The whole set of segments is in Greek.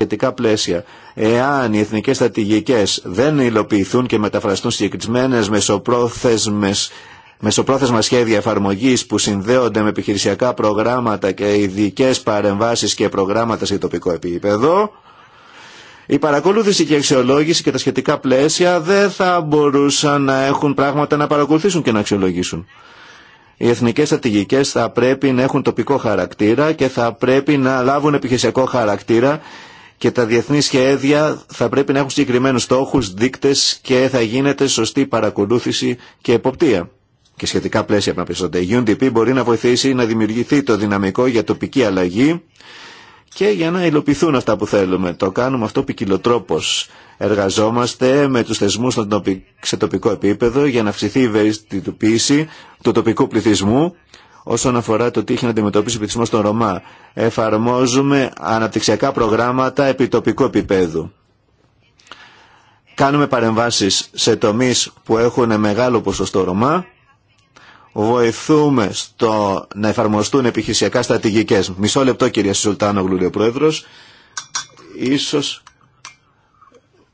σχετικά πλαίσια. Εάν οι εθνικές στρατηγικές δεν υλοποιηθούν και μεταφραστούν συγκεκριμένες μεσοπρόθεσμες Μεσοπρόθεσμα σχέδια εφαρμογή που συνδέονται με επιχειρησιακά προγράμματα και ειδικέ παρεμβάσει και προγράμματα σε τοπικό επίπεδο, η παρακολούθηση και η αξιολόγηση και τα σχετικά πλαίσια δεν θα μπορούσαν να έχουν πράγματα να παρακολουθήσουν και να αξιολογήσουν. Οι εθνικέ στρατηγικέ θα πρέπει να έχουν τοπικό χαρακτήρα και θα πρέπει να λάβουν επιχειρησιακό χαρακτήρα και τα διεθνή σχέδια θα πρέπει να έχουν συγκεκριμένους στόχους, δείκτες και θα γίνεται σωστή παρακολούθηση και εποπτεία. Και σχετικά πλαίσια να Η UNDP μπορεί να βοηθήσει να δημιουργηθεί το δυναμικό για τοπική αλλαγή και για να υλοποιηθούν αυτά που θέλουμε. Το κάνουμε αυτό ποικιλοτρόπω. Εργαζόμαστε με του θεσμού σε τοπικό επίπεδο για να αυξηθεί η ευαισθητοποίηση του τοπικού πληθυσμού όσον αφορά το τι έχει να αντιμετωπίσει ο πληθυσμό των Ρωμά. Εφαρμόζουμε αναπτυξιακά προγράμματα επί επίπεδου. Κάνουμε παρεμβάσεις σε τομείς που έχουν μεγάλο ποσοστό Ρωμά. Βοηθούμε στο να εφαρμοστούν επιχειρησιακά στρατηγικές. Μισό λεπτό κυρία Σουλτάνο Γλουλίου Πρόεδρος. Ίσως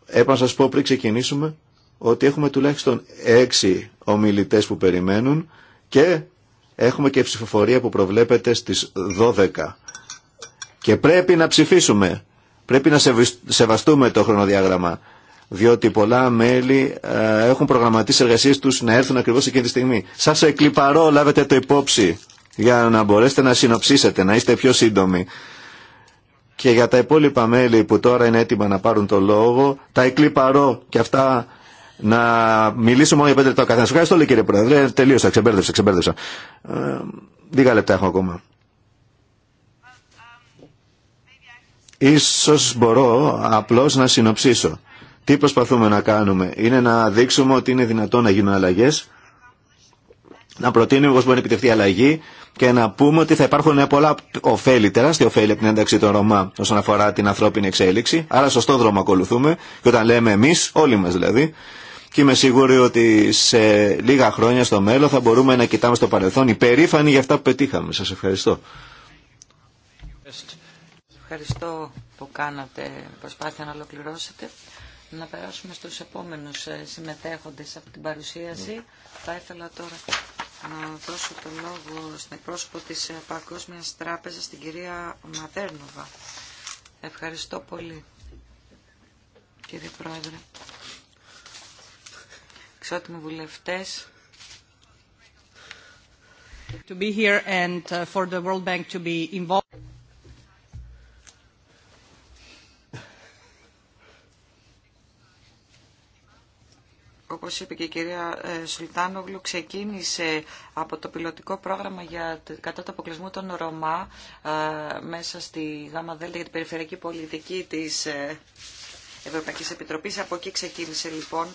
έπρεπε να σας πω πριν ξεκινήσουμε ότι έχουμε τουλάχιστον έξι ομιλητές που περιμένουν και Έχουμε και ψηφοφορία που προβλέπεται στις 12. Και πρέπει να ψηφίσουμε. Πρέπει να σεβαστούμε το χρονοδιάγραμμα. Διότι πολλά μέλη ε, έχουν προγραμματίσει εργασίες του να έρθουν ακριβώ εκείνη τη στιγμή. Σα εκλυπαρώ, λάβετε το υπόψη για να μπορέσετε να συνοψίσετε, να είστε πιο σύντομοι. Και για τα υπόλοιπα μέλη που τώρα είναι έτοιμα να πάρουν το λόγο, τα εκλυπαρώ και αυτά να μιλήσω μόνο για πέντε λεπτά ο καθένα. Ευχαριστώ, λέει κύριε Πρόεδρε. Τελείωσα, ξεμπέρδευσα, ξεμπέρδευσα. Ε, δίγα λεπτά έχω ακόμα. Ίσως μπορώ απλώς να συνοψίσω. Τι προσπαθούμε να κάνουμε. Είναι να δείξουμε ότι είναι δυνατόν να γίνουν αλλαγές, να προτείνουμε πώς μπορεί να επιτευχθεί αλλαγή και να πούμε ότι θα υπάρχουν πολλά ωφέλη, τεράστια ωφέλη από την ένταξη των Ρωμά όσον αφορά την ανθρώπινη εξέλιξη. Άρα σωστό δρόμο ακολουθούμε και όταν λέμε εμείς, όλοι μας δηλαδή, και είμαι σίγουρη ότι σε λίγα χρόνια στο μέλλον θα μπορούμε να κοιτάμε στο παρελθόν υπερήφανοι για αυτά που πετύχαμε. Σας ευχαριστώ. ευχαριστώ που κάνατε προσπάθεια να ολοκληρώσετε. Να περάσουμε στους επόμενους ε, συμμετέχοντες από την παρουσίαση. Θα ήθελα τώρα να δώσω το λόγο στην εκπρόσωπο της ε, Παγκόσμιας Τράπεζα, την κυρία Ματέρνοβα. Ευχαριστώ πολύ, κύριε Πρόεδρε εξότιμοι βουλευτές. To be here and uh, for the World Bank to be involved. όπως είπε και η κυρία ε, Σουλτάνογλου, ξεκίνησε από το πιλωτικό πρόγραμμα για, κατά το αποκλεισμό των Ρωμά ε, μέσα στη ΓΑΜΑ ΔΕΛΤΑ για την περιφερειακή πολιτική της ε, Ευρωπαϊκής Επιτροπής. Από εκεί ξεκίνησε λοιπόν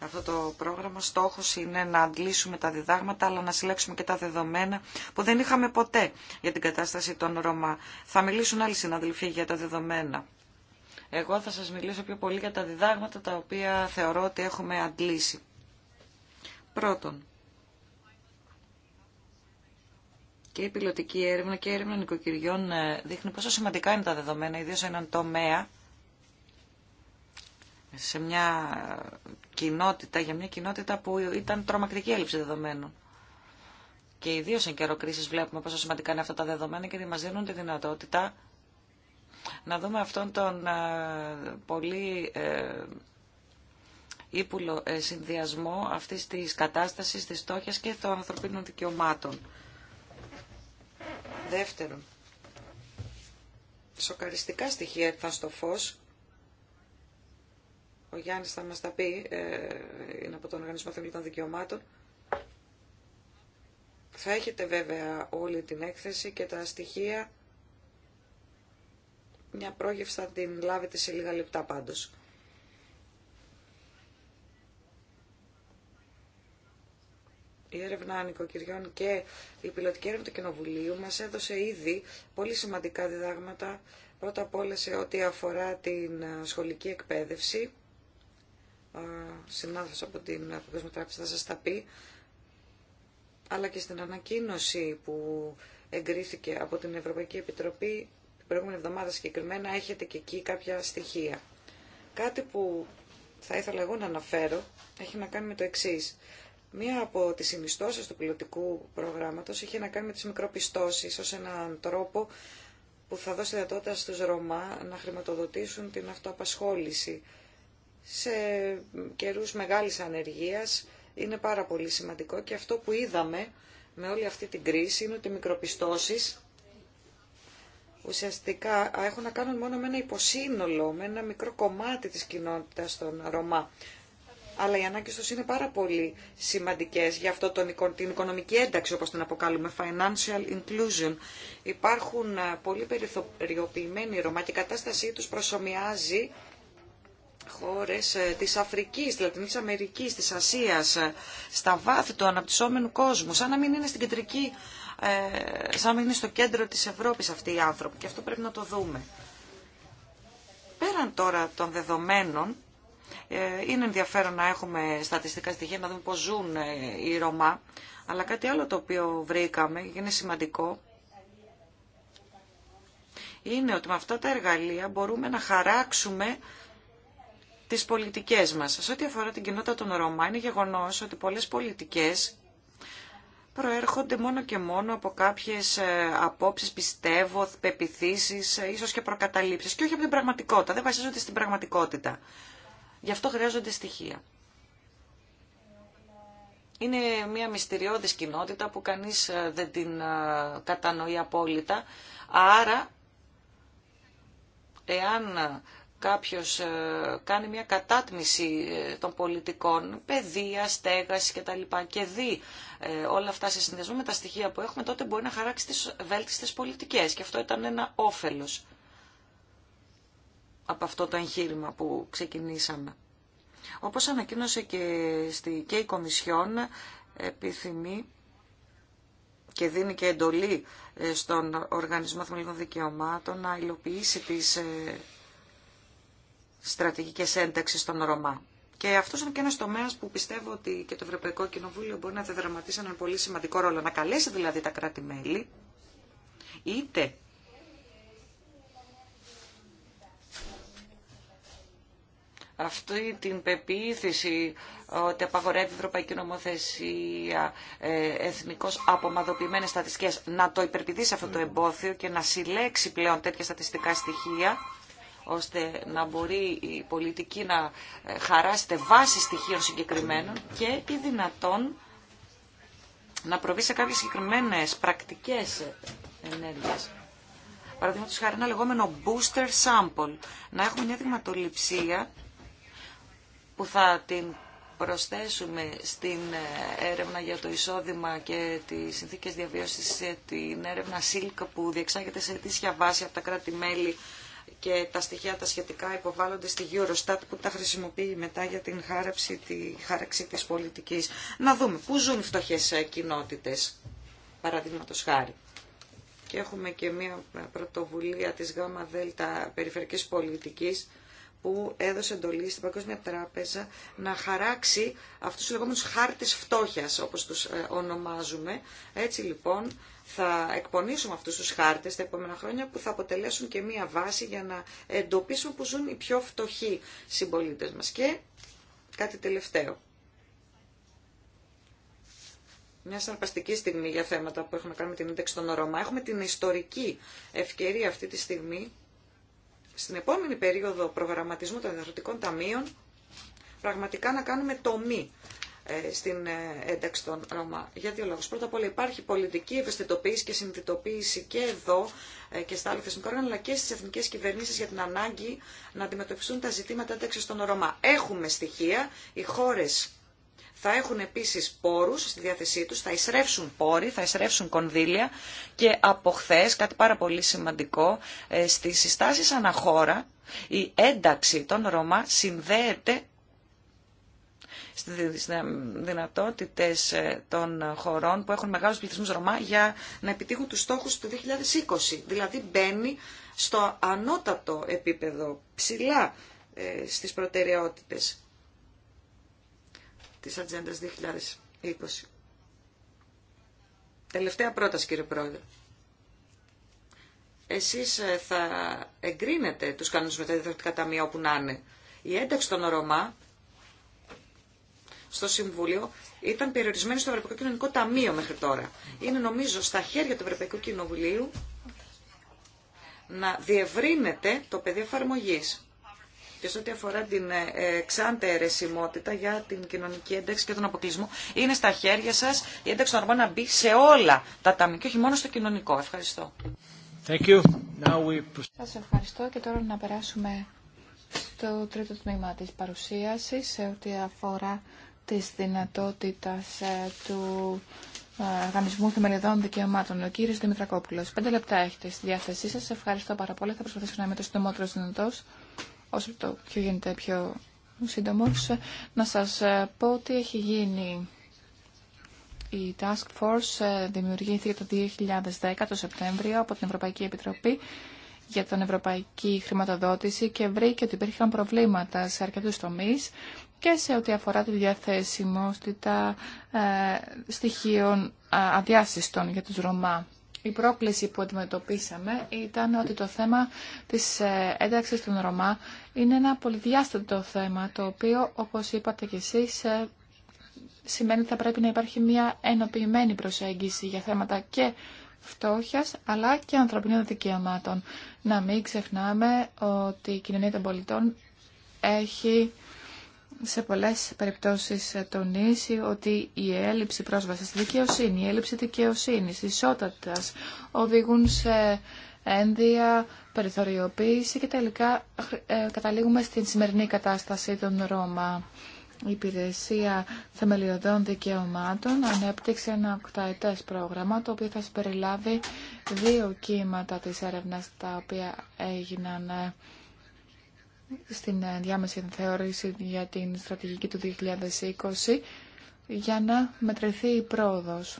αυτό το πρόγραμμα. Στόχος είναι να αντλήσουμε τα διδάγματα αλλά να συλλέξουμε και τα δεδομένα που δεν είχαμε ποτέ για την κατάσταση των Ρωμά. Θα μιλήσουν άλλοι συναδελφοί για τα δεδομένα. Εγώ θα σας μιλήσω πιο πολύ για τα διδάγματα τα οποία θεωρώ ότι έχουμε αντλήσει. Πρώτον, και η πιλωτική έρευνα και η έρευνα νοικοκυριών ε, δείχνει πόσο σημαντικά είναι τα δεδομένα, ιδίως έναν τομέα σε μια κοινότητα, για μια κοινότητα που ήταν τρομακτική έλλειψη δεδομένων. Και ιδίω εν καιρό κρίση βλέπουμε πόσο σημαντικά είναι αυτά τα δεδομένα και μα δίνουν τη δυνατότητα να δούμε αυτόν τον ε, πολύ ε, ύπουλο ε, συνδυασμό αυτής της κατάστασης, της στόχιας και των ανθρωπίνων δικαιωμάτων. Δεύτερον, σοκαριστικά στοιχεία έρθαν στο φως ο Γιάννης θα μας τα πει, ε, είναι από τον Οργανισμό Θεμελιωτών Δικαιωμάτων. Θα έχετε βέβαια όλη την έκθεση και τα στοιχεία. Μια πρόγευση θα την λάβετε σε λίγα λεπτά πάντως. η έρευνα νοικοκυριών και η πιλωτική έρευνα του Κοινοβουλίου μας έδωσε ήδη πολύ σημαντικά διδάγματα, πρώτα απ' όλα σε ό,τι αφορά την σχολική εκπαίδευση, συνάδελφος από την Παγκόσμια Τράπεζα θα σας τα πει, αλλά και στην ανακοίνωση που εγκρίθηκε από την Ευρωπαϊκή Επιτροπή την προηγούμενη εβδομάδα συγκεκριμένα έχετε και εκεί κάποια στοιχεία. Κάτι που θα ήθελα εγώ να αναφέρω έχει να κάνει με το εξή. Μία από τις συνιστώσεις του πιλωτικού προγράμματος είχε να κάνει με τις μικροπιστώσεις ως έναν τρόπο που θα δώσει δυνατότητα στους Ρωμά να χρηματοδοτήσουν την αυτοαπασχόληση σε καιρούς μεγάλης ανεργίας είναι πάρα πολύ σημαντικό και αυτό που είδαμε με όλη αυτή την κρίση είναι ότι οι μικροπιστώσεις ουσιαστικά έχουν να κάνουν μόνο με ένα υποσύνολο, με ένα μικρό κομμάτι της κοινότητας των Ρωμά. Αλλά οι ανάγκε του είναι πάρα πολύ σημαντικέ για αυτό τον, την οικονομική ένταξη, όπω την αποκαλούμε, financial inclusion. Υπάρχουν ε, πολύ περιθωριοποιημένοι Ρωμά και η κατάστασή του προσωμιάζει χώρες ε, της Αφρικής, της Λατινικής Αμερικής, της Ασίας, ε, στα βάθη του αναπτυσσόμενου κόσμου, σαν να μην είναι στην ε, σαν να μην είναι στο κέντρο της Ευρώπης αυτοί οι άνθρωποι. Και αυτό πρέπει να το δούμε. Πέραν τώρα των δεδομένων, είναι ενδιαφέρον να έχουμε στατιστικά στοιχεία, να δούμε πώς ζουν οι Ρωμά, αλλά κάτι άλλο το οποίο βρήκαμε και είναι σημαντικό, είναι ότι με αυτά τα εργαλεία μπορούμε να χαράξουμε τις πολιτικές μας. Σε ό,τι αφορά την κοινότητα των Ρωμά, είναι γεγονός ότι πολλές πολιτικές προέρχονται μόνο και μόνο από κάποιες ε, απόψεις, πιστεύω, πεπιθήσεις, ε, ίσως και προκαταλήψεις και όχι από την πραγματικότητα, δεν βασίζονται στην πραγματικότητα. Γι' αυτό χρειάζονται στοιχεία. Είναι μια μυστηριώδης κοινότητα που κανείς ε, δεν την κατανοεί απόλυτα, άρα εάν κάποιος ε, κάνει μια κατάτμιση ε, των πολιτικών, παιδεία, στέγαση κτλ. και δει ε, όλα αυτά σε συνδυασμό με τα στοιχεία που έχουμε, τότε μπορεί να χαράξει τις βέλτιστες πολιτικές. Και αυτό ήταν ένα όφελος από αυτό το εγχείρημα που ξεκινήσαμε. Όπως ανακοίνωσε και, στη, η Κομισιόν, επιθυμεί και δίνει και εντολή στον Οργανισμό Θεμελιών Δικαιωμάτων να υλοποιήσει τις στρατηγικές ένταξης στον Ρωμά. Και αυτό είναι και ένα τομέα που πιστεύω ότι και το Ευρωπαϊκό Κοινοβούλιο μπορεί να διαδραματίσει έναν πολύ σημαντικό ρόλο. Να καλέσει δηλαδή τα κράτη-μέλη, είτε αυτή την πεποίθηση ότι απαγορεύει η Ευρωπαϊκή Νομοθεσία ε, εθνικώ απομαδοποιημένε στατιστικές, να το υπερπηδήσει αυτό το εμπόθιο και να συλλέξει πλέον τέτοια στατιστικά στοιχεία ώστε να μπορεί η πολιτική να ε, χαράσεται βάση στοιχείων συγκεκριμένων και ή δυνατόν να προβεί σε κάποιες συγκεκριμένες πρακτικές ενέργειες. Παραδείγματος χάρη ένα λεγόμενο booster sample, να έχουμε μια δηματοληψία που θα την προσθέσουμε στην ε, έρευνα για το εισόδημα και τις συνθήκες διαβίωσης ε, την έρευνα ΣΥΛΚΑ που διεξάγεται σε αιτήσια βάση από τα κράτη-μέλη και τα στοιχεία τα σχετικά υποβάλλονται στη Eurostat που τα χρησιμοποιεί μετά για την χάρεψη τη χάραξη της πολιτικής. Να δούμε πού ζουν οι φτωχές κοινότητες, παραδείγματος χάρη. Και έχουμε και μια πρωτοβουλία της ΓΔ περιφερειακής πολιτικής που έδωσε εντολή στην Παγκόσμια Τράπεζα να χαράξει αυτούς τους λεγόμενους χάρτες φτώχειας, όπως τους ε, ονομάζουμε. Έτσι λοιπόν θα εκπονήσουμε αυτούς τους χάρτες τα επόμενα χρόνια που θα αποτελέσουν και μία βάση για να εντοπίσουμε που ζουν οι πιο φτωχοί συμπολίτες μας. Και κάτι τελευταίο. Μια σαρπαστική στιγμή για θέματα που έχουμε κάνει με την ένταξη των Ρώμα. Έχουμε την ιστορική ευκαιρία αυτή τη στιγμή στην επόμενη περίοδο προγραμματισμού των διαρθρωτικών ταμείων πραγματικά να κάνουμε τομή ε, στην ε, ένταξη των Ρωμά. Για δύο λόγους. Πρώτα απ' όλα υπάρχει πολιτική ευαισθητοποίηση και συνειδητοποίηση και εδώ ε, και στα άλλα θεσμικά όργανα, αλλά και στις εθνικές κυβερνήσεις για την ανάγκη να αντιμετωπιστούν τα ζητήματα ένταξη των Ρωμά. Έχουμε στοιχεία, οι χώρες θα έχουν επίσης πόρους στη διάθεσή τους, θα εισρέψουν πόροι, θα εισρέψουν κονδύλια και από χθε, κάτι πάρα πολύ σημαντικό, ε, στις συστάσεις αναχώρα η ένταξη των Ρωμά συνδέεται στις δυνατότητες ε, των χωρών που έχουν μεγάλους πληθυσμούς Ρωμά για να επιτύχουν τους στόχους του 2020. Δηλαδή μπαίνει στο ανώτατο επίπεδο, ψηλά ε, στις προτεραιότητες της Ατζέντα 2020. Τελευταία πρόταση, κύριε Πρόεδρε. Εσείς ε, θα εγκρίνετε τους κανόνες με τα διευθυντικά ταμεία όπου να είναι. Η ένταξη των Ρωμά στο Συμβούλιο ήταν περιορισμένη στο Ευρωπαϊκό Κοινωνικό Ταμείο μέχρι τώρα. Είναι νομίζω στα χέρια του Ευρωπαϊκού Κοινοβουλίου να διευρύνεται το πεδίο εφαρμογή και σε ό,τι αφορά την ε, ε, εξάντε αιρεσιμότητα για την κοινωνική ένταξη και τον αποκλεισμό, είναι στα χέρια σα η ένταξη των αρμών να μπει σε όλα τα ταμεία και όχι μόνο στο κοινωνικό. Ευχαριστώ. Thank ευχαριστώ και τώρα να περάσουμε στο τρίτο τμήμα της παρουσίασης σε ό,τι αφορά της δυνατότητας ε, του Οργανισμού Θεμελιωδών Δικαιωμάτων. Ο κύριο Δημητρακόπουλος. Πέντε λεπτά έχετε στη διάθεσή σα. Ευχαριστώ πάρα πολύ. Θα προσπαθήσω να είμαι το συντομότερο δυνατό όσο το πιο γίνεται πιο σύντομος, να σας πω ότι έχει γίνει. Η Task Force ε, δημιουργήθηκε το 2010 το Σεπτέμβριο από την Ευρωπαϊκή Επιτροπή για την Ευρωπαϊκή Χρηματοδότηση και βρήκε ότι υπήρχαν προβλήματα σε αρκετούς τομείς και σε ό,τι αφορά τη διαθέσιμότητα ε, στοιχείων αδιάσυστων για τους Ρωμά. Η πρόκληση που αντιμετωπίσαμε ήταν ότι το θέμα της ε, ένταξης των Ρωμά είναι ένα πολυδιάστατο θέμα, το οποίο, όπως είπατε κι εσείς, ε, σημαίνει ότι θα πρέπει να υπάρχει μια ενοποιημένη προσέγγιση για θέματα και φτώχειας, αλλά και ανθρωπινών δικαιωμάτων. Να μην ξεχνάμε ότι η κοινωνία των πολιτών έχει σε πολλές περιπτώσεις τονίσει ότι η έλλειψη πρόσβασης στη δικαιοσύνη, η έλλειψη δικαιοσύνης, ισότητας οδηγούν σε ένδια, περιθωριοποίηση και τελικά ε, καταλήγουμε στην σημερινή κατάσταση των Ρώμα. Η Υπηρεσία Θεμελιωδών Δικαιωμάτων ανέπτυξε ένα οκταετές πρόγραμμα το οποίο θα συμπεριλάβει δύο κύματα της έρευνας τα οποία έγιναν ε, στην ε, διάμεση θεώρηση για την στρατηγική του 2020 για να μετρηθεί η πρόοδος.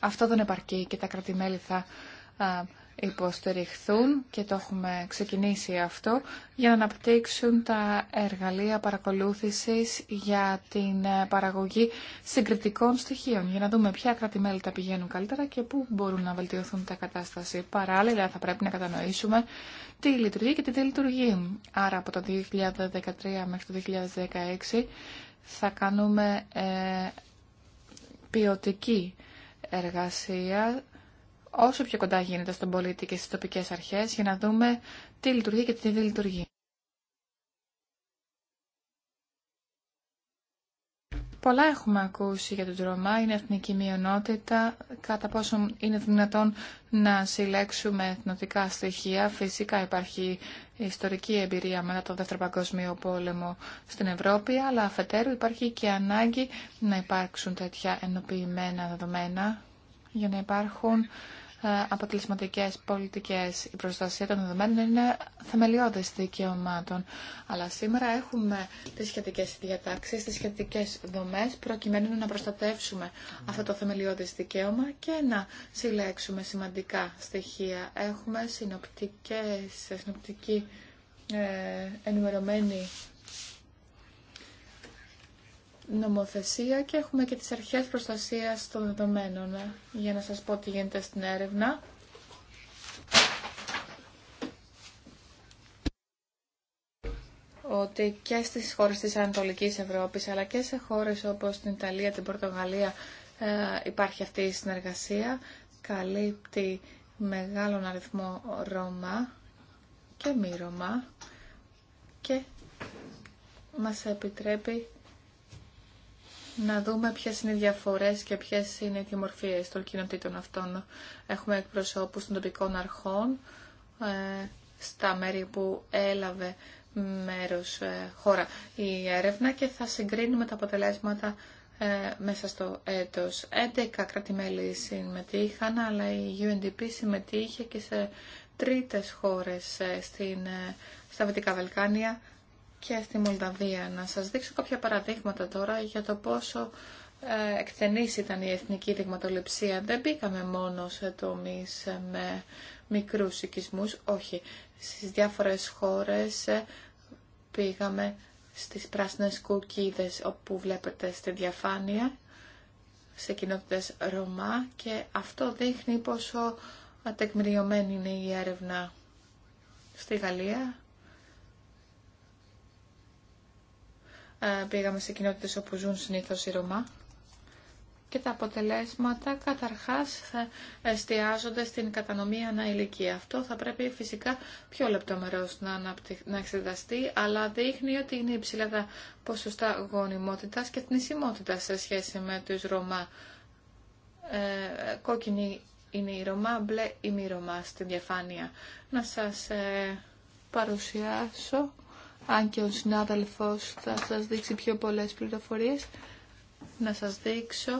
Αυτό δεν επαρκεί και τα κρατημέλη θα ε, υποστηριχθούν και το έχουμε ξεκινήσει αυτό για να αναπτύξουν τα εργαλεία παρακολούθησης για την ε, παραγωγή συγκριτικών στοιχείων για να δούμε ποια κράτη-μέλη τα πηγαίνουν καλύτερα και πού μπορούν να βελτιωθούν τα κατάσταση. Παράλληλα θα πρέπει να κατανοήσουμε τι λειτουργεί και τι δεν λειτουργεί. Άρα από το 2013 μέχρι το 2016 θα κάνουμε ε, ποιοτική εργασία όσο πιο κοντά γίνεται στον πολίτη και στις τοπικές αρχές για να δούμε τι λειτουργεί και τι δεν λειτουργεί. Πολλά έχουμε ακούσει για τον τρόμα. είναι εθνική μειονότητα, κατά πόσο είναι δυνατόν να συλλέξουμε εθνοτικά στοιχεία. Φυσικά υπάρχει ιστορική εμπειρία μετά το Δεύτερο Παγκόσμιο Πόλεμο στην Ευρώπη, αλλά αφετέρου υπάρχει και ανάγκη να υπάρξουν τέτοια ενοποιημένα δεδομένα για να υπάρχουν ε, αποτελεσματικές πολιτικές. Η προστασία των δεδομένων είναι θεμελιώδες δικαιωμάτων. Αλλά σήμερα έχουμε τις σχετικές διατάξεις, τις σχετικές δομές, προκειμένου να προστατεύσουμε αυτό το θεμελιώδες δικαίωμα και να συλλέξουμε σημαντικά στοιχεία. Έχουμε συνοπτικές, συνοπτική ε, νομοθεσία και έχουμε και τις αρχές προστασίας των δεδομένων. Για να σας πω τι γίνεται στην έρευνα. Ότι και στις χώρες της Ανατολικής Ευρώπης αλλά και σε χώρες όπως την Ιταλία, την Πορτογαλία ε, υπάρχει αυτή η συνεργασία. Καλύπτει μεγάλον αριθμό Ρώμα και μη Ρώμα και μας επιτρέπει να δούμε ποιε είναι οι διαφορές και ποιε είναι οι δημορφίε των κοινοτήτων αυτών. Έχουμε εκπροσώπους των τοπικών αρχών ε, στα μέρη που έλαβε μέρος ε, χώρα η έρευνα και θα συγκρίνουμε τα αποτελέσματα ε, μέσα στο έτος. 11 κράτη-μέλη συμμετείχαν, αλλά η UNDP συμμετείχε και σε τρίτες χώρες στην, στα Βετικά Βαλκάνια, και στη Μολδαβία. Να σας δείξω κάποια παραδείγματα τώρα για το πόσο ε, εκτενής ήταν η εθνική δειγματοληψία. Δεν πήγαμε μόνο σε τομείς ε, με μικρούς οικισμούς, όχι. Στις διάφορες χώρες ε, πήγαμε στις πράσινες κουκίδες όπου βλέπετε στη διαφάνεια σε κοινότητες Ρωμά και αυτό δείχνει πόσο ατεκμηριωμένη είναι η έρευνα στη Γαλλία. Ε, πήγαμε σε κοινότητες όπου ζουν συνήθως οι Ρωμά και τα αποτελέσματα καταρχάς θα εστιάζονται στην κατανομή αναηλικία. Αυτό θα πρέπει φυσικά πιο λεπτομερώς να, να εξεταστεί, αλλά δείχνει ότι είναι υψηλά τα ποσοστά γονιμότητας και θνησιμότητας σε σχέση με τους Ρωμά. Ε, κόκκινη είναι η Ρωμά, μπλε η μη Ρωμά στην διαφάνεια. Να σας ε, παρουσιάσω αν και ο συνάδελφος θα σας δείξει πιο πολλές πληροφορίες, να σας δείξω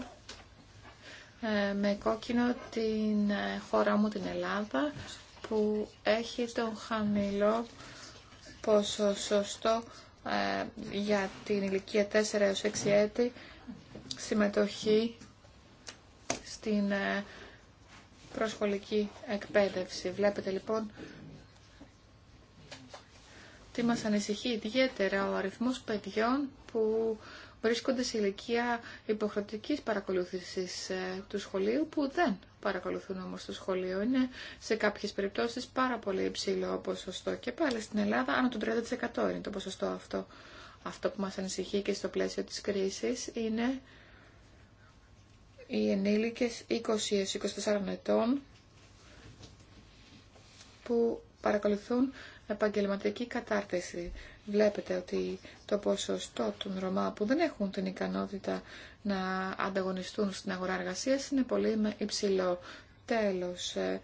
ε, με κόκκινο την ε, χώρα μου, την Ελλάδα, που έχει τον χαμηλό ποσοστό ε, για την ηλικία 4 έως 6 έτη συμμετοχή στην προσχολική εκπαίδευση. Βλέπετε λοιπόν ότι μας ανησυχεί ιδιαίτερα ο αριθμός παιδιών που βρίσκονται σε ηλικία υποχρεωτικής παρακολούθησης ε, του σχολείου που δεν παρακολουθούν όμως το σχολείο. Είναι σε κάποιες περιπτώσεις πάρα πολύ υψηλό ποσοστό και πάλι στην Ελλάδα άνω του 30% είναι το ποσοστό αυτό. Αυτό που μας ανησυχεί και στο πλαίσιο της κρίσης είναι οι ενήλικες 20-24 ετών που παρακολουθούν επαγγελματική κατάρτιση. Βλέπετε ότι το ποσοστό των Ρωμά που δεν έχουν την ικανότητα να ανταγωνιστούν στην αγορά εργασίας είναι πολύ υψηλό. Τέλος, ε,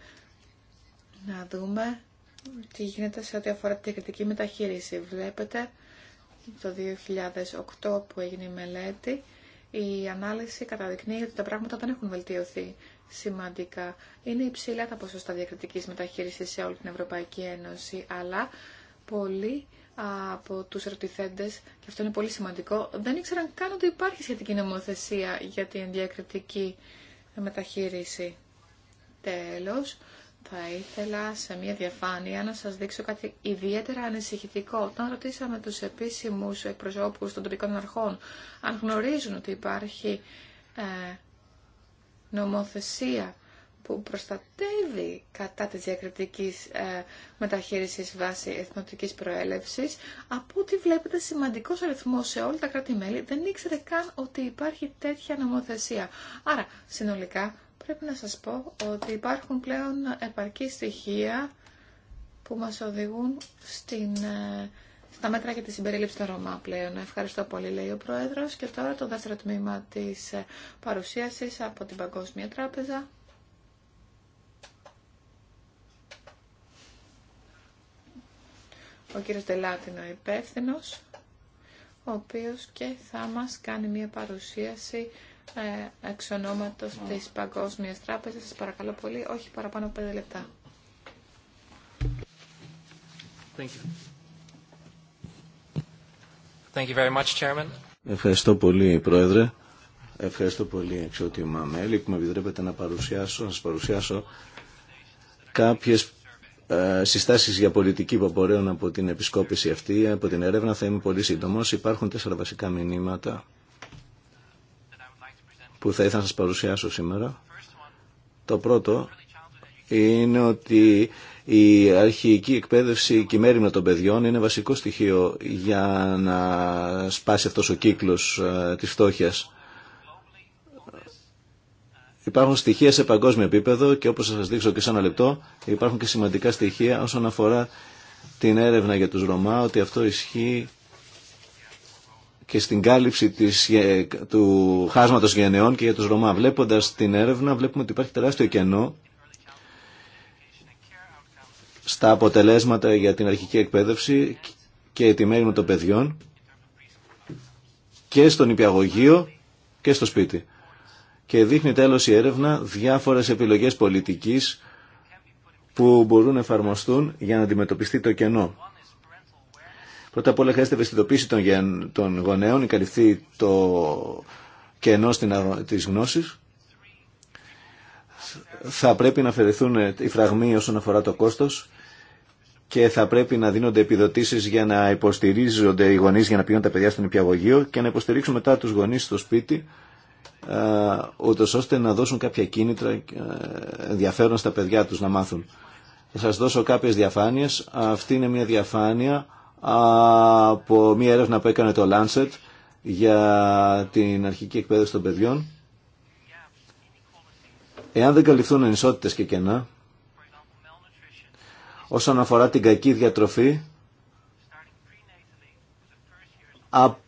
να δούμε τι γίνεται σε ό,τι αφορά τη κριτική μεταχείριση. Βλέπετε το 2008 που έγινε η μελέτη, η ανάλυση καταδεικνύει ότι τα πράγματα δεν έχουν βελτιωθεί σημαντικά. Είναι υψηλά τα ποσοστά διακριτικής μεταχείρισης σε όλη την Ευρωπαϊκή Ένωση, αλλά πολλοί από τους ερωτηθέντες, και αυτό είναι πολύ σημαντικό, δεν ήξεραν καν ότι υπάρχει σχετική νομοθεσία για την διακριτική μεταχείριση. Τέλος, θα ήθελα σε μια διαφάνεια να σας δείξω κάτι ιδιαίτερα ανησυχητικό. Όταν ρωτήσαμε τους επίσημους εκπροσώπους των τοπικών αρχών αν γνωρίζουν ότι υπάρχει ε, νομοθεσία που προστατεύει κατά της διακριτικής ε, μεταχείρισης βάσει εθνοτικής προέλευσης, από ό,τι βλέπετε σημαντικός αριθμό σε όλα τα κράτη-μέλη δεν ήξερε καν ότι υπάρχει τέτοια νομοθεσία. Άρα, συνολικά, πρέπει να σας πω ότι υπάρχουν πλέον επαρκή στοιχεία που μας οδηγούν στην... Ε, τα μέτρα για τη συμπερίληψη των Ρωμά πλέον. Ευχαριστώ πολύ, λέει ο Πρόεδρος. Και τώρα το δεύτερο τμήμα της ε, παρουσίασης από την Παγκόσμια Τράπεζα. Ο κύριος Τελάτινο ο υπεύθυνο, ο οποίος και θα μας κάνει μια παρουσίαση ε, εξ ονόματος της Παγκόσμιας Τράπεζας. Σας παρακαλώ πολύ, όχι παραπάνω από 5 λεπτά. Thank you. Ευχαριστώ πολύ, Πρόεδρε. Ευχαριστώ πολύ, εξότιμα μέλη, που με επιτρέπετε να παρουσιάσω, να σας παρουσιάσω κάποιες ε, συστάσεις για πολιτική που από την επισκόπηση αυτή, από την έρευνα. Θα είμαι πολύ σύντομος. Υπάρχουν τέσσερα βασικά μηνύματα που θα ήθελα να σας παρουσιάσω σήμερα. Το πρώτο είναι ότι η αρχική εκπαίδευση και η μέρημνα των παιδιών είναι βασικό στοιχείο για να σπάσει αυτός ο κύκλος ε, της φτώχειας. Υπάρχουν στοιχεία σε παγκόσμιο επίπεδο και όπως σας δείξω και σε ένα λεπτό υπάρχουν και σημαντικά στοιχεία όσον αφορά την έρευνα για τους Ρωμά ότι αυτό ισχύει και στην κάλυψη της, του χάσματος γενεών και για τους Ρωμά. Βλέποντας την έρευνα βλέπουμε ότι υπάρχει τεράστιο κενό στα αποτελέσματα για την αρχική εκπαίδευση και τη μέρη των παιδιών και στον υπηαγωγείο και στο σπίτι. Και δείχνει τέλος η έρευνα διάφορες επιλογές πολιτικής που μπορούν να εφαρμοστούν για να αντιμετωπιστεί το κενό. Πρώτα απ' όλα χρειάζεται ευαισθητοποίηση των, γονέων, να καλυφθεί το κενό στην, της γνώσης θα πρέπει να αφαιρεθούν ε, οι φραγμοί όσον αφορά το κόστος και θα πρέπει να δίνονται επιδοτήσεις για να υποστηρίζονται οι γονεί για να πηγαίνουν τα παιδιά στον υπηαγωγείο και να υποστηρίξουν μετά τους γονείς στο σπίτι ε, ούτως ώστε να δώσουν κάποια κίνητρα ε, ενδιαφέρον στα παιδιά τους να μάθουν. Θα σας δώσω κάποιες διαφάνειες. Αυτή είναι μια διαφάνεια από μια έρευνα που έκανε το Lancet για την αρχική εκπαίδευση των παιδιών. Εάν δεν καλυφθούν ανισότητες και κενά, όσον αφορά την κακή διατροφή,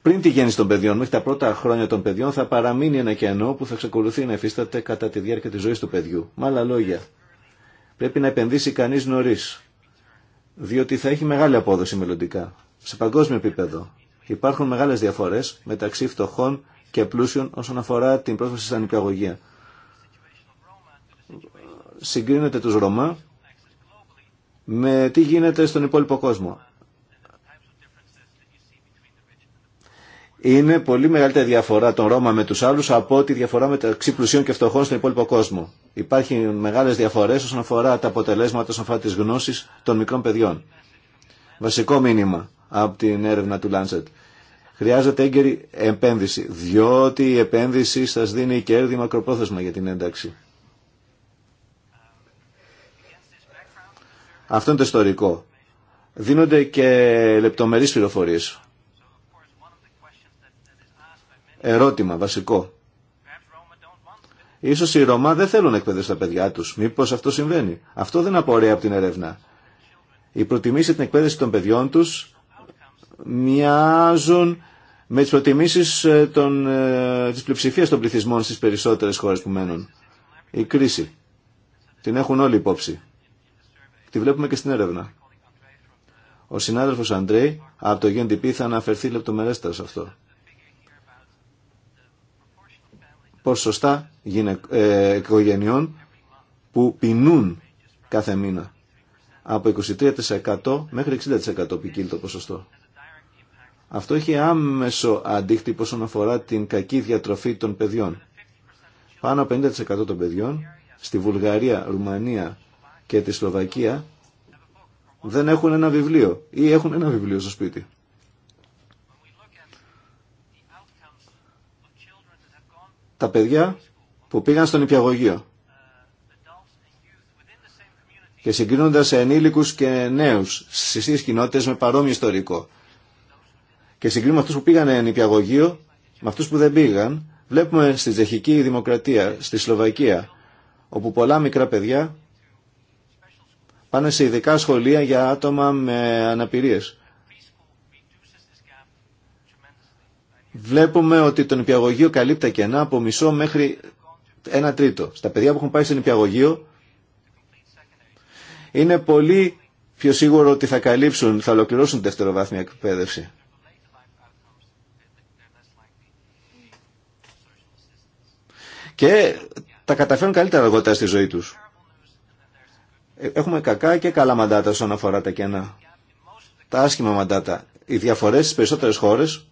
πριν τη γέννηση των παιδιών, μέχρι τα πρώτα χρόνια των παιδιών, θα παραμείνει ένα κενό που θα εξακολουθεί να εφίσταται κατά τη διάρκεια της ζωής του παιδιού. Με άλλα λόγια, πρέπει να επενδύσει κανείς νωρίς, διότι θα έχει μεγάλη απόδοση μελλοντικά. Σε παγκόσμιο επίπεδο υπάρχουν μεγάλες διαφορές μεταξύ φτωχών και πλούσιων όσον αφορά την πρόσβαση στην συγκρίνεται τους Ρωμά με τι γίνεται στον υπόλοιπο κόσμο. Είναι πολύ μεγαλύτερη διαφορά των Ρώμα με τους άλλους από ό,τι διαφορά μεταξύ πλουσίων και φτωχών στον υπόλοιπο κόσμο. Υπάρχουν μεγάλες διαφορές όσον αφορά τα αποτελέσματα, όσον αφορά τις γνώσεις των μικρών παιδιών. Βασικό μήνυμα από την έρευνα του Lancet. Χρειάζεται έγκαιρη επένδυση, διότι η επένδυση σας δίνει κέρδη μακροπρόθεσμα για την ένταξη. Αυτό είναι το ιστορικό. Δίνονται και λεπτομερείς πληροφορίες. Ερώτημα βασικό. Ίσως οι Ρωμά δεν θέλουν να εκπαιδεύσουν τα παιδιά τους. Μήπως αυτό συμβαίνει. Αυτό δεν απορρέει από την ερεύνα. οι προτιμήσεις την εκπαίδευση των παιδιών τους μοιάζουν με τις προτιμήσεις ε, των, ε, της πλειοψηφίας των πληθυσμών στις περισσότερες χώρες που μένουν. Η κρίση. Την έχουν όλοι υπόψη. Τη βλέπουμε και στην έρευνα. Ο συνάδελφος Αντρέη από το UNDP θα αναφερθεί λεπτομερέστερα σε αυτό. Ποσοστά σωστά ε, οικογενειών που πεινούν κάθε μήνα. Από 23% μέχρι 60% ποικίλει το ποσοστό. Αυτό έχει άμεσο αντίκτυπο όσον αφορά την κακή διατροφή των παιδιών. Πάνω από 50% των παιδιών στη Βουλγαρία, Ρουμανία και τη Σλοβακία δεν έχουν ένα βιβλίο ή έχουν ένα βιβλίο στο σπίτι. Τα παιδιά που πήγαν στον υπηαγωγείο και σε ενήλικους και νέους στις ίδιες κοινότητες με παρόμοιο ιστορικό και συγκρίνουμε αυτούς που πήγαν νηπιαγωγείο με αυτούς που δεν πήγαν, βλέπουμε στη Τσεχική Δημοκρατία, στη Σλοβακία, όπου πολλά μικρά παιδιά πάνε σε ειδικά σχολεία για άτομα με αναπηρίες. Βλέπουμε ότι το νηπιαγωγείο καλύπτει τα κενά από μισό μέχρι ένα τρίτο. Στα παιδιά που έχουν πάει στο νηπιαγωγείο είναι πολύ πιο σίγουρο ότι θα καλύψουν, θα ολοκληρώσουν δευτεροβάθμια εκπαίδευση. Και τα καταφέρουν καλύτερα αργότερα στη ζωή τους. Έχουμε κακά και καλά μαντάτα όσον αφορά τα κενά. Τα άσχημα μαντάτα. Οι διαφορές στις περισσότερες χώρες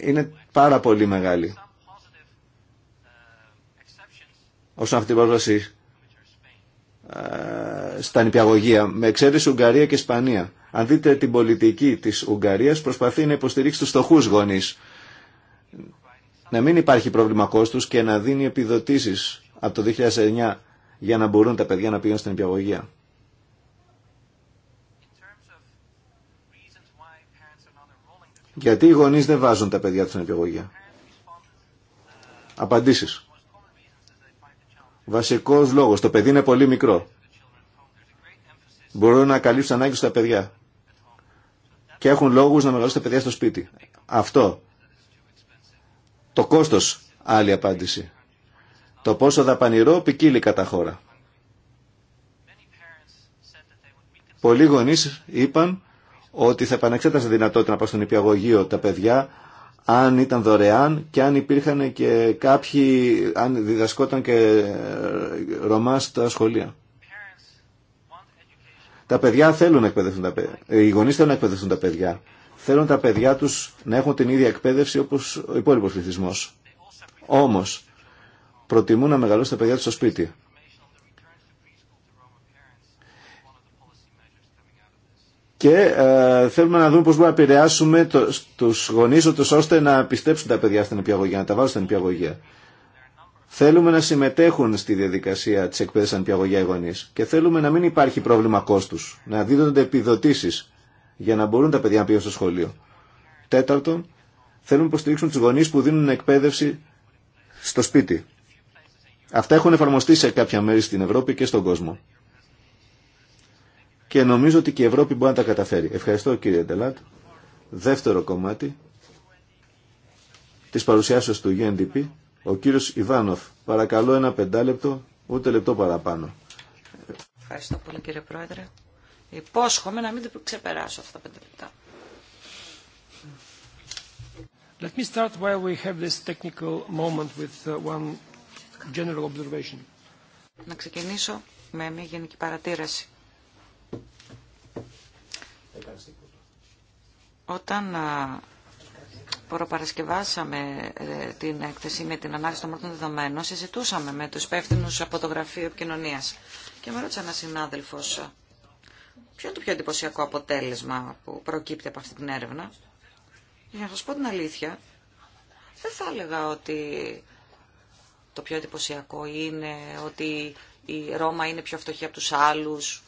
είναι πάρα πολύ μεγάλη. Όσον αυτή την πρόσβαση ε, στα νηπιαγωγεία, με εξαίρεση Ουγγαρία και Ισπανία. Αν δείτε την πολιτική της Ουγγαρίας, προσπαθεί να υποστηρίξει τους στοχούς γονείς. Να μην υπάρχει πρόβλημα κόστους και να δίνει επιδοτήσεις από το 2009 για να μπορούν τα παιδιά να πήγαν στην υπηαγωγία. Γιατί οι γονείς δεν βάζουν τα παιδιά τους στην υπηαγωγία. Απαντήσεις. Βασικός λόγος. Το παιδί είναι πολύ μικρό. Μπορούν να καλύψουν ανάγκη στα παιδιά. Και έχουν λόγους να μεγαλώσουν τα παιδιά στο σπίτι. Αυτό. Το κόστος. Άλλη απάντηση. Το πόσο δαπανηρό ποικίλει κατά χώρα. Πολλοί γονεί είπαν ότι θα επανεξέτασαν δυνατότητα να πάω στον υπηαγωγείο τα παιδιά αν ήταν δωρεάν και αν υπήρχαν και κάποιοι, αν διδασκόταν και ε, Ρωμά στα σχολεία. Τα παιδιά θέλουν να εκπαιδευτούν τα παιδιά. Οι γονεί θέλουν να εκπαιδευτούν τα παιδιά. Θέλουν τα παιδιά τους να έχουν την ίδια εκπαίδευση όπω ο υπόλοιπο πληθυσμό. Όμω προτιμούν να μεγαλώσουν τα παιδιά τους στο σπίτι. Και ε, θέλουμε να δούμε πώς μπορούμε να επηρεάσουμε το, τους γονείς ώστε να πιστέψουν τα παιδιά στην νηπιαγωγία, να τα βάλουν στην νηπιαγωγία. Θέλουμε να συμμετέχουν στη διαδικασία της εκπαίδευσης νηπιαγωγία οι γονείς και θέλουμε να μην υπάρχει πρόβλημα κόστους, να δίδονται επιδοτήσεις για να μπορούν τα παιδιά να πηγαίνουν στο σχολείο. Τέταρτον, θέλουμε να υποστηρίξουν τους γονείς που δίνουν εκπαίδευση στο σπίτι. Αυτά έχουν εφαρμοστεί σε κάποια μέρη στην Ευρώπη και στον κόσμο. Και νομίζω ότι και η Ευρώπη μπορεί να τα καταφέρει. Ευχαριστώ κύριε Ντελάτ. Δεύτερο κομμάτι της παρουσιάσεως του UNDP, ο κύριος Ιβάνοφ. Παρακαλώ ένα πεντάλεπτο, ούτε λεπτό παραπάνω. Ευχαριστώ πολύ κύριε Πρόεδρε. Υπόσχομαι να μην ξεπεράσω αυτά τα πέντε λεπτά. Let me start where we have this technical moment with uh, one να ξεκινήσω με μια γενική παρατήρηση. Όταν προπαρασκευάσαμε ε, την έκθεση με την ανάλυση των πρώτων δεδομένων, συζητούσαμε με τους υπεύθυνου από το Γραφείο Επικοινωνίας και με ρώτησε ένα συνάδελφος ποιο είναι το πιο εντυπωσιακό αποτέλεσμα που προκύπτει από αυτή την έρευνα. Για να σας πω την αλήθεια, δεν θα έλεγα ότι το πιο εντυπωσιακό είναι ότι η Ρώμα είναι πιο φτωχή από τους άλλους.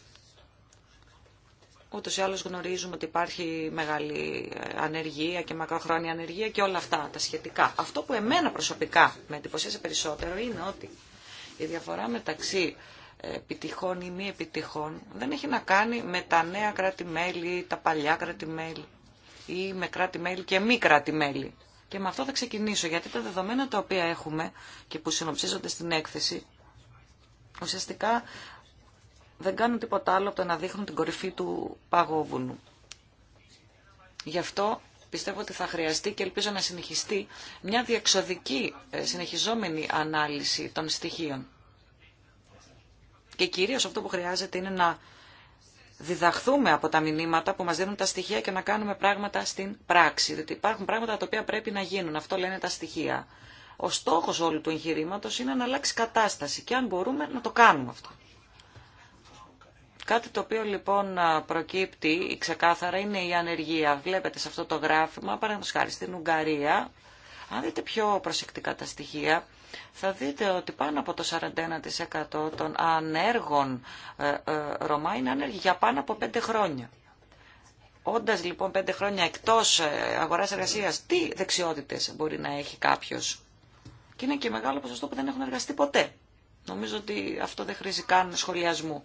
Ούτως ή άλλως γνωρίζουμε ότι υπάρχει μεγάλη ανεργία και μακροχρόνια ανεργία και όλα αυτά τα σχετικά. Αυτό που εμένα προσωπικά με εντυπωσίασε περισσότερο είναι ότι η διαφορά μεταξύ ε, επιτυχών ή μη επιτυχών δεν έχει να κάνει με τα νέα κράτη-μέλη, τα παλιά κράτη-μέλη ή με κράτη-μέλη και μη κράτη-μέλη. Και με αυτό θα ξεκινήσω, γιατί τα δεδομένα τα οποία έχουμε και που συνοψίζονται στην έκθεση, ουσιαστικά δεν κάνουν τίποτα άλλο από το να δείχνουν την κορυφή του παγόβουνου. Γι' αυτό πιστεύω ότι θα χρειαστεί και ελπίζω να συνεχιστεί μια διεξοδική ε, συνεχιζόμενη ανάλυση των στοιχείων. Και κυρίως αυτό που χρειάζεται είναι να διδαχθούμε από τα μηνύματα που μας δίνουν τα στοιχεία και να κάνουμε πράγματα στην πράξη. Διότι υπάρχουν πράγματα τα οποία πρέπει να γίνουν. Αυτό λένε τα στοιχεία. Ο στόχος όλου του εγχειρήματο είναι να αλλάξει κατάσταση και αν μπορούμε να το κάνουμε αυτό. Κάτι το οποίο λοιπόν προκύπτει ξεκάθαρα είναι η ανεργία. Βλέπετε σε αυτό το γράφημα, παραδείγματος χάρη στην Ουγγαρία, αν δείτε πιο προσεκτικά τα στοιχεία, θα δείτε ότι πάνω από το 41% των ανέργων ε, ε, Ρωμά είναι ανέργοι για πάνω από από χρόνια. Όντας λοιπόν λοιπόν χρόνια εκτός ε, αγοράς εργασίας, τι δεξιότητες μπορεί να έχει κάποιος. Και είναι και μεγάλο ποσοστό που δεν έχουν εργαστεί ποτέ. Νομίζω ότι αυτό δεν χρήζει καν σχολιασμού.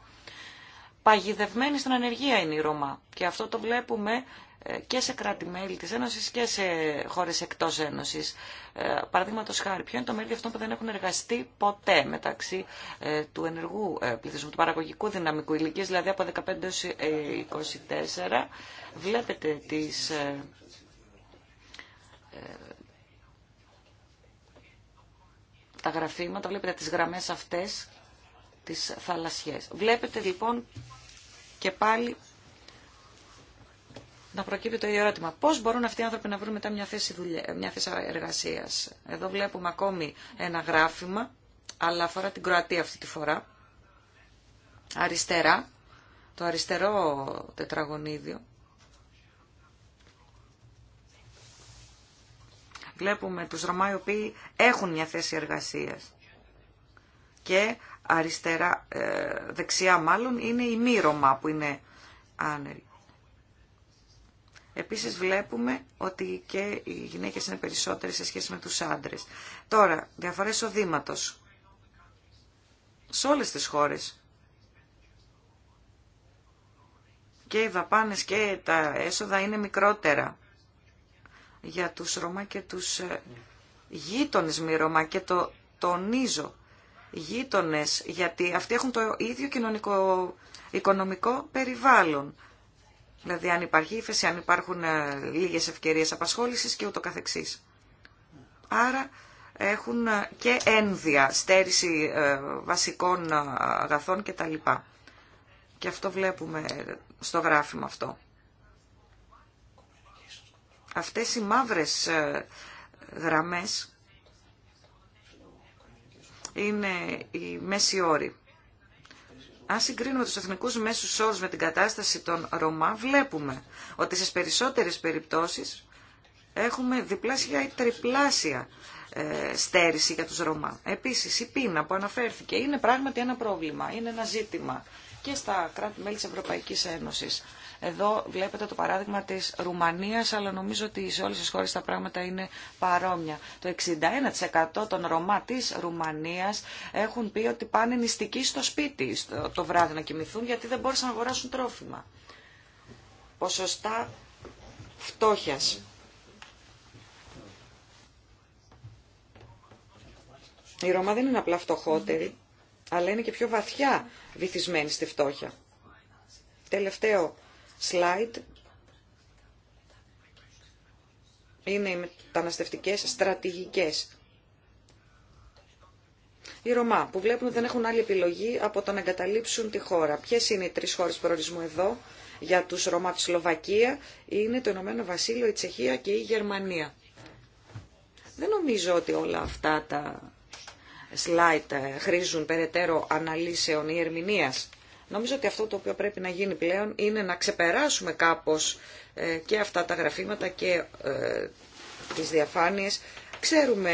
Παγιδευμένη στην ανεργία είναι η Ρωμά και αυτό το βλέπουμε ε, και σε κράτη-μέλη της Ένωσης και σε χώρες εκτός Ένωσης. Ε, Παραδείγματο χάρη, ποιο είναι το μέλη αυτών που δεν έχουν εργαστεί ποτέ μεταξύ ε, του ενεργού πληθυσμού, του παραγωγικού δυναμικού ηλικία, δηλαδή από 15 έως 24. Βλέπετε τις τα γραφήματα, βλέπετε τις γραμμές αυτές, τις θαλασσιές. Βλέπετε λοιπόν και πάλι να προκύπτει το ερώτημα. Πώ μπορούν αυτοί οι άνθρωποι να βρουν μετά μια θέση, δουλε... μια θέση εργασία. Εδώ βλέπουμε ακόμη ένα γράφημα, αλλά αφορά την Κροατία αυτή τη φορά. Αριστερά, το αριστερό τετραγωνίδιο. Βλέπουμε τους Ρωμά οι οποίοι έχουν μια θέση εργασίας. Και αριστερά, ε, δεξιά μάλλον, είναι η μη Ρωμά που είναι άνεργη. Επίσης βλέπουμε ότι και οι γυναίκες είναι περισσότερες σε σχέση με τους άντρες. Τώρα, διαφορές οδήματο. Σε όλες τις χώρες. Και οι δαπάνες και τα έσοδα είναι μικρότερα. Για τους Ρωμά και τους ε, γείτονες μη Ρωμά και το τονίζω γείτονες, γιατί αυτοί έχουν το ίδιο κοινωνικό οικονομικό περιβάλλον δηλαδή αν υπάρχει ύφεση, αν υπάρχουν ε, λίγες ευκαιρίες απασχόλησης και ούτω καθεξής. Άρα έχουν ε, και ένδια, στέρηση ε, βασικών αγαθών κτλ. Και αυτό βλέπουμε στο γράφημα αυτό. Αυτές οι μαύρες γραμμές είναι οι μέση όροι. Αν συγκρίνουμε τους εθνικούς μέσους όρους με την κατάσταση των Ρωμά, βλέπουμε ότι σε περισσότερες περιπτώσεις έχουμε διπλάσια ή τριπλάσια ε, στέρηση για τους Ρωμά. Επίσης, η πείνα που αναφέρθηκε είναι πράγματι ένα πρόβλημα, είναι ένα ζήτημα και στα κράτη-μέλη της Ευρωπαϊκής Ένωσης. Εδώ βλέπετε το παράδειγμα της Ρουμανίας, αλλά νομίζω ότι σε όλες τις χώρες τα πράγματα είναι παρόμοια. Το 61% των Ρωμά της Ρουμανίας έχουν πει ότι πάνε νηστικοί στο σπίτι το βράδυ να κοιμηθούν γιατί δεν μπόρεσαν να αγοράσουν τρόφιμα. Ποσοστά φτώχειας. Η Ρώμα δεν είναι απλά φτωχότερη, αλλά είναι και πιο βαθιά βυθισμένη στη φτώχεια. Τελευταίο σλάιτ είναι οι μεταναστευτικέ στρατηγικές. Οι Ρωμά που βλέπουν ότι δεν έχουν άλλη επιλογή από το να εγκαταλείψουν τη χώρα. Ποιες είναι οι τρεις χώρες προορισμού εδώ για τους Ρωμά τη Σλοβακία είναι το Ηνωμένο Βασίλειο, η Τσεχία και η Γερμανία. Δεν νομίζω ότι όλα αυτά τα σλάιτ ε, χρήζουν περαιτέρω αναλύσεων ή ερμηνείας. Νομίζω ότι αυτό το οποίο πρέπει να γίνει πλέον είναι να ξεπεράσουμε κάπως ε, και αυτά τα γραφήματα και ε, τις διαφάνειες. Ξέρουμε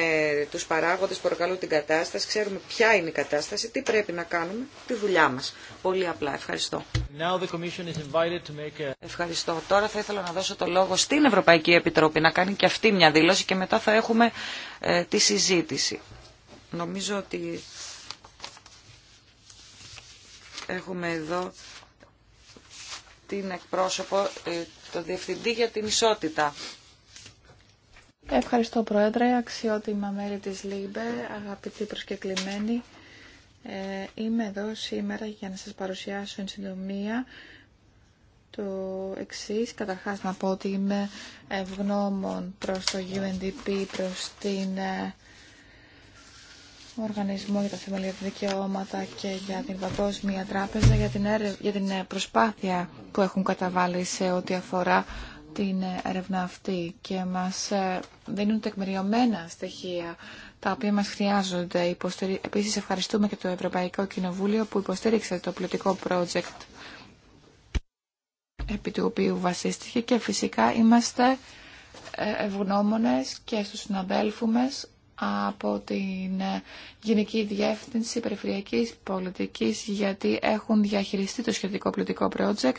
τους παράγοντες που προκαλούν την κατάσταση, ξέρουμε ποια είναι η κατάσταση, τι πρέπει να κάνουμε, τη δουλειά μας. Πολύ απλά. Ευχαριστώ. Ευχαριστώ. Τώρα θα ήθελα να δώσω το λόγο στην Ευρωπαϊκή Επιτροπή να κάνει και αυτή μια δήλωση και μετά θα έχουμε ε, τη συζήτηση. Νομίζω ότι Έχουμε εδώ την εκπρόσωπο, ε, το Διευθυντή για την Ισότητα. Ευχαριστώ Πρόεδρε, αξιότιμα μέλη της ΛΥΜΠΕ, αγαπητοί προσκεκλημένοι. Ε, είμαι εδώ σήμερα για να σας παρουσιάσω εν συντομία το εξής. Καταρχάς να πω ότι είμαι ευγνώμων προς το UNDP, προς την ε, Οργανισμό για τα Θεμελιώδη Δικαιώματα και για την Παγκόσμια Τράπεζα για την, για την ε, προσπάθεια που έχουν καταβάλει σε ό,τι αφορά την ε, έρευνα αυτή και μας ε, δίνουν τεκμηριωμένα στοιχεία τα οποία μας χρειάζονται. Υποστηρι... Επίσης ευχαριστούμε και το Ευρωπαϊκό Κοινοβούλιο που υποστήριξε το πολιτικό project επί του οποίου βασίστηκε και φυσικά είμαστε ευγνώμονες και στους συναδέλφους μας, από την ε, Γενική Διεύθυνση Περιφερειακής Πολιτικής γιατί έχουν διαχειριστεί το σχετικό πολιτικό project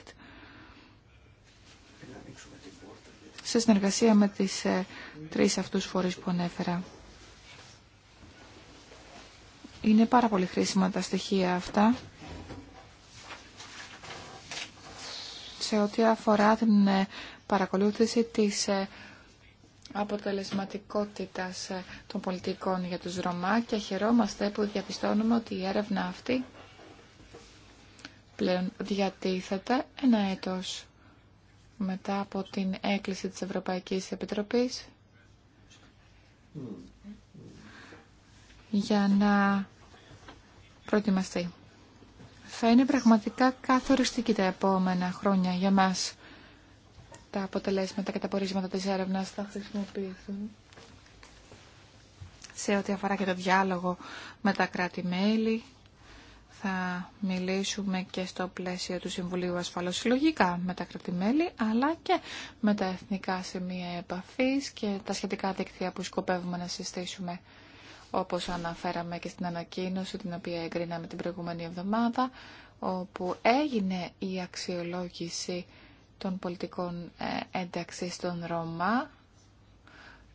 σε συνεργασία με τις ε, τρεις αυτούς φορείς που ανέφερα. Είναι πάρα πολύ χρήσιμα τα στοιχεία αυτά σε ό,τι αφορά την ε, παρακολούθηση της αποτελεσματικότητας ε, των πολιτικών για τους Ρωμά και χαιρόμαστε που διαπιστώνουμε ότι η έρευνα αυτή πλέον διατίθεται ένα έτος μετά από την έκκληση της Ευρωπαϊκής Επιτροπής για να προετοιμαστεί. Θα είναι πραγματικά καθοριστική τα επόμενα χρόνια για μας τα αποτελέσματα και τα πορίσματα της έρευνας θα χρησιμοποιηθούν σε ό,τι αφορά και το διάλογο με τα κράτη-μέλη. Θα μιλήσουμε και στο πλαίσιο του Συμβουλίου Ασφαλώς με τα κράτη-μέλη, αλλά και με τα εθνικά σημεία επαφής και τα σχετικά δίκτυα που σκοπεύουμε να συστήσουμε όπως αναφέραμε και στην ανακοίνωση την οποία εγκρίναμε την προηγούμενη εβδομάδα, όπου έγινε η αξιολόγηση των πολιτικών ε, ένταξη των Ρώμα,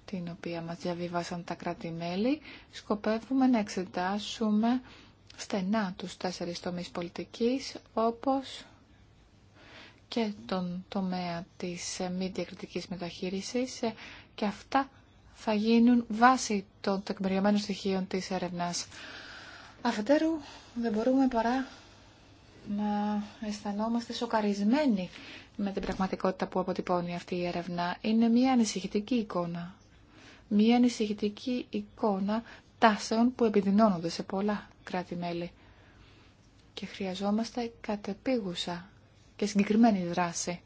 την οποία μας διαβίβασαν τα κράτη-μέλη, σκοπεύουμε να εξετάσουμε στενά τους τέσσερις τομείς πολιτικής, όπως και τον τομέα της ε, μη διακριτικής μεταχείρισης ε, και αυτά θα γίνουν βάση των τεκμηριωμένων στοιχείων της έρευνας. Αφετέρου δεν μπορούμε παρά να αισθανόμαστε σοκαρισμένοι με την πραγματικότητα που αποτυπώνει αυτή η έρευνα. Είναι μια ανησυχητική εικόνα. Μια ανησυχητική εικόνα τάσεων που επιδεινώνονται σε πολλά κράτη-μέλη. Και χρειαζόμαστε κατεπίγουσα και συγκεκριμένη δράση.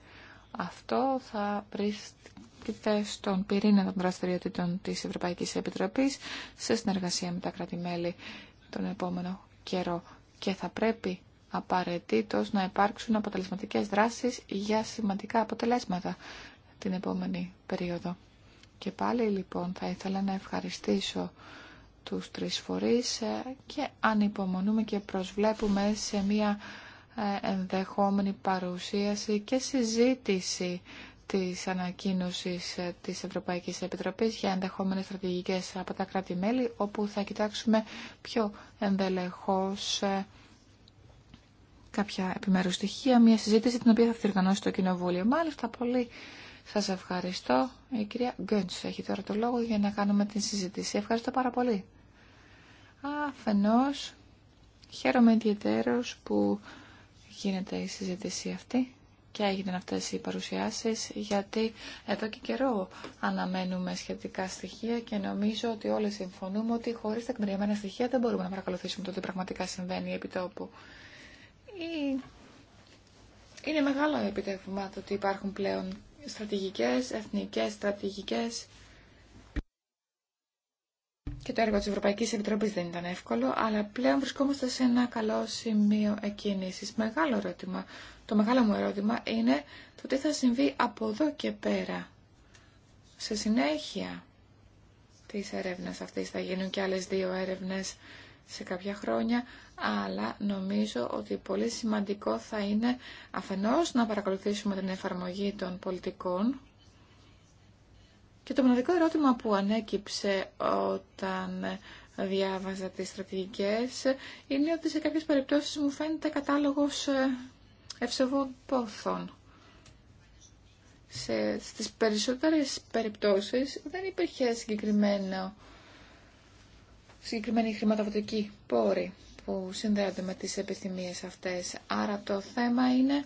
Αυτό θα βρίσκεται στον πυρήνα των δραστηριοτήτων της Ευρωπαϊκής Επιτροπής σε συνεργασία με τα κράτη-μέλη τον επόμενο καιρό. Και θα πρέπει απαραίτητος να υπάρξουν αποτελεσματικές δράσεις για σημαντικά αποτελέσματα την επόμενη περίοδο. Και πάλι λοιπόν θα ήθελα να ευχαριστήσω τους τρεις φορείς ε, και υπομονούμε και προσβλέπουμε σε μια ε, ενδεχόμενη παρουσίαση και συζήτηση της ανακοίνωσης ε, της Ευρωπαϊκής Επιτροπής για ενδεχόμενες στρατηγικές από τα κράτη-μέλη, όπου θα κοιτάξουμε πιο ενδελεχώς κάποια επιμέρους στοιχεία, μια συζήτηση την οποία θα διοργανώσει το Κοινοβούλιο. Μάλιστα, πολύ σας ευχαριστώ. Η κυρία Γκέντς έχει τώρα το λόγο για να κάνουμε την συζήτηση. Ευχαριστώ πάρα πολύ. Αφενός, χαίρομαι ιδιαίτερως που γίνεται η συζήτηση αυτή και έγιναν αυτές οι παρουσιάσεις γιατί εδώ και καιρό αναμένουμε σχετικά στοιχεία και νομίζω ότι όλοι συμφωνούμε ότι χωρίς τα τεκμηριωμένα στοιχεία δεν μπορούμε να παρακολουθήσουμε το τι πραγματικά συμβαίνει επί τόπου. Είναι μεγάλο επιτεύγμα το ότι υπάρχουν πλέον στρατηγικές, εθνικές στρατηγικές και το έργο της Ευρωπαϊκής Επιτροπής δεν ήταν εύκολο, αλλά πλέον βρισκόμαστε σε ένα καλό σημείο εκκίνησης. Μεγάλο ερώτημα. Το μεγάλο μου ερώτημα είναι το τι θα συμβεί από εδώ και πέρα. Σε συνέχεια της έρευνας αυτής θα γίνουν και άλλες δύο έρευνες σε κάποια χρόνια, αλλά νομίζω ότι πολύ σημαντικό θα είναι αφενός να παρακολουθήσουμε την εφαρμογή των πολιτικών και το μοναδικό ερώτημα που ανέκυψε όταν διάβαζα τις στρατηγικές είναι ότι σε κάποιες περιπτώσεις μου φαίνεται κατάλογος ε, ευσεβών πόθων. Σε, στις περισσότερες περιπτώσεις δεν υπήρχε συγκεκριμένο συγκεκριμένη χρηματοδοτική πόρη που συνδέονται με τις επιθυμίες αυτές. Άρα το θέμα είναι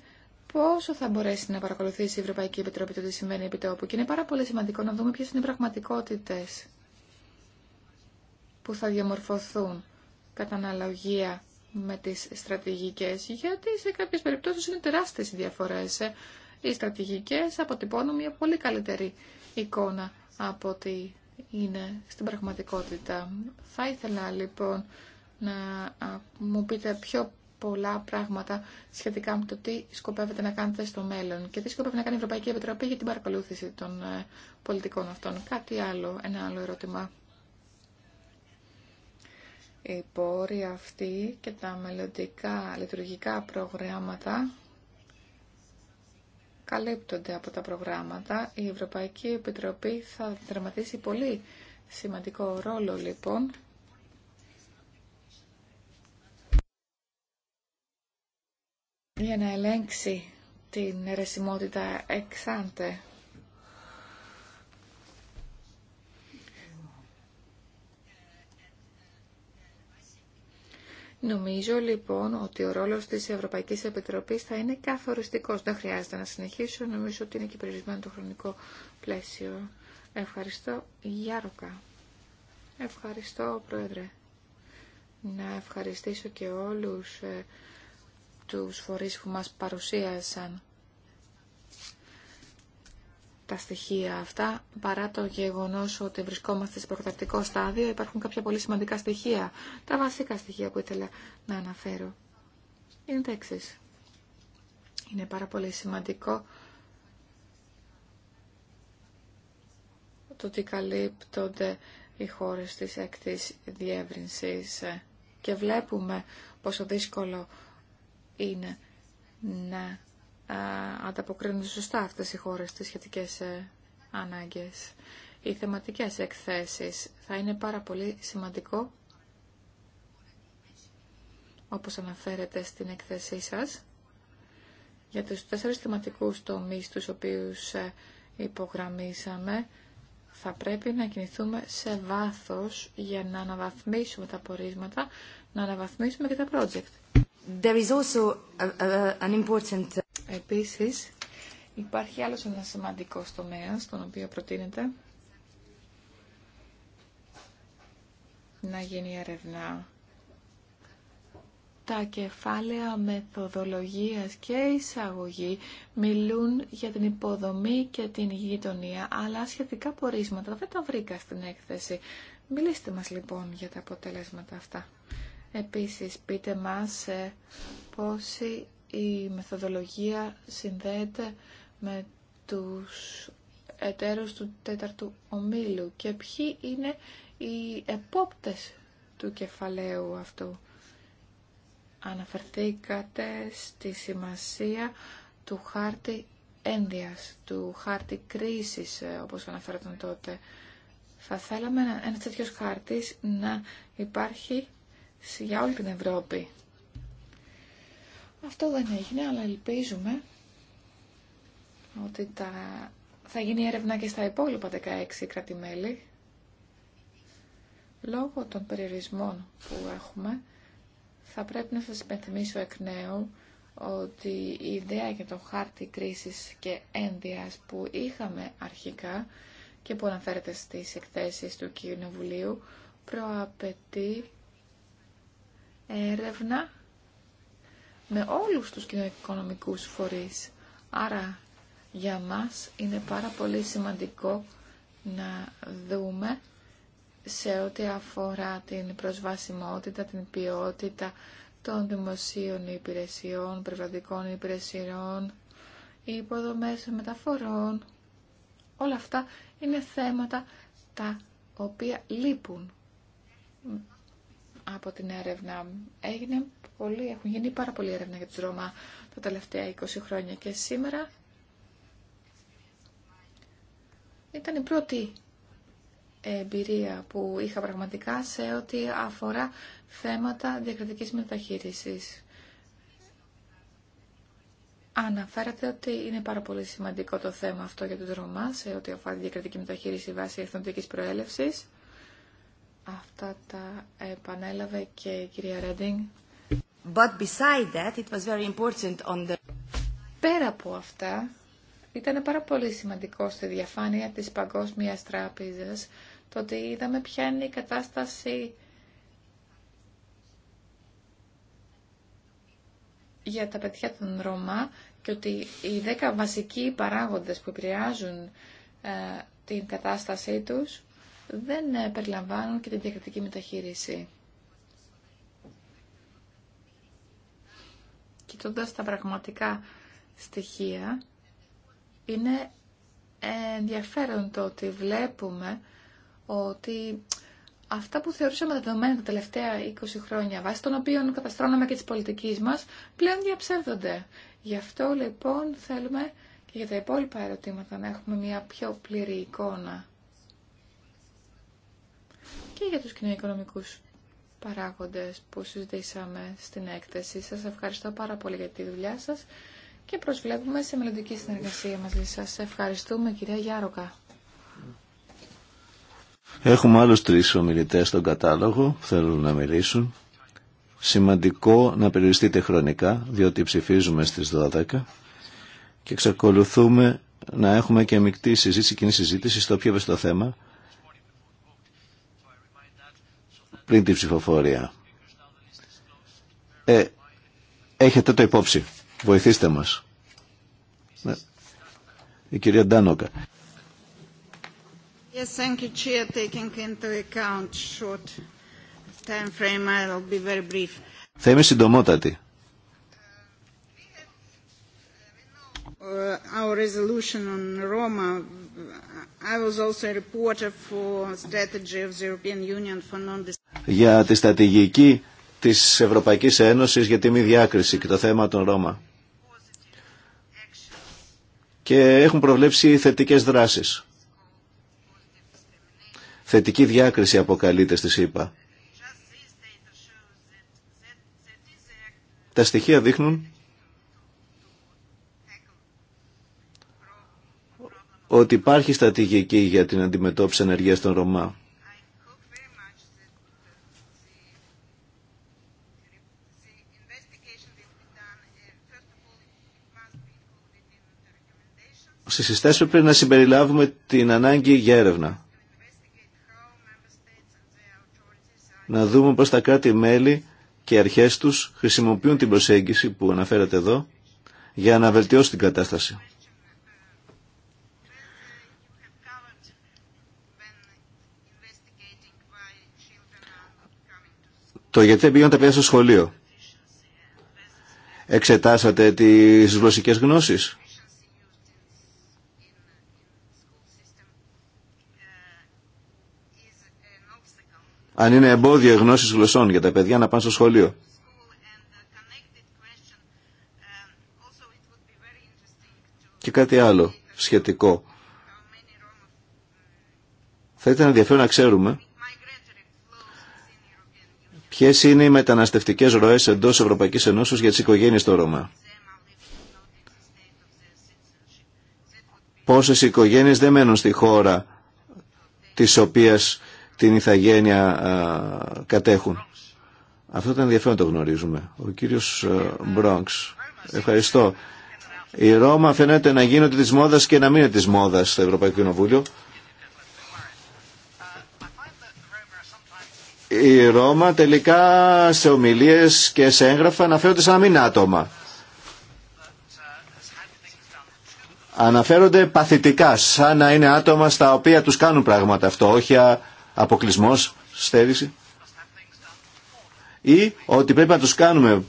πόσο θα μπορέσει να παρακολουθήσει η Ευρωπαϊκή Επιτροπή το τι συμβαίνει επί τόπου. Και είναι πάρα πολύ σημαντικό να δούμε ποιες είναι οι πραγματικότητες που θα διαμορφωθούν κατά αναλογία με τις στρατηγικές. Γιατί σε κάποιες περιπτώσεις είναι τεράστιες οι διαφορές. Ε. Οι στρατηγικές αποτυπώνουν μια πολύ καλύτερη εικόνα από τη είναι στην πραγματικότητα. Θα ήθελα λοιπόν να μου πείτε πιο πολλά πράγματα σχετικά με το τι σκοπεύετε να κάνετε στο μέλλον και τι σκοπεύει να κάνει η Ευρωπαϊκή Επιτροπή για την παρακολούθηση των ε, πολιτικών αυτών. Κάτι άλλο, ένα άλλο ερώτημα. Οι πόροι αυτοί και τα μελλοντικά λειτουργικά προγράμματα καλύπτονται από τα προγράμματα. Η Ευρωπαϊκή Επιτροπή θα δραματίσει πολύ σημαντικό ρόλο λοιπόν για να ελέγξει την αιρεσιμότητα εξάντε Νομίζω λοιπόν ότι ο ρόλος της Ευρωπαϊκής Επιτροπής θα είναι καθοριστικός. Δεν χρειάζεται να συνεχίσω. Νομίζω ότι είναι και περιορισμένο το χρονικό πλαίσιο. Ευχαριστώ. Γιάροκα. Ευχαριστώ, Πρόεδρε. Να ευχαριστήσω και όλους ε, τους φορείς που μας παρουσίασαν τα στοιχεία αυτά, παρά το γεγονός ότι βρισκόμαστε σε προκαταρκτικό στάδιο, υπάρχουν κάποια πολύ σημαντικά στοιχεία. Τα βασικά στοιχεία που ήθελα να αναφέρω είναι τα εξή. Είναι πάρα πολύ σημαντικό το ότι καλύπτονται οι χώρες της έκτης διεύρυνσης και βλέπουμε πόσο δύσκολο είναι να ε, ανταποκρίνονται σωστά αυτές οι χώρες στις σχετικές ε, ανάγκες. Οι θεματικές εκθέσεις θα είναι πάρα πολύ σημαντικό, όπως αναφέρετε στην εκθέσή σας, για τους τέσσερις θεματικούς τομείς τους οποίους ε, υπογραμμίσαμε, θα πρέπει να κινηθούμε σε βάθος για να αναβαθμίσουμε τα πορίσματα, να αναβαθμίσουμε και τα project. There is also Επίσης, υπάρχει άλλος ένα σημαντικό τομέα, τον οποίο προτείνεται να γίνει ερευνά. Τα κεφάλαια μεθοδολογίας και εισαγωγή μιλούν για την υποδομή και την γειτονία, αλλά σχετικά πορίσματα δεν τα βρήκα στην έκθεση. Μιλήστε μας λοιπόν για τα αποτελέσματα αυτά. Επίσης πείτε μας ε, πόσοι η μεθοδολογία συνδέεται με τους εταίρους του τέταρτου ομίλου και ποιοι είναι οι επόπτες του κεφαλαίου αυτού. Αναφερθήκατε στη σημασία του χάρτη ένδυας, του χάρτη κρίσης, ε, όπως αναφέρατε τότε. Θα θέλαμε ένα τέτοιο χάρτης να υπάρχει για όλη την Ευρώπη. Αυτό δεν έγινε, αλλά ελπίζουμε ότι τα... θα γίνει έρευνα και στα υπόλοιπα 16 κρατημέλη. Λόγω των περιορισμών που έχουμε, θα πρέπει να σας υπενθυμίσω εκ νέου ότι η ιδέα για το χάρτη κρίσης και ένδυας που είχαμε αρχικά και που αναφέρεται στις εκθέσεις του Κοινοβουλίου προαπαιτεί έρευνα με όλους τους κοινωνικονομικούς φορείς. Άρα για μας είναι πάρα πολύ σημαντικό να δούμε σε ό,τι αφορά την προσβασιμότητα, την ποιότητα των δημοσίων υπηρεσιών, περιβαλλοντικών υπηρεσιών, υποδομές μεταφορών. Όλα αυτά είναι θέματα τα οποία λείπουν από την έρευνα. Έγινε πολύ, έχουν γίνει πάρα πολλή έρευνα για τους Ρώμα τα τελευταία 20 χρόνια και σήμερα ήταν η πρώτη εμπειρία που είχα πραγματικά σε ό,τι αφορά θέματα διακριτικής μεταχείρισης. Αναφέρατε ότι είναι πάρα πολύ σημαντικό το θέμα αυτό για τους Ρωμά σε ό,τι αφορά τη διακριτική μεταχείριση βάσει εθνοτικής προέλευσης. Αυτά τα επανέλαβε και η κυρία Ρέντινγκ. But that, it was very important on the... Πέρα από αυτά, ήταν πάρα πολύ σημαντικό στη διαφάνεια της Παγκόσμιας Τράπεζας το ότι είδαμε ποια είναι η κατάσταση για τα παιδιά των Ρώμα και ότι οι δέκα βασικοί παράγοντες που επηρεάζουν ε, την κατάστασή τους δεν ε, περιλαμβάνουν και την διακριτική μεταχείριση. Κοιτώντα τα πραγματικά στοιχεία, είναι ενδιαφέρον το ότι βλέπουμε ότι αυτά που θεωρούσαμε δεδομένα τα τελευταία 20 χρόνια, βάσει των οποίων καταστρώναμε και τις πολιτικές μας, πλέον διαψεύδονται. Γι' αυτό λοιπόν θέλουμε και για τα υπόλοιπα ερωτήματα να έχουμε μια πιο πλήρη εικόνα και για τους κοινωνικονομικούς παράγοντες που συζητήσαμε στην έκθεση. Σας ευχαριστώ πάρα πολύ για τη δουλειά σας και προσβλέπουμε σε μελλοντική συνεργασία μαζί σας. Ευχαριστούμε κυρία Γιάροκα. Έχουμε άλλους τρεις ομιλητές στον κατάλογο που θέλουν να μιλήσουν. Σημαντικό να περιοριστείτε χρονικά, διότι ψηφίζουμε στις 12 και εξακολουθούμε να έχουμε και μεικτή συζήτηση, κοινή συζήτηση στο πιο ευαίσθητο θέμα πριν την ψηφοφορία. Ε, έχετε το υπόψη. Βοηθήστε μας. Ναι. Η κυρία Ντάνοκα. Θα είμαι συντομότατη. Uh, resolution on Roma, uh, I was also a reporter for strategy of European Union for non Για τη στρατηγική της Ευρωπαϊκής Ένωσης για τη μη διάκριση και το θέμα των Ρώμα. Και έχουν προβλέψει θετικές δράσεις. Θετική διάκριση αποκαλείται στη ΣΥΠΑ. Τα στοιχεία δείχνουν ότι υπάρχει στρατηγική για την αντιμετώπιση ενέργεια των Ρωμά. Στις συστάσει πρέπει να συμπεριλάβουμε την ανάγκη για έρευνα. Να δούμε πώς τα κράτη-μέλη και οι αρχές τους χρησιμοποιούν την προσέγγιση που αναφέρατε εδώ για να βελτιώσουν την κατάσταση. Το γιατί δεν πήγαν τα παιδιά στο σχολείο. Εξετάσατε τις γλωσσικές γνώσεις. Αν είναι εμπόδιο γνώσεις γλωσσών για τα παιδιά να πάνε στο σχολείο. Και κάτι άλλο σχετικό. Θα ήταν ενδιαφέρον να ξέρουμε Ποιε είναι οι μεταναστευτικέ ροέ εντό Ευρωπαϊκή Ενώση για τι οικογένειε στο Ρώμα. Πόσε οικογένειε δεν μένουν στη χώρα τη οποία την ηθαγένεια κατέχουν. Αυτό ήταν ενδιαφέρον να το γνωρίζουμε. Ο κύριος Μπρόγκς. Ευχαριστώ. Η Ρώμα φαίνεται να γίνεται της μόδας και να μην είναι της μόδας στο Ευρωπαϊκό Κοινοβούλιο. Η Ρώμα τελικά σε ομιλίες και σε έγγραφα αναφέρονται σαν να μην άτομα. Αναφέρονται παθητικά, σαν να είναι άτομα στα οποία τους κάνουν πράγματα αυτό, όχι αποκλεισμό, στέρηση. Ή ότι πρέπει να τους κάνουμε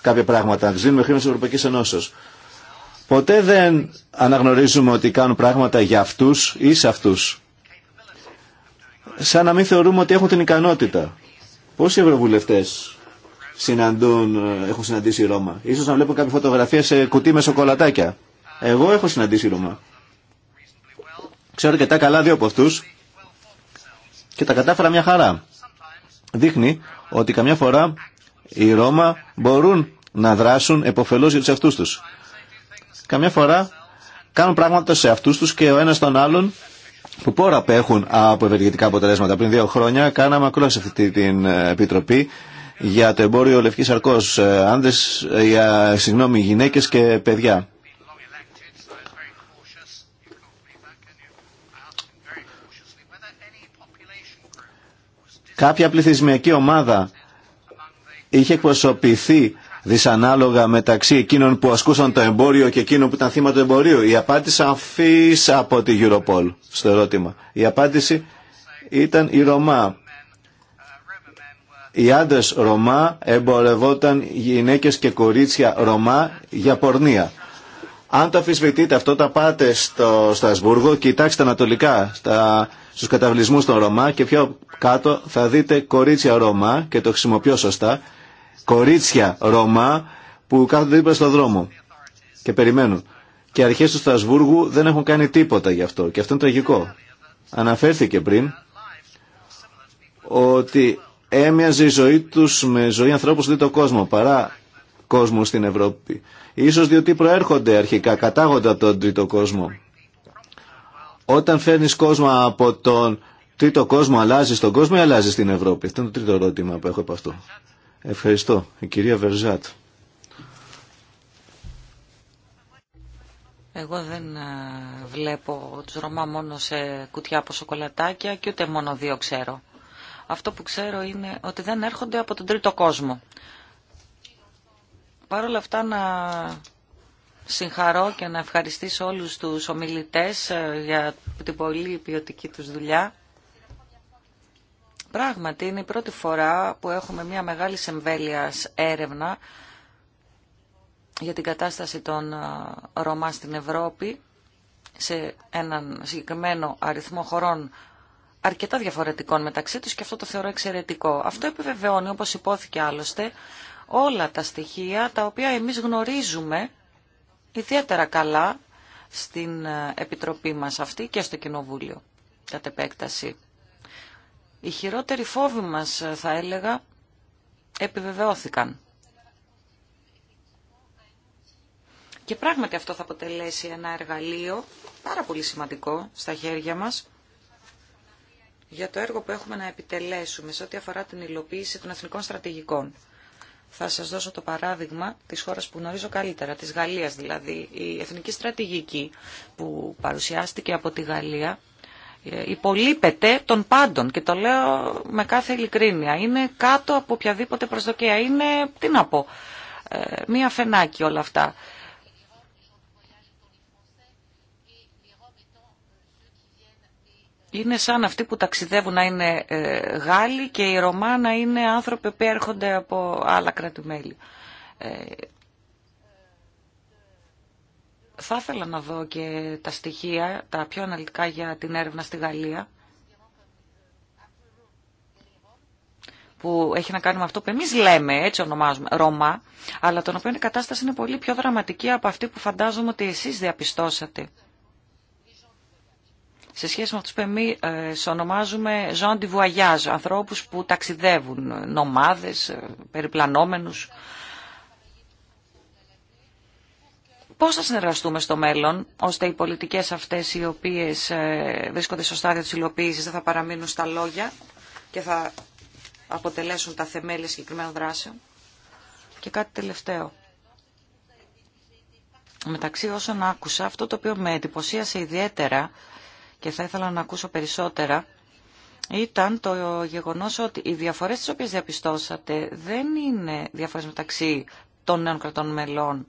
κάποια πράγματα, να τους δίνουμε χρήματα της Ευρωπαϊκής Ενώσεως. Ποτέ δεν αναγνωρίζουμε ότι κάνουν πράγματα για αυτούς ή σε αυτούς σαν να μην θεωρούμε ότι έχουν την ικανότητα. Πόσοι ευρωβουλευτέ συναντούν, ε, έχουν συναντήσει Ρώμα. Ίσως να βλέπω κάποια φωτογραφία σε κουτί με σοκολατάκια. Εγώ έχω συναντήσει Ρώμα. Ξέρω και τα καλά δύο από αυτού και τα κατάφερα μια χαρά. Δείχνει ότι καμιά φορά οι Ρώμα μπορούν να δράσουν επωφελώς για τους αυτούς τους. Καμιά φορά κάνουν πράγματα σε αυτούς τους και ο ένας τον άλλον που πόρα απέχουν από ευεργετικά αποτελέσματα. Πριν δύο χρόνια κάναμε ακρόαση αυτή την ε, επιτροπή για το εμπόριο λευκής αρκός ε, άνδρες, ε, για, συγγνώμη, γυναίκες και παιδιά. Κάποια πληθυσμιακή ομάδα είχε εκπροσωπηθεί δυσανάλογα μεταξύ εκείνων που ασκούσαν το εμπόριο και εκείνων που ήταν θύμα του εμπορίου. Η απάντηση αφής από τη Europol στο ερώτημα. Η απάντηση ήταν η Ρωμά. Οι άντρε Ρωμά εμπορευόταν γυναίκες και κορίτσια Ρωμά για πορνεία. Αν το αφισβητείτε αυτό, τα πάτε στο Στασβούργο, κοιτάξτε ανατολικά στα, στους καταβλισμούς των Ρωμά και πιο κάτω θα δείτε κορίτσια Ρωμά και το χρησιμοποιώ σωστά κορίτσια Ρώμα που κάθονται δίπλα στο δρόμο και περιμένουν. Και οι αρχές του Στρασβούργου δεν έχουν κάνει τίποτα γι' αυτό και αυτό είναι τραγικό. Αναφέρθηκε πριν ότι έμοιαζε η ζωή τους με ζωή ανθρώπου στον κόσμο παρά κόσμου στην Ευρώπη. Ίσως διότι προέρχονται αρχικά, κατάγονται από τον τρίτο κόσμο. Όταν φέρνεις κόσμο από τον τρίτο κόσμο, αλλάζει τον κόσμο ή αλλάζει την Ευρώπη. Αυτό είναι το τρίτο ερώτημα που έχω από αυτό. Ευχαριστώ. Η κυρία Βερζάτ. Εγώ δεν ε, βλέπω τους Ρωμά μόνο σε κουτιά από σοκολατάκια και ούτε μόνο δύο ξέρω. Αυτό που ξέρω είναι ότι δεν έρχονται από τον τρίτο κόσμο. Παρ' όλα αυτά να συγχαρώ και να ευχαριστήσω όλους τους ομιλητές ε, για την πολύ ποιοτική τους δουλειά. Πράγματι, είναι η πρώτη φορά που έχουμε μια μεγάλη εμβέλεια έρευνα για την κατάσταση των Ρωμά στην Ευρώπη σε έναν συγκεκριμένο αριθμό χωρών αρκετά διαφορετικών μεταξύ τους και αυτό το θεωρώ εξαιρετικό. Αυτό επιβεβαιώνει, όπως υπόθηκε άλλωστε, όλα τα στοιχεία τα οποία εμείς γνωρίζουμε ιδιαίτερα καλά στην Επιτροπή μας αυτή και στο Κοινοβούλιο κάτ' επέκταση. Οι χειρότεροι φόβοι μας, θα έλεγα, επιβεβαιώθηκαν. Και πράγματι αυτό θα αποτελέσει ένα εργαλείο πάρα πολύ σημαντικό στα χέρια μας για το έργο που έχουμε να επιτελέσουμε σε ό,τι αφορά την υλοποίηση των εθνικών στρατηγικών. Θα σας δώσω το παράδειγμα της χώρας που γνωρίζω καλύτερα, της Γαλλίας δηλαδή. Η εθνική στρατηγική που παρουσιάστηκε από τη Γαλλία υπολείπεται των πάντων και το λέω με κάθε ειλικρίνεια. Είναι κάτω από οποιαδήποτε προσδοκία. Είναι, τι να πω, ε, μία φενάκι όλα αυτά. Είναι σαν αυτοί που ταξιδεύουν να είναι ε, Γάλλοι και οι Ρωμά να είναι άνθρωποι που έρχονται από άλλα κράτη-μέλη. Ε, θα ήθελα να δω και τα στοιχεία, τα πιο αναλυτικά για την έρευνα στη Γαλλία, που έχει να κάνει με αυτό που εμείς λέμε, έτσι ονομάζουμε, Ρώμα, αλλά τον οποίο η κατάσταση είναι πολύ πιο δραματική από αυτή που φαντάζομαι ότι εσείς διαπιστώσατε. Σε σχέση με αυτούς που εμείς ε, ονομάζουμε «Jean de ανθρώπους που ταξιδεύουν, νομάδες, ε, περιπλανόμενους. Πώς θα συνεργαστούμε στο μέλλον, ώστε οι πολιτικές αυτές οι οποίες ε, βρίσκονται στο στάδιο της υλοποίησης δεν θα παραμείνουν στα λόγια και θα αποτελέσουν τα θεμέλια συγκεκριμένων δράσεων. Και κάτι τελευταίο. Μεταξύ όσων άκουσα, αυτό το οποίο με εντυπωσίασε ιδιαίτερα και θα ήθελα να ακούσω περισσότερα, ήταν το γεγονός ότι οι διαφορές τις οποίες διαπιστώσατε δεν είναι διαφορές μεταξύ των νέων κρατών μελών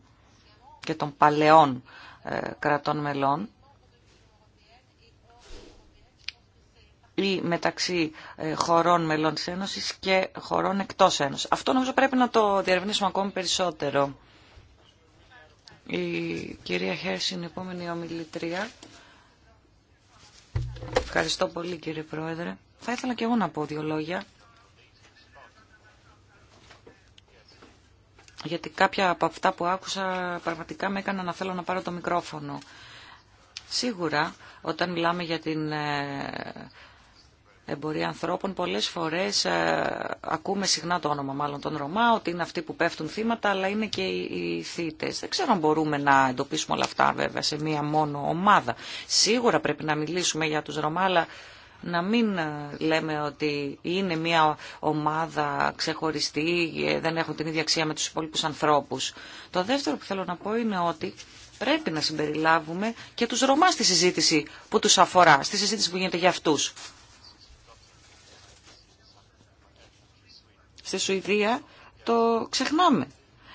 και των παλαιών ε, κρατών μελών ή μεταξύ ε, χωρών μελών της Ένωσης και χωρών εκτός Ένωσης. Αυτό νομίζω πρέπει να το διερευνήσουμε ακόμη περισσότερο. Η κυρία Χέρση είναι η επόμενη ομιλητρία. Ευχαριστώ πολύ κύριε Πρόεδρε. Θα ήθελα και εγώ να πω δύο λόγια γιατί κάποια από αυτά που άκουσα πραγματικά με έκανα να θέλω να πάρω το μικρόφωνο. Σίγουρα, όταν μιλάμε για την ε, εμπορία ανθρώπων, πολλές φορές ε, ακούμε συχνά το όνομα μάλλον των Ρωμά, ότι είναι αυτοί που πέφτουν θύματα, αλλά είναι και οι θύτες. Δεν ξέρω αν μπορούμε να εντοπίσουμε όλα αυτά βέβαια σε μία μόνο ομάδα. Σίγουρα πρέπει να μιλήσουμε για τους Ρωμά, αλλά να μην ε, λέμε ότι είναι μια ομάδα ξεχωριστή, ε, δεν έχουν την ίδια αξία με τους υπόλοιπους ανθρώπους. Το δεύτερο που θέλω να πω είναι ότι πρέπει να συμπεριλάβουμε και τους Ρωμά στη συζήτηση που τους αφορά, στη συζήτηση που γίνεται για αυτούς. Στη Σουηδία το ξεχνάμε.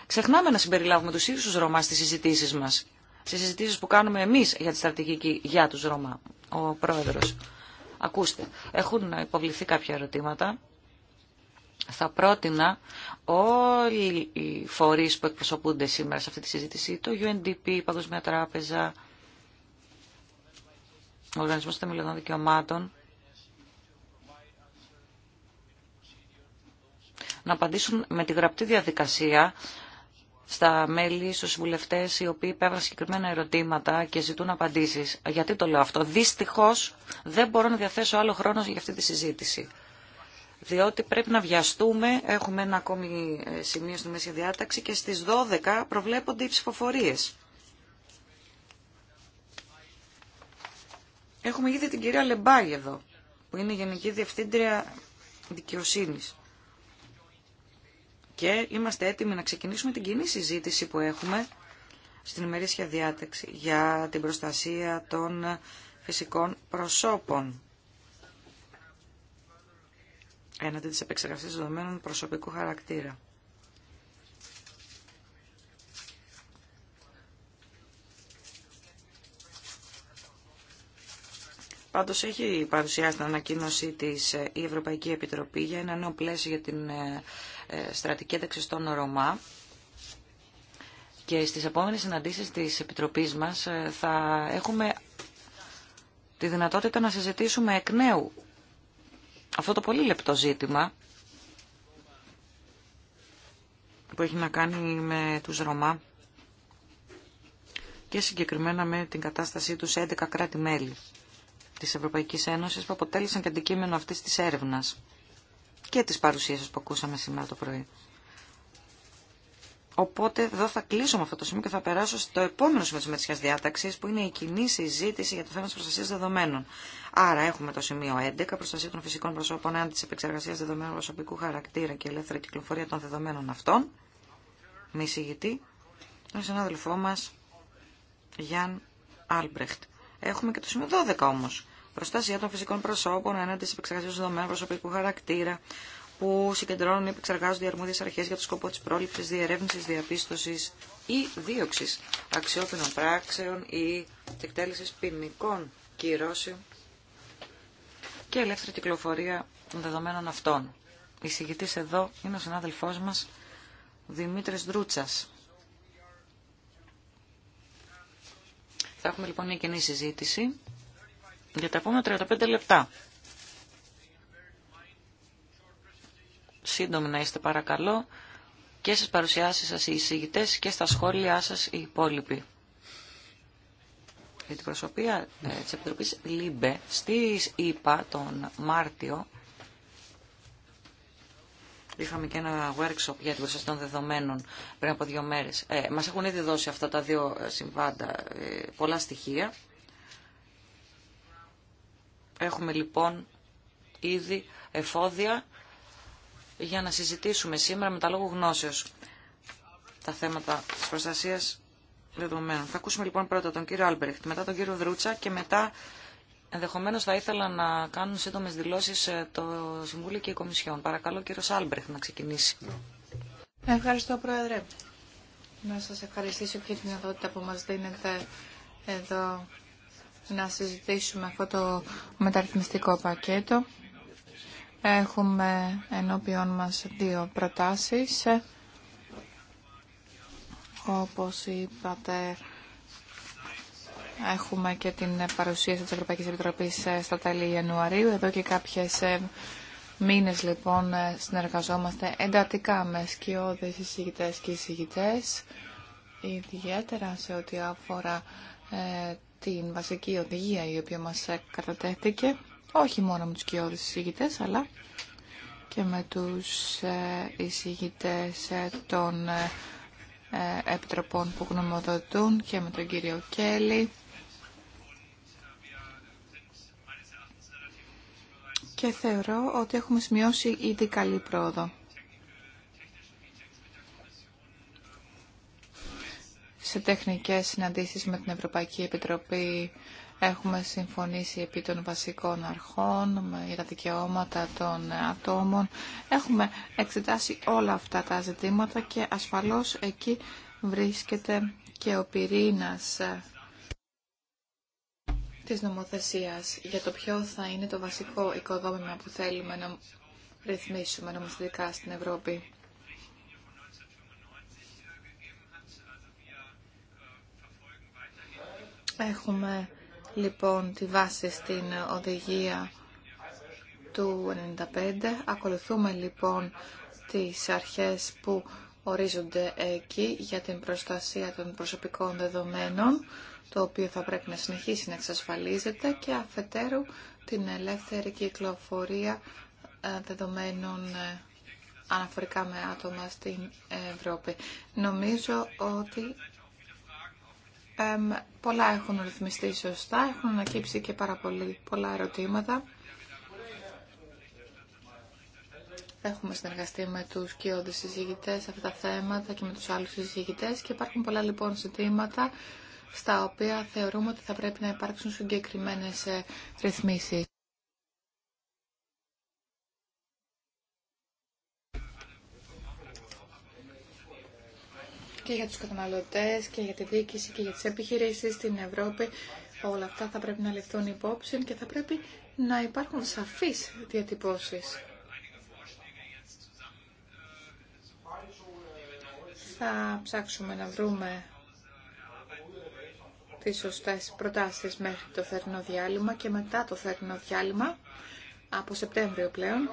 Ξεχνάμε να συμπεριλάβουμε τους ίδιους τους Ρωμά στις συζητήσεις μας. Στις συζητήσεις που κάνουμε εμείς για τη στρατηγική για τους Ρωμά. Ο Πρόεδρος. Ακούστε, έχουν υποβληθεί κάποια ερωτήματα. Θα πρότεινα όλοι οι φορείς που εκπροσωπούνται σήμερα σε αυτή τη συζήτηση, το UNDP, η Παγκοσμία Τράπεζα, ο Οργανισμός Θεμελιωδών Δικαιωμάτων, να απαντήσουν με τη γραπτή διαδικασία στα μέλη, στους βουλευτές οι οποίοι υπέβαλαν συγκεκριμένα ερωτήματα και ζητούν απαντήσεις. Γιατί το λέω αυτό. Δυστυχώς δεν μπορώ να διαθέσω άλλο χρόνο για αυτή τη συζήτηση. Διότι πρέπει να βιαστούμε, έχουμε ένα ακόμη ε, σημείο στη μέση διάταξη και στις 12 προβλέπονται οι ψηφοφορίες. Έχουμε ήδη την κυρία Λεμπάγη εδώ, που είναι Γενική Διευθύντρια Δικαιοσύνης και είμαστε έτοιμοι να ξεκινήσουμε την κοινή συζήτηση που έχουμε στην ημερήσια διάταξη για την προστασία των φυσικών προσώπων έναντι της επεξεργασίας δεδομένων προσωπικού χαρακτήρα. Πάντω έχει παρουσιάσει την ανακοίνωσή της ε, η Ευρωπαϊκή Επιτροπή για ένα νέο πλαίσιο για την ε, ε, στρατική ένταξη στον Ρωμά. Και στις επόμενες συναντήσεις της Επιτροπής μας ε, θα έχουμε τη δυνατότητα να συζητήσουμε εκ νέου αυτό το πολύ λεπτό ζήτημα που έχει να κάνει με τους Ρωμά και συγκεκριμένα με την κατάστασή τους σε 11 κράτη-μέλη της Ευρωπαϊκής Ένωσης που αποτέλεσαν και αντικείμενο αυτής της έρευνας και τις παρουσίες που ακούσαμε σήμερα το πρωί. Οπότε εδώ θα κλείσω με αυτό το σημείο και θα περάσω στο επόμενο σημείο τη μετσιά διάταξη, που είναι η κοινή συζήτηση για το θέμα τη προστασία δεδομένων. Άρα έχουμε το σημείο 11, προστασία των φυσικών προσώπων αντί της επεξεργασίας δεδομένων προσωπικού χαρακτήρα και ελεύθερη κυκλοφορία των δεδομένων αυτών. Με εισηγητή, τον συνάδελφό μα, Γιάν Άλμπρεχτ. Έχουμε και το σημείο 12 όμω προστασία των φυσικών προσώπων έναντι τη επεξεργασία δεδομένων προσωπικού χαρακτήρα που συγκεντρώνουν ή επεξεργάζονται οι αρμόδιε αρχέ για το σκοπό τη πρόληψη, διερεύνηση, διαπίστωση ή δίωξη αξιόπινων πράξεων ή εκτέλεση ποινικών κυρώσεων και ελεύθερη κυκλοφορία των δεδομένων αυτών. Η συγκητής εδώ αυτων η εδω ειναι ο συναδελφο μα δημητρη Ντρούτσα. Θα έχουμε λοιπόν μια κοινή συζήτηση για τα επόμενα 35 λεπτά. Σύντομοι να είστε παρακαλώ και στις παρουσιάσεις σας οι εισηγητές και στα σχόλιά σας οι υπόλοιποι. Για την προσωπία ε, της Επιτροπής ΛΥΜΠΕ στις ΙΠΑ τον Μάρτιο Είχαμε και ένα workshop για την προστασία των δεδομένων πριν από δύο μέρες. Ε, μας έχουν ήδη δώσει αυτά τα δύο ε, συμβάντα ε, πολλά στοιχεία Έχουμε λοιπόν ήδη εφόδια για να συζητήσουμε σήμερα με τα λόγου γνώσεως τα θέματα της προστασίας δεδομένων. Θα ακούσουμε λοιπόν πρώτα τον κύριο Άλμπερχτ, μετά τον κύριο Δρούτσα και μετά ενδεχομένως θα ήθελα να κάνουν σύντομες δηλώσεις ε, το Συμβούλιο και η Κομισιόν. Παρακαλώ κύριο Άλμπερχτ να ξεκινήσει. Ευχαριστώ Πρόεδρε. Να σας ευχαριστήσω και την δυνατότητα που μας δίνετε εδώ να συζητήσουμε αυτό το μεταρρυθμιστικό πακέτο. Έχουμε ενώπιον μας δύο προτάσεις. Όπως είπατε, έχουμε και την παρουσίαση της Ευρωπαϊκής Επιτροπής ε, στα τέλη Ιανουαρίου. Εδώ και κάποιες ε, μήνες λοιπόν ε, συνεργαζόμαστε εντατικά με σκιώδες εισηγητές και εισηγητές, ιδιαίτερα σε ό,τι αφορά την βασική οδηγία η οποία μας κατατέθηκε, όχι μόνο με τους κοιόδους εισηγητές, αλλά και με τους ε, εισηγητές ε, των ε, επιτροπών που γνωμοδοτούν και με τον κύριο Κέλλη. Και θεωρώ ότι έχουμε σημειώσει ήδη καλή πρόοδο. σε τεχνικές συναντήσεις με την Ευρωπαϊκή Επιτροπή έχουμε συμφωνήσει επί των βασικών αρχών για τα δικαιώματα των ατόμων. Έχουμε εξετάσει όλα αυτά τα ζητήματα και ασφαλώς εκεί βρίσκεται και ο πυρήνας της νομοθεσίας για το ποιο θα είναι το βασικό οικοδόμημα που θέλουμε να ρυθμίσουμε νομοθετικά στην Ευρώπη. Έχουμε λοιπόν τη βάση στην οδηγία του 95. Ακολουθούμε λοιπόν τις αρχές που ορίζονται εκεί για την προστασία των προσωπικών δεδομένων, το οποίο θα πρέπει να συνεχίσει να εξασφαλίζεται και αφετέρου την ελεύθερη κυκλοφορία ε, δεδομένων ε, αναφορικά με άτομα στην Ευρώπη. Νομίζω ότι πολλά έχουν ρυθμιστεί σωστά, έχουν ανακύψει και πάρα πολύ, πολλά ερωτήματα. Έχουμε συνεργαστεί με τους κοιόδους συζητητές αυτά τα θέματα και με τους άλλους συζητητές και υπάρχουν πολλά λοιπόν ζητήματα στα οποία θεωρούμε ότι θα πρέπει να υπάρξουν συγκεκριμένες ε, ρυθμίσεις. και για τους καταναλωτές και για τη διοίκηση και για τις επιχειρήσεις στην Ευρώπη. Όλα αυτά θα πρέπει να ληφθούν υπόψη και θα πρέπει να υπάρχουν σαφείς διατυπώσεις. Θα ψάξουμε να βρούμε τις σωστές προτάσεις μέχρι το θερινό διάλειμμα και μετά το θερινό διάλειμμα, από Σεπτέμβριο πλέον,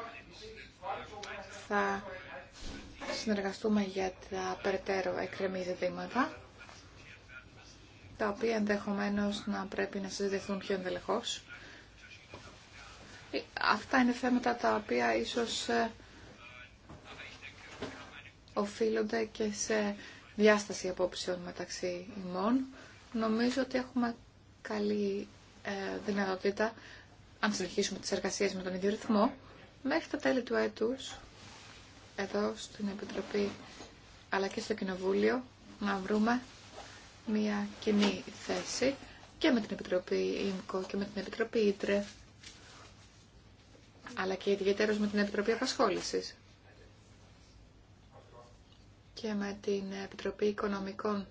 θα συνεργαστούμε για τα περαιτέρω εκκρεμή ζητήματα, τα οποία ενδεχομένω να πρέπει να συζητηθούν πιο ενδελεχώ. Ε, αυτά είναι θέματα τα οποία ίσως ε, οφείλονται και σε διάσταση απόψεων μεταξύ ημών. Νομίζω ότι έχουμε καλή ε, δυνατότητα, αν συνεχίσουμε τις εργασίες με τον ίδιο ρυθμό, μέχρι τα τέλη του έτους εδώ στην Επιτροπή αλλά και στο Κοινοβούλιο να βρούμε μια κοινή θέση και με την Επιτροπή ΙΜΚΟ και με την Επιτροπή ΙΤΡΕ αλλά και ιδιαίτερως με την Επιτροπή Απασχόλησης και με την Επιτροπή Οικονομικών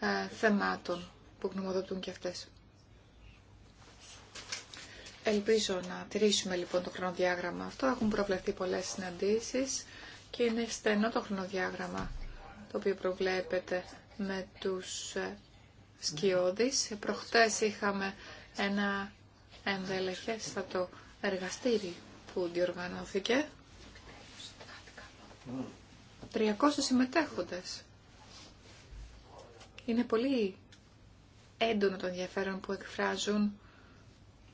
ε, Θεμάτων που γνωμοδοτούν και αυτές. Ελπίζω να τηρήσουμε λοιπόν το χρονοδιάγραμμα αυτό. Έχουν προβλεφθεί πολλές συναντήσεις και είναι στενό το χρονοδιάγραμμα το οποίο προβλέπεται με τους ε, σκιώδεις. Προχτές είχαμε ένα ενδελεχέστατο εργαστήρι που διοργανώθηκε. 300 συμμετέχοντες. Είναι πολύ έντονο το ενδιαφέρον που εκφράζουν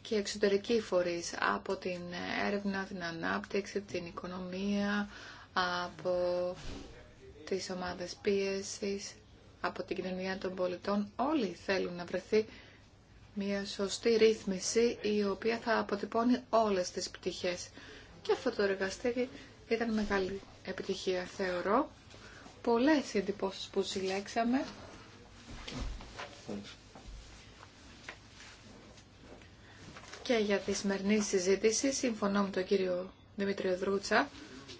και εξωτερικοί φορείς από την έρευνα, την ανάπτυξη, την οικονομία, από τις ομάδες πίεσης, από την κοινωνία των πολιτών. Όλοι θέλουν να βρεθεί μια σωστή ρύθμιση η οποία θα αποτυπώνει όλες τις πτυχές. Και αυτό το εργαστήρι ήταν μεγάλη επιτυχία, θεωρώ. Πολλές οι εντυπώσεις που συλλέξαμε. Και για τη σημερινή συζήτηση συμφωνώ με τον κύριο Δημήτριο Δρούτσα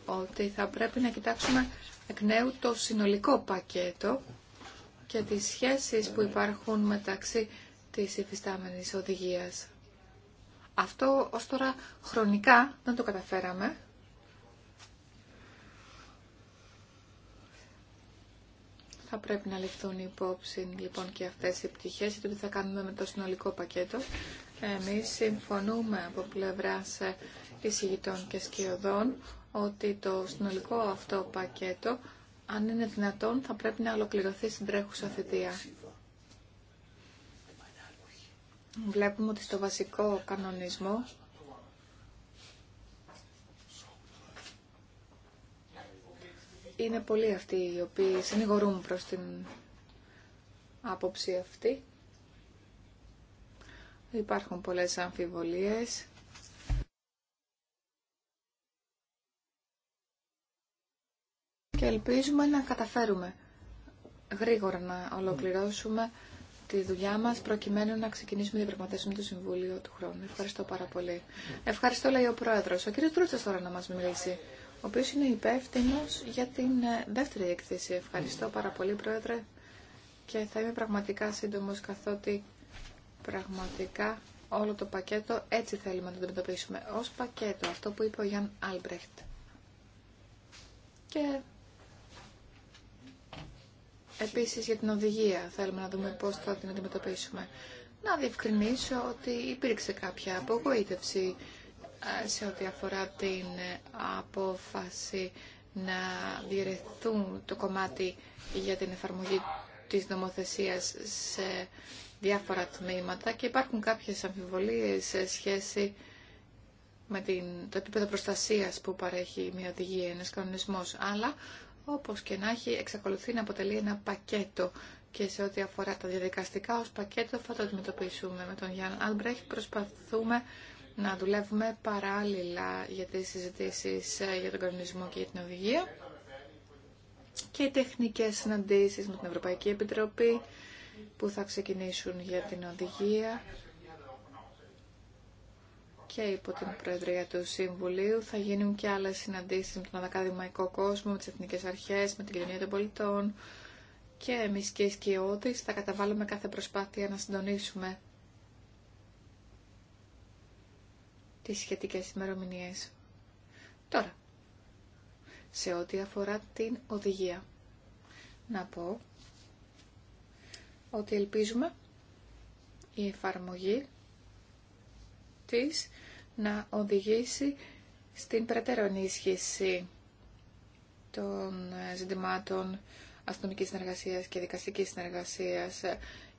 ότι θα πρέπει να κοιτάξουμε εκ νέου το συνολικό πακέτο και τις σχέσεις που υπάρχουν μεταξύ της υφιστάμενης οδηγίας. Αυτό ως τώρα χρονικά δεν το καταφέραμε. Θα πρέπει να ληφθούν υπόψη λοιπόν και αυτές οι πτυχές και το τι θα κάνουμε με το συνολικό πακέτο. Εμείς συμφωνούμε από πλευράς εισηγητών και σκιωδών ότι το συνολικό αυτό πακέτο, αν είναι δυνατόν, θα πρέπει να ολοκληρωθεί στην τρέχουσα θητεία. Βλέπουμε ότι στο βασικό κανονισμό είναι πολλοί αυτοί οι οποίοι συνηγορούν προς την άποψη αυτή. Υπάρχουν πολλές αμφιβολίες ελπίζουμε να καταφέρουμε γρήγορα να ολοκληρώσουμε τη δουλειά μας προκειμένου να ξεκινήσουμε να διαπραγματεύσουμε το Συμβούλιο του χρόνου. Ευχαριστώ πάρα πολύ. Ευχαριστώ, λέει ο Πρόεδρος. Ο κύριος Τρούτσας τώρα να μας μιλήσει, ο οποίος είναι υπεύθυνο για την ε, δεύτερη εκθέση. Ευχαριστώ πάρα πολύ, Πρόεδρε, και θα είμαι πραγματικά σύντομος, καθότι πραγματικά όλο το πακέτο έτσι θέλουμε να το αντιμετωπίσουμε. Ως πακέτο, αυτό που είπε ο Γιάνν Άλμπρεχτ. Και Επίσης για την οδηγία θέλουμε να δούμε πώς θα την αντιμετωπίσουμε. Να διευκρινίσω ότι υπήρξε κάποια απογοήτευση ε, σε ό,τι αφορά την ε, απόφαση να διαιρεθούν το κομμάτι για την εφαρμογή της νομοθεσίας σε διάφορα τμήματα και υπάρχουν κάποιες αμφιβολίες σε σχέση με την, το επίπεδο προστασίας που παρέχει μια οδηγία, ένας κανονισμός. Αλλά όπως και να έχει, εξακολουθεί να αποτελεί ένα πακέτο και σε ό,τι αφορά τα διαδικαστικά ως πακέτο θα το αντιμετωπίσουμε με τον Γιάννη Αλμπρέχ. Προσπαθούμε να δουλεύουμε παράλληλα για τις συζητήσεις ε, για τον κανονισμό και για την οδηγία και οι τεχνικές συναντήσεις με την Ευρωπαϊκή Επιτροπή που θα ξεκινήσουν για την οδηγία και υπό την Προεδρία του Συμβουλίου θα γίνουν και άλλε συναντήσει με τον ακαδημαϊκό κόσμο, με τι εθνικέ αρχέ, με την κοινωνία των πολιτών και εμεί και οι σκιώτε θα καταβάλουμε κάθε προσπάθεια να συντονίσουμε τι σχετικέ ημερομηνίε. Τώρα, σε ό,τι αφορά την οδηγία, να πω ότι ελπίζουμε η εφαρμογή της να οδηγήσει στην περαιτέρω ενίσχυση των ζητημάτων αστυνομικής συνεργασίας και δικαστικής συνεργασία,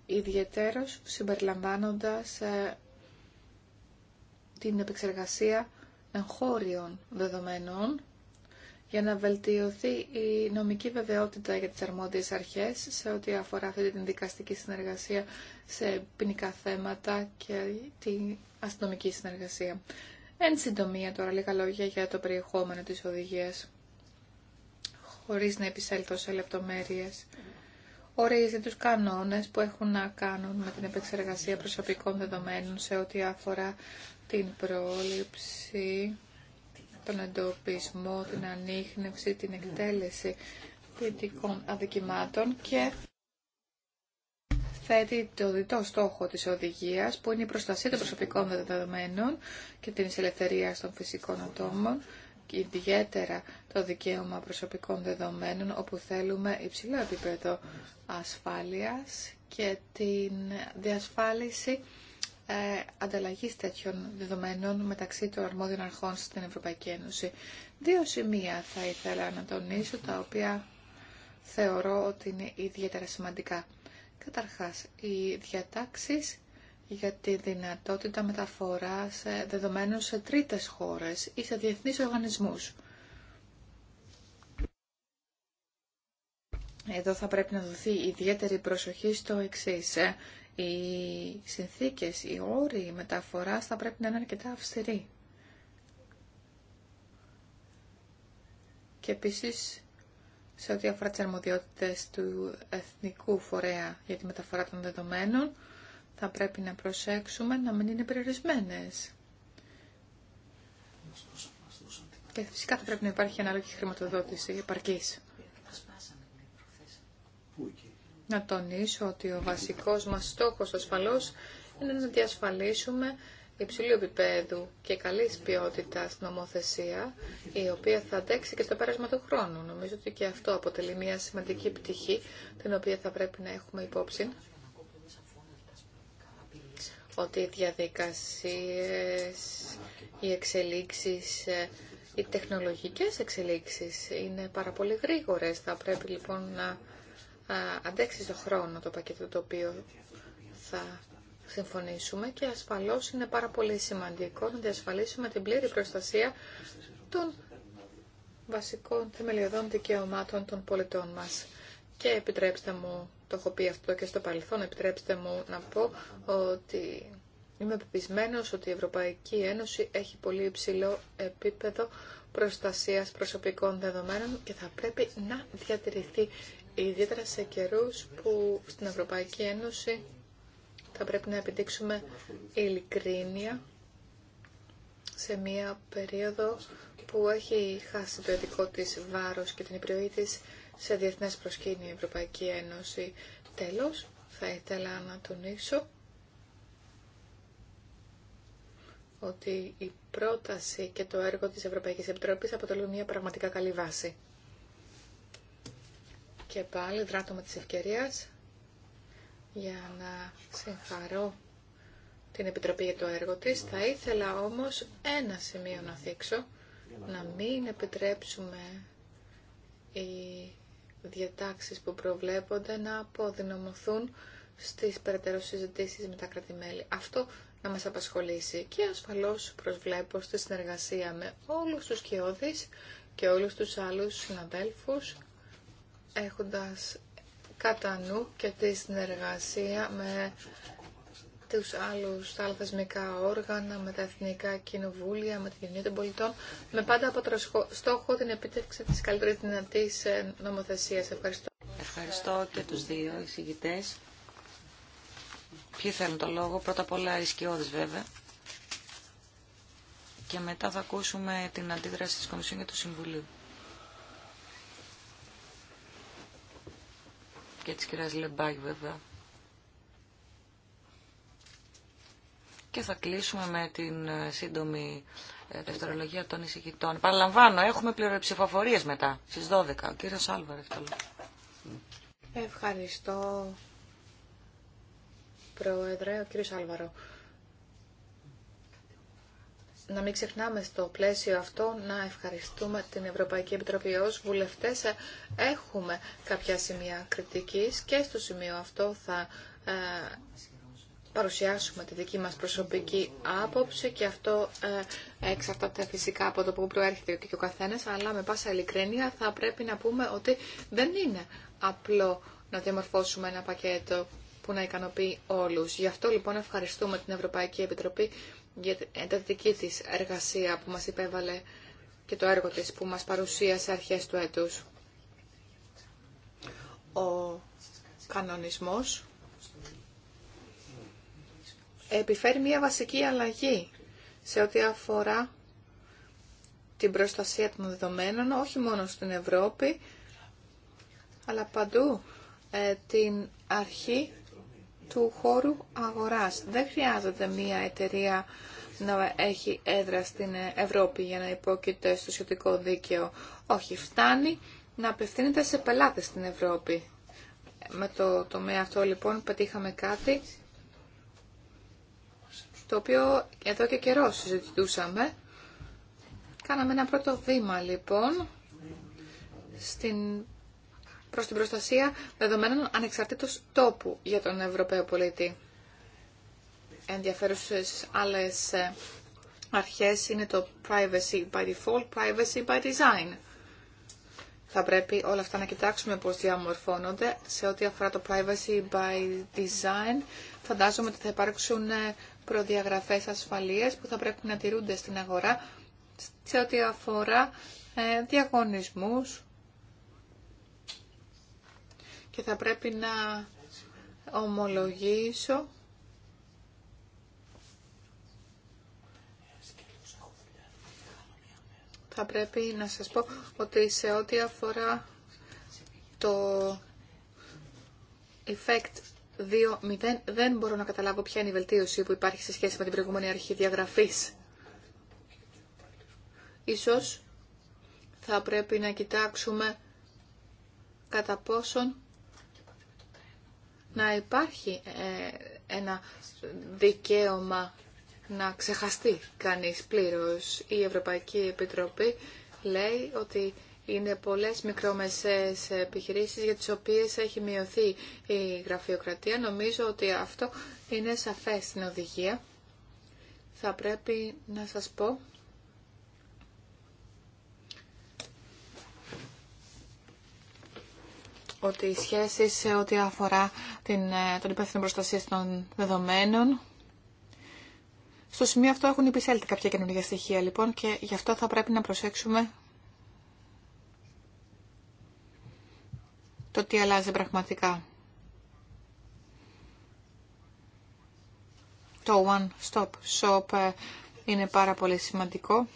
ιδιαιτέρως συμπεριλαμβάνοντας ε, την επεξεργασία εγχώριων δεδομένων για να βελτιωθεί η νομική βεβαιότητα για τις αρμόδιες αρχές σε ό,τι αφορά αυτή την δικαστική συνεργασία σε ποινικά θέματα και την αστυνομική συνεργασία. Εν συντομία τώρα λίγα λόγια για το περιεχόμενο της οδηγίας, χωρίς να επισέλθω σε λεπτομέρειες. Ορίζει τους κανόνες που έχουν να κάνουν με την επεξεργασία προσωπικών δεδομένων σε ό,τι αφορά την πρόληψη, τον εντοπισμό, την ανείχνευση, την εκτέλεση ποιητικών αδικημάτων και θέτει το διτό στόχο της οδηγίας που είναι η προστασία των προσωπικών δεδομένων και την ελευθερία των φυσικών ατόμων και ιδιαίτερα το δικαίωμα προσωπικών δεδομένων όπου θέλουμε υψηλό επίπεδο ασφάλειας και την διασφάλιση ε, ανταλλαγής τέτοιων δεδομένων μεταξύ των αρμόδιων αρχών στην Ευρωπαϊκή Ένωση. Δύο σημεία θα ήθελα να τονίσω, τα οποία θεωρώ ότι είναι ιδιαίτερα σημαντικά. Καταρχάς, οι διατάξεις για τη δυνατότητα μεταφοράς ε, δεδομένων σε τρίτες χώρες ή σε διεθνείς οργανισμούς. Εδώ θα πρέπει να δοθεί ιδιαίτερη προσοχή στο εξής. Ε οι συνθήκες, οι όροι μεταφοράς θα πρέπει να είναι αρκετά αυστηροί. Και επίσης σε ό,τι αφορά τις αρμοδιότητες του Εθνικού Φορέα για τη μεταφορά των δεδομένων, θα πρέπει να προσέξουμε να μην είναι περιορισμένε. Και φυσικά θα πρέπει να υπάρχει ανάλογη χρηματοδότηση επαρκή. Πού να τονίσω ότι ο βασικός μας στόχος ασφαλώς είναι να διασφαλίσουμε υψηλού επίπεδου και καλής ποιότητας νομοθεσία, η οποία θα αντέξει και στο πέρασμα του χρόνου. Νομίζω ότι και αυτό αποτελεί μια σημαντική πτυχή, την οποία θα πρέπει να έχουμε υπόψη, ότι οι διαδικασίες, οι εξελίξεις, οι τεχνολογικές εξελίξεις είναι πάρα πολύ γρήγορες. Θα πρέπει λοιπόν να αντέξει στο χρόνο το πακέτο το οποίο θα συμφωνήσουμε και ασφαλώς είναι πάρα πολύ σημαντικό να διασφαλίσουμε την πλήρη προστασία των βασικών θεμελιωδών δικαιωμάτων των πολιτών μας. Και επιτρέψτε μου, το έχω πει αυτό και στο παρελθόν, επιτρέψτε μου να πω ότι είμαι πεπισμένο ότι η Ευρωπαϊκή Ένωση έχει πολύ υψηλό επίπεδο προστασίας προσωπικών δεδομένων και θα πρέπει να διατηρηθεί ιδιαίτερα σε καιρού που στην Ευρωπαϊκή Ένωση θα πρέπει να επιδείξουμε ειλικρίνεια σε μία περίοδο που έχει χάσει το ειδικό της βάρος και την επιρροή της σε διεθνές προσκήνιο η Ευρωπαϊκή Ένωση. Τέλος, θα ήθελα να τονίσω ότι η πρόταση και το έργο της Ευρωπαϊκής Επιτροπής αποτελούν μια πραγματικά καλή βάση. Και πάλι δράτω της ευκαιρίας για να συγχαρώ την Επιτροπή για το έργο της. Θα ήθελα όμως ένα σημείο να θίξω, να μην επιτρέψουμε οι διατάξεις που προβλέπονται να αποδυναμωθούν στις περαιτέρω συζητήσει με τα κρατημέλη. Αυτό να μας απασχολήσει και ασφαλώς προσβλέπω στη συνεργασία με όλους τους κοιόδης και όλους τους άλλους συναδέλφους έχοντας κατά νου και τη συνεργασία με τους άλλους, τα άλλα όργανα, με τα εθνικά κοινοβούλια, με την κοινωνία των πολιτών, με πάντα από στόχο την επίτευξη της καλύτερη δυνατή ε, νομοθεσίας. Ευχαριστώ. Ευχαριστώ και τους δύο εισηγητές. Ποιοι θέλουν το λόγο, πρώτα απ' όλα αρισκιώδης βέβαια. Και μετά θα ακούσουμε την αντίδραση της Κομισιόν και του Συμβουλίου. και της κυρίας Λεμπάγη βέβαια. Και θα κλείσουμε με την ε, σύντομη ε, δευτερολογία των εισηγητών. Παραλαμβάνω, έχουμε πληροψηφοφορίες μετά, στις 12. Ο κύριος Άλβαρ Ευχαριστώ, Πρόεδρε, ο κύριος Άλβαρο να μην ξεχνάμε στο πλαίσιο αυτό να ευχαριστούμε την Ευρωπαϊκή Επιτροπή ως βουλευτές. Έχουμε κάποια σημεία κριτικής και στο σημείο αυτό θα ε, παρουσιάσουμε τη δική μας προσωπική άποψη και αυτό ε, εξαρτάται φυσικά από το που προέρχεται και ο καθένας, αλλά με πάσα ειλικρίνεια θα πρέπει να πούμε ότι δεν είναι απλό να διαμορφώσουμε ένα πακέτο που να ικανοποιεί όλους. Γι' αυτό λοιπόν ευχαριστούμε την Ευρωπαϊκή Επιτροπή για την εντατική της εργασία που μας υπέβαλε και το έργο της που μας παρουσίασε αρχές του έτους. Ο κανονισμός επιφέρει μια βασική αλλαγή σε ό,τι αφορά την προστασία των δεδομένων, όχι μόνο στην Ευρώπη, αλλά παντού ε, την αρχή του χώρου αγοράς. Δεν χρειάζεται μία εταιρεία να έχει έδρα στην Ευρώπη για να υπόκειται στο σχετικό δίκαιο. Όχι, φτάνει να απευθύνεται σε πελάτες στην Ευρώπη. Με το τομέα αυτό λοιπόν πετύχαμε κάτι το οποίο εδώ και καιρό συζητούσαμε. Κάναμε ένα πρώτο βήμα λοιπόν στην Προ την προστασία δεδομένων ανεξαρτήτως τόπου για τον Ευρωπαίο πολίτη. Ενδιαφέρουσε άλλε ε, αρχές είναι το privacy by default, privacy by design. Θα πρέπει όλα αυτά να κοιτάξουμε πώ διαμορφώνονται. Σε ό,τι αφορά το privacy by design, φαντάζομαι ότι θα υπάρξουν ε, προδιαγραφές ασφαλείας που θα πρέπει να τηρούνται στην αγορά σε ό,τι αφορά ε, διαγωνισμούς και θα πρέπει να ομολογήσω θα πρέπει να σας πω ότι σε ό,τι αφορά το effect 2.0 δεν μπορώ να καταλάβω ποια είναι η βελτίωση που υπάρχει σε σχέση με την προηγούμενη αρχή διαγραφής. Ίσως θα πρέπει να κοιτάξουμε κατά πόσον να υπάρχει ε, ένα δικαίωμα να ξεχαστεί κανείς πλήρως. Η Ευρωπαϊκή Επιτροπή λέει ότι είναι πολλές μικρομεσαίες επιχειρήσεις για τις οποίες έχει μειωθεί η γραφειοκρατία. Νομίζω ότι αυτό είναι σαφές στην οδηγία. Θα πρέπει να σας πω ότι οι σχέσεις σε ό,τι αφορά την, ε, τον υπεύθυνο προστασία των δεδομένων στο σημείο αυτό έχουν επισέλθει κάποια καινούργια στοιχεία λοιπόν και γι' αυτό θα πρέπει να προσέξουμε το τι αλλάζει πραγματικά. Το One Stop Shop ε, είναι πάρα πολύ σημαντικό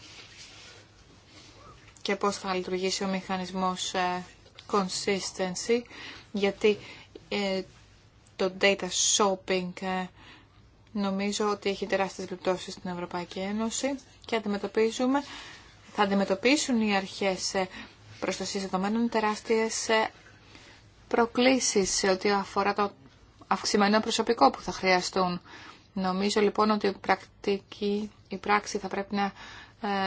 και πώς θα λειτουργήσει ο μηχανισμός ε, consistency, γιατί ε, το data shopping ε, νομίζω ότι έχει τεράστιες επιπτώσεις στην Ευρωπαϊκή Ένωση και αντιμετωπίζουμε, θα αντιμετωπίσουν οι αρχές ε, προστασίας δεδομένων τεράστιες προκλήσεις σε ό,τι αφορά το αυξημένο προσωπικό που θα χρειαστούν. Νομίζω λοιπόν ότι η, πρακτική, η πράξη θα πρέπει να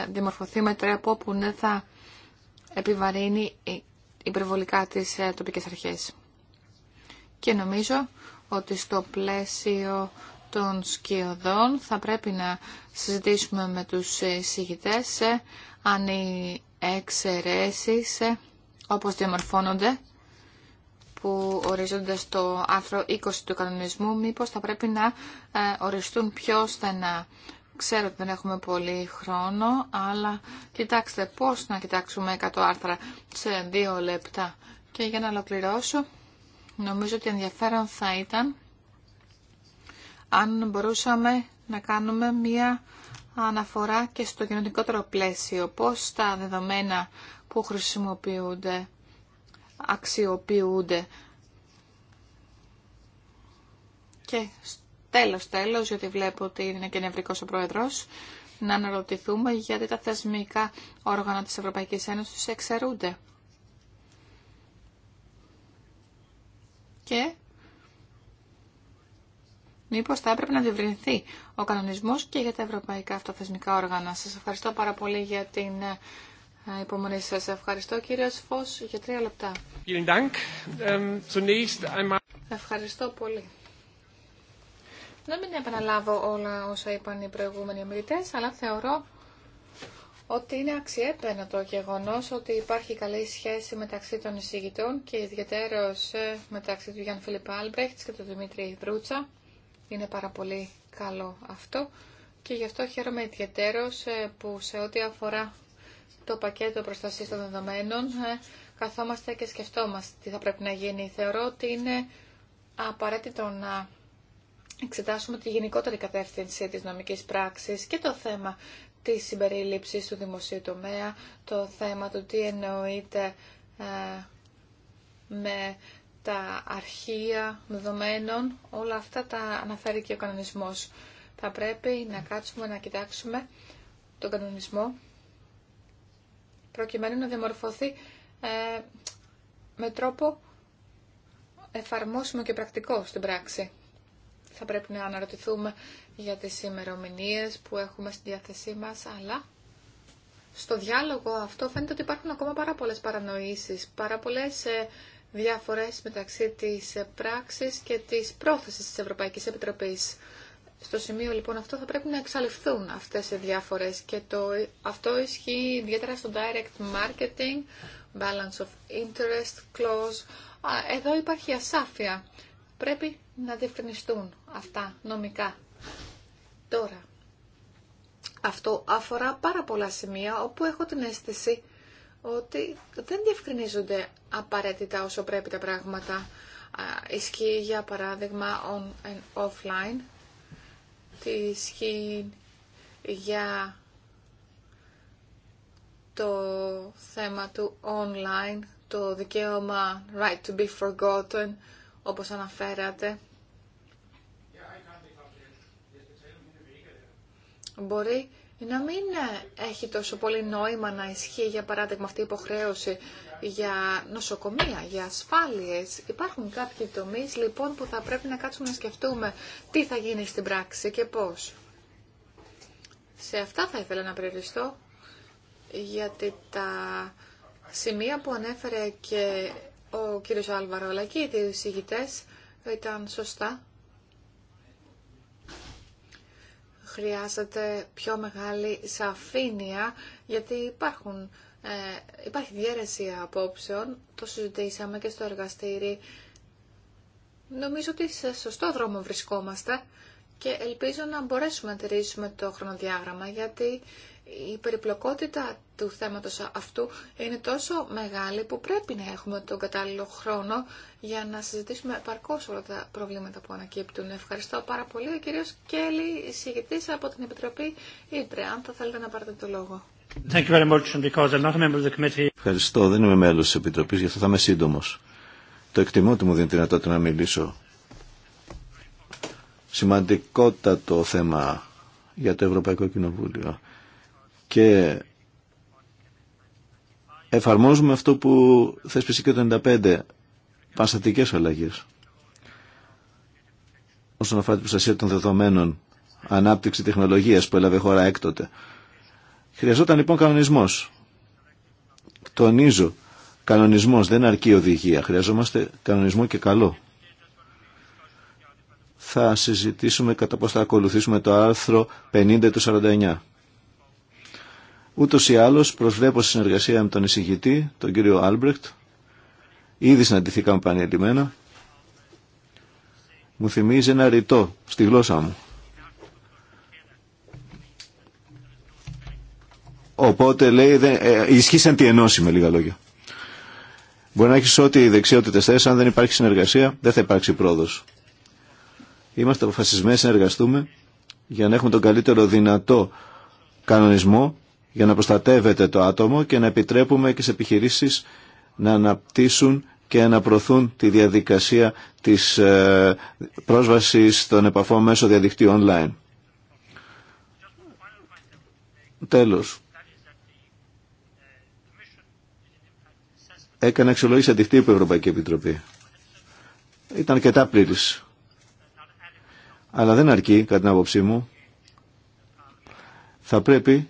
δημορφωθεί με τρόπο που δεν θα επιβαρύνει υπερβολικά τις ε, τοπικές αρχές. Και νομίζω ότι στο πλαίσιο των σκιωδών θα πρέπει να συζητήσουμε με τους ε, συγητές ε, αν οι εξαιρέσεις όπως διαμορφώνονται που ορίζονται στο άρθρο 20 του κανονισμού μήπως θα πρέπει να οριστούν πιο στενά Ξέρω ότι δεν έχουμε πολύ χρόνο, αλλά κοιτάξτε πώς να κοιτάξουμε 100 άρθρα σε δύο λεπτά. Και για να ολοκληρώσω, νομίζω ότι ενδιαφέρον θα ήταν αν μπορούσαμε να κάνουμε μία αναφορά και στο κοινωνικότερο πλαίσιο, πώς τα δεδομένα που χρησιμοποιούνται αξιοποιούνται και τέλος τέλος, γιατί βλέπω ότι είναι και νευρικός ο Πρόεδρος, να αναρωτηθούμε γιατί τα θεσμικά όργανα της Ευρωπαϊκής Ένωσης εξαιρούνται. Και μήπως θα έπρεπε να διευρυνθεί ο κανονισμός και για τα ευρωπαϊκά αυτοθεσμικά όργανα. Σας ευχαριστώ πάρα πολύ για την ε, υπομονή σας. Ευχαριστώ κύριε Φως για τρία λεπτά. Ähm, ευχαριστώ πολύ. Να μην επαναλάβω όλα όσα είπαν οι προηγούμενοι ομιλητέ, αλλά θεωρώ ότι είναι αξιέπαινο το γεγονό ότι υπάρχει καλή σχέση μεταξύ των εισηγητών και ιδιαίτερω ε, μεταξύ του Γιάνν Φιλιππ Άλμπρεχτ και του Δημήτρη Βρούτσα. Είναι πάρα πολύ καλό αυτό και γι' αυτό χαίρομαι ιδιαίτερω ε, που σε ό,τι αφορά το πακέτο προστασία των δεδομένων ε, καθόμαστε και σκεφτόμαστε τι θα πρέπει να γίνει. Θεωρώ ότι είναι απαραίτητο να εξετάσουμε τη γενικότερη κατεύθυνση της νομικής πράξης και το θέμα της συμπερίληψης του δημοσίου τομέα, το θέμα του τι εννοείται ε, με τα αρχεία δεδομένων, όλα αυτά τα αναφέρει και ο κανονισμός. Θα πρέπει να κάτσουμε να κοιτάξουμε τον κανονισμό προκειμένου να διαμορφωθεί ε, με τρόπο εφαρμόσιμο και πρακτικό στην πράξη θα πρέπει να αναρωτηθούμε για τις ημερομηνίε που έχουμε στη διάθεσή μας, αλλά στο διάλογο αυτό φαίνεται ότι υπάρχουν ακόμα πάρα πολλές παρανοήσεις, πάρα πολλές ε, διαφορές μεταξύ της ε, πράξης και της πρόθεσης της Ευρωπαϊκής Επιτροπής. Στο σημείο λοιπόν αυτό θα πρέπει να εξαλειφθούν αυτές οι διάφορες και αυτό ισχύει ιδιαίτερα στο direct marketing, balance of interest clause. Εδώ υπάρχει ασάφεια πρέπει να διευκρινιστούν αυτά νομικά. Τώρα, αυτό αφορά πάρα πολλά σημεία όπου έχω την αίσθηση ότι δεν διευκρινίζονται απαραίτητα όσο πρέπει τα πράγματα. Ισχύει για παράδειγμα on and offline, τι ισχύει για το θέμα του online, το δικαίωμα right to be forgotten, όπως αναφέρατε, μπορεί να μην έχει τόσο πολύ νόημα να ισχύει, για παράδειγμα, αυτή η υποχρέωση για νοσοκομεία, για ασφάλειες. Υπάρχουν κάποιοι τομείς, λοιπόν, που θα πρέπει να κάτσουμε να σκεφτούμε τι θα γίνει στην πράξη και πώς. Σε αυτά θα ήθελα να περιοριστώ, γιατί τα σημεία που ανέφερε και ο κύριος Άλβαρο, αλλά και οι ήταν σωστά. Χρειάζεται πιο μεγάλη σαφήνεια, γιατί υπάρχουν, ε, υπάρχει διαίρεση απόψεων. Το συζητήσαμε και στο εργαστήρι. Νομίζω ότι σε σωστό δρόμο βρισκόμαστε και ελπίζω να μπορέσουμε να τηρήσουμε το χρονοδιάγραμμα, γιατί η περιπλοκότητα του θέματος αυτού είναι τόσο μεγάλη που πρέπει να έχουμε τον κατάλληλο χρόνο για να συζητήσουμε επαρκώς όλα τα προβλήματα που ανακύπτουν. Ευχαριστώ πάρα πολύ. Ο κύριος Κέλλη, συγκεκριτής από την Επιτροπή Ήτρε, αν θα θέλετε να πάρετε το λόγο. Ευχαριστώ. Δεν είμαι μέλος της Επιτροπής, γι' αυτό θα είμαι σύντομο. Το εκτιμώ ότι μου δίνει τη δυνατότητα να μιλήσω. Σημαντικότατο θέμα για το Ευρωπαϊκό Κοινοβούλιο και εφαρμόζουμε αυτό που θέσπισε και το 95 πανστατικές αλλαγές όσον αφορά την προστασία των δεδομένων ανάπτυξη τεχνολογίας που έλαβε χώρα έκτοτε. Χρειαζόταν λοιπόν κανονισμός. Τονίζω, κανονισμός δεν αρκεί οδηγία. Χρειαζόμαστε κανονισμό και καλό. Θα συζητήσουμε κατά πώς θα ακολουθήσουμε το άρθρο 50 του 49. Ούτως ή άλλως προσβλέπω συνεργασία με τον εισηγητή, τον κύριο Άλμπρεκτ. Ήδη συναντηθήκαμε πανελειμμένα. Μου θυμίζει ένα ρητό στη γλώσσα μου. Οπότε λέει, δεν, ε, ισχύσαν τη ενώση με λίγα λόγια. Μπορεί να έχει ό,τι οι δεξιότητε θε, αν δεν υπάρχει συνεργασία, δεν θα υπάρξει πρόοδο. Είμαστε αποφασισμένοι να συνεργαστούμε για να έχουμε τον καλύτερο δυνατό κανονισμό για να προστατεύεται το άτομο και να επιτρέπουμε και σε επιχειρήσεις να αναπτύσσουν και να προωθούν τη διαδικασία της ε, πρόσβασης των επαφών μέσω διαδικτύου online. Τέλος. Έκανε αξιολόγηση σε η Ευρωπαϊκή Επιτροπή. Ήταν αρκετά πλήρης. Αλλά δεν αρκεί, κατά την άποψή μου. Θα πρέπει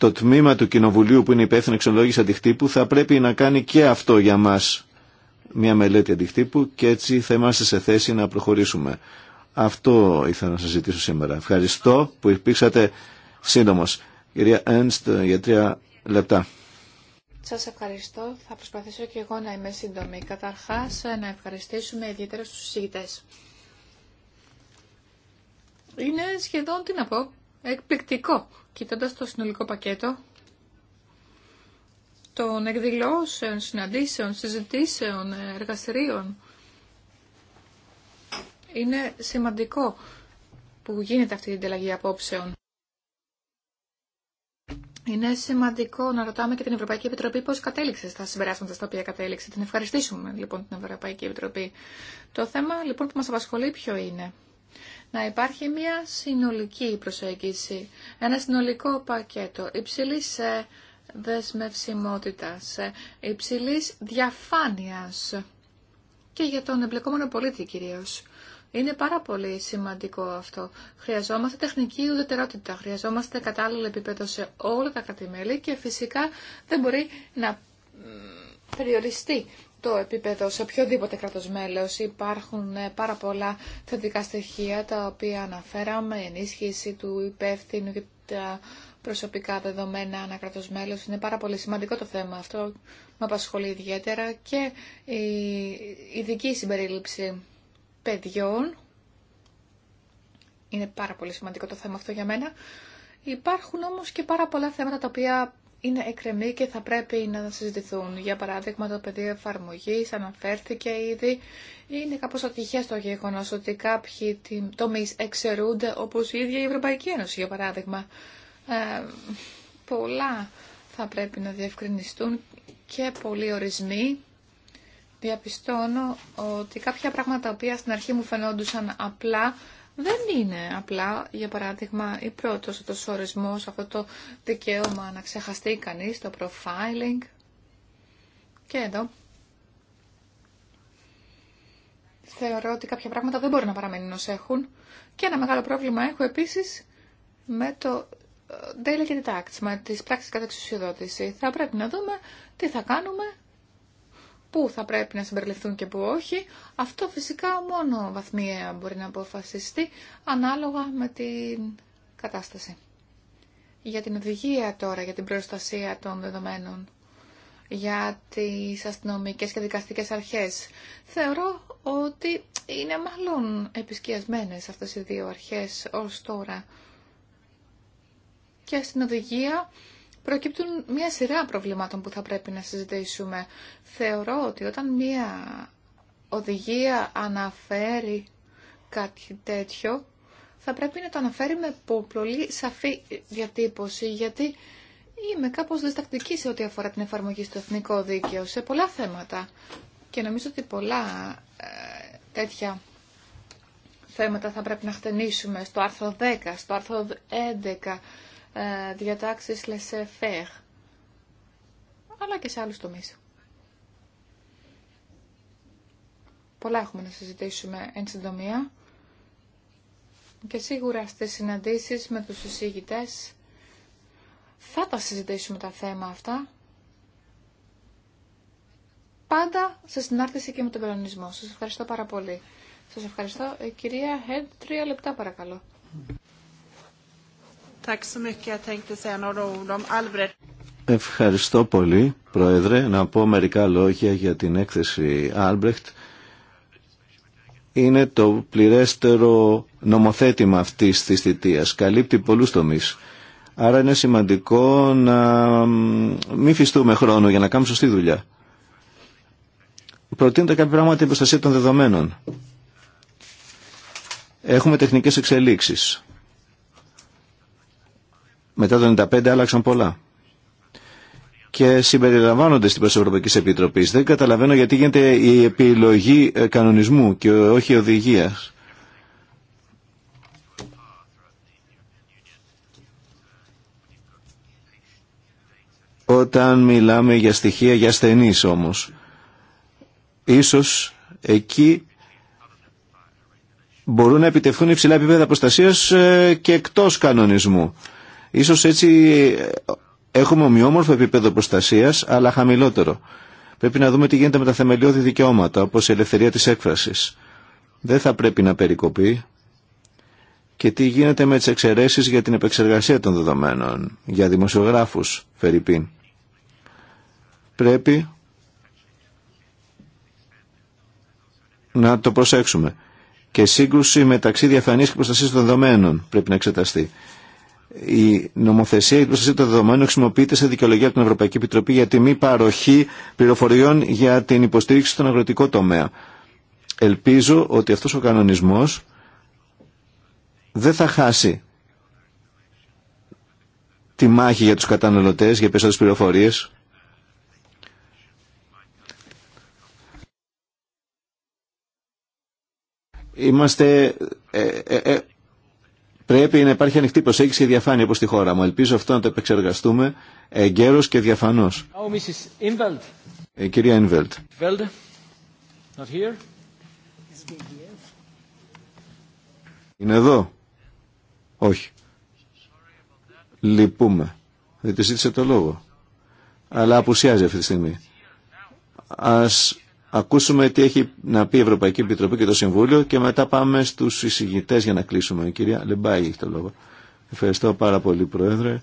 το τμήμα του Κοινοβουλίου που είναι υπεύθυνο εξολόγηση αντιχτύπου θα πρέπει να κάνει και αυτό για μας μια μελέτη αντιχτύπου και έτσι θα είμαστε σε θέση να προχωρήσουμε. Αυτό ήθελα να σας ζητήσω σήμερα. Ευχαριστώ που υπήρξατε σύντομο. Κυρία Ένστ για τρία λεπτά. Σας ευχαριστώ. Θα προσπαθήσω και εγώ να είμαι σύντομη. καταρχά να ευχαριστήσουμε ιδιαίτερα του συζητητέ. Είναι σχεδόν, τι να πω, εκπληκτικό. Κοιτώντα το συνολικό πακέτο των εκδηλώσεων, συναντήσεων, συζητήσεων, εργαστηρίων, είναι σημαντικό που γίνεται αυτή η ανταλλαγή απόψεων. Είναι σημαντικό να ρωτάμε και την Ευρωπαϊκή Επιτροπή πώς κατέληξε στα συμπεράσματα στα οποία κατέληξε. Την ευχαριστήσουμε λοιπόν την Ευρωπαϊκή Επιτροπή. Το θέμα λοιπόν που μας απασχολεί ποιο είναι να υπάρχει μια συνολική προσέγγιση, ένα συνολικό πακέτο υψηλής ε, δεσμευσιμότητας, ε, υψηλής διαφάνειας και για τον εμπλεκόμενο πολίτη κυρίως. Είναι πάρα πολύ σημαντικό αυτό. Χρειαζόμαστε τεχνική ουδετερότητα, χρειαζόμαστε κατάλληλο επίπεδο σε όλα τα κατημέλη και φυσικά δεν μπορεί να περιοριστεί το επίπεδο σε οποιοδήποτε κράτος μέλος. Υπάρχουν ε, πάρα πολλά θετικά στοιχεία τα οποία αναφέραμε, η ενίσχυση του υπεύθυνου και τα προσωπικά δεδομένα ανά κράτος μέλος. Είναι πάρα πολύ σημαντικό το θέμα αυτό, με απασχολεί ιδιαίτερα και η ειδική συμπερίληψη παιδιών. Είναι πάρα πολύ σημαντικό το θέμα αυτό για μένα. Υπάρχουν όμως και πάρα πολλά θέματα τα οποία είναι εκκρεμή και θα πρέπει να συζητηθούν. Για παράδειγμα, το πεδίο εφαρμογή αναφέρθηκε ήδη. Είναι κάπω ατυχέ το γεγονό ότι κάποιοι τομεί εξαιρούνται, όπω η ίδια η Ευρωπαϊκή Ένωση, για παράδειγμα. Ε, πολλά θα πρέπει να διευκρινιστούν και πολλοί ορισμοί. Διαπιστώνω ότι κάποια πράγματα τα οποία στην αρχή μου φαινόντουσαν απλά δεν είναι απλά, για παράδειγμα, η πρώτος ο ορισμός, αυτό το δικαίωμα να ξεχαστεί κανείς, το profiling. Και εδώ θεωρώ ότι κάποια πράγματα δεν μπορεί να παραμένουν ως έχουν. Και ένα μεγάλο πρόβλημα έχω επίσης με το ε, delegated acts, με τις πράξεις κατά εξουσιοδότηση. Θα πρέπει να δούμε τι θα κάνουμε πού θα πρέπει να συμπεριληφθούν και πού όχι. Αυτό φυσικά μόνο βαθμιαία μπορεί να αποφασιστεί ανάλογα με την κατάσταση. Για την οδηγία τώρα, για την προστασία των δεδομένων, για τις αστυνομικές και δικαστικές αρχές, θεωρώ ότι είναι μάλλον επισκιασμένες αυτές οι δύο αρχές ως τώρα. Και στην οδηγία προκύπτουν μια σειρά προβλημάτων που θα πρέπει να συζητήσουμε. Θεωρώ ότι όταν μια οδηγία αναφέρει κάτι τέτοιο, θα πρέπει να το αναφέρει με πολύ σαφή διατύπωση, γιατί είμαι κάπως διστακτική σε ό,τι αφορά την εφαρμογή στο εθνικό δίκαιο, σε πολλά θέματα. Και νομίζω ότι πολλά ε, τέτοια θέματα θα πρέπει να χτενίσουμε στο άρθρο 10, στο άρθρο 11, ε, διατάξεις laissez-faire, αλλά και σε άλλους τομείς. Πολλά έχουμε να συζητήσουμε εν συντομία και σίγουρα στις συναντήσεις με τους συζητητές θα τα συζητήσουμε τα θέματα αυτά. Πάντα σε συνάρτηση και με τον κανονισμό. Σας ευχαριστώ πάρα πολύ. Σας ευχαριστώ. Ε, κυρία Χέντ, τρία λεπτά παρακαλώ. Ευχαριστώ πολύ, Πρόεδρε. Να πω μερικά λόγια για την έκθεση Albrecht. Είναι το πληρέστερο νομοθέτημα αυτής της θητείας. Καλύπτει πολλούς τομείς. Άρα είναι σημαντικό να μην φυστούμε χρόνο για να κάνουμε σωστή δουλειά. Προτείνονται κάποια πράγματα την προστασία των δεδομένων. Έχουμε τεχνικές εξελίξεις μετά το 1995 άλλαξαν πολλά. Και συμπεριλαμβάνονται στην Πρωθυπουργική Επιτροπή. Δεν καταλαβαίνω γιατί γίνεται η επιλογή ε, κανονισμού και όχι οδηγία. Όταν μιλάμε για στοιχεία για ασθενεί όμω, ίσως εκεί μπορούν να επιτευχθούν υψηλά επίπεδα προστασία ε, και εκτός κανονισμού. Ίσως έτσι ε, έχουμε ομοιόμορφο επίπεδο προστασίας, αλλά χαμηλότερο. Πρέπει να δούμε τι γίνεται με τα θεμελιώδη δικαιώματα, όπως η ελευθερία της έκφρασης. Δεν θα πρέπει να περικοπεί. Και τι γίνεται με τις εξαιρέσεις για την επεξεργασία των δεδομένων, για δημοσιογράφους, Φερρυπίν. Πρέπει να το προσέξουμε. Και σύγκρουση μεταξύ διαφανής και προστασίας των δεδομένων πρέπει να εξεταστεί η νομοθεσία για την προστασία των δεδομένων χρησιμοποιείται σε δικαιολογία από την Ευρωπαϊκή Επιτροπή για τη μη παροχή πληροφοριών για την υποστήριξη στον αγροτικό τομέα. Ελπίζω ότι αυτός ο κανονισμός δεν θα χάσει τη μάχη για τους καταναλωτές, για περισσότερες πληροφορίες. Είμαστε ε, ε, ε, Πρέπει να υπάρχει ανοιχτή προσέγγιση και διαφάνεια όπως στη χώρα μου. Ελπίζω αυτό να το επεξεργαστούμε εγκαίρω και διαφανώ. Oh, ε, κυρία Ινβέλτ. Είναι εδώ. Όχι. Λυπούμε. Δεν τη ζήτησε το λόγο. Αλλά απουσιάζει αυτή τη στιγμή. Ας ακούσουμε τι έχει να πει η Ευρωπαϊκή Επιτροπή και το Συμβούλιο και μετά πάμε στους εισηγητές για να κλείσουμε. Η κυρία Λεμπάη έχει το λόγο. Ευχαριστώ πάρα πολύ Πρόεδρε.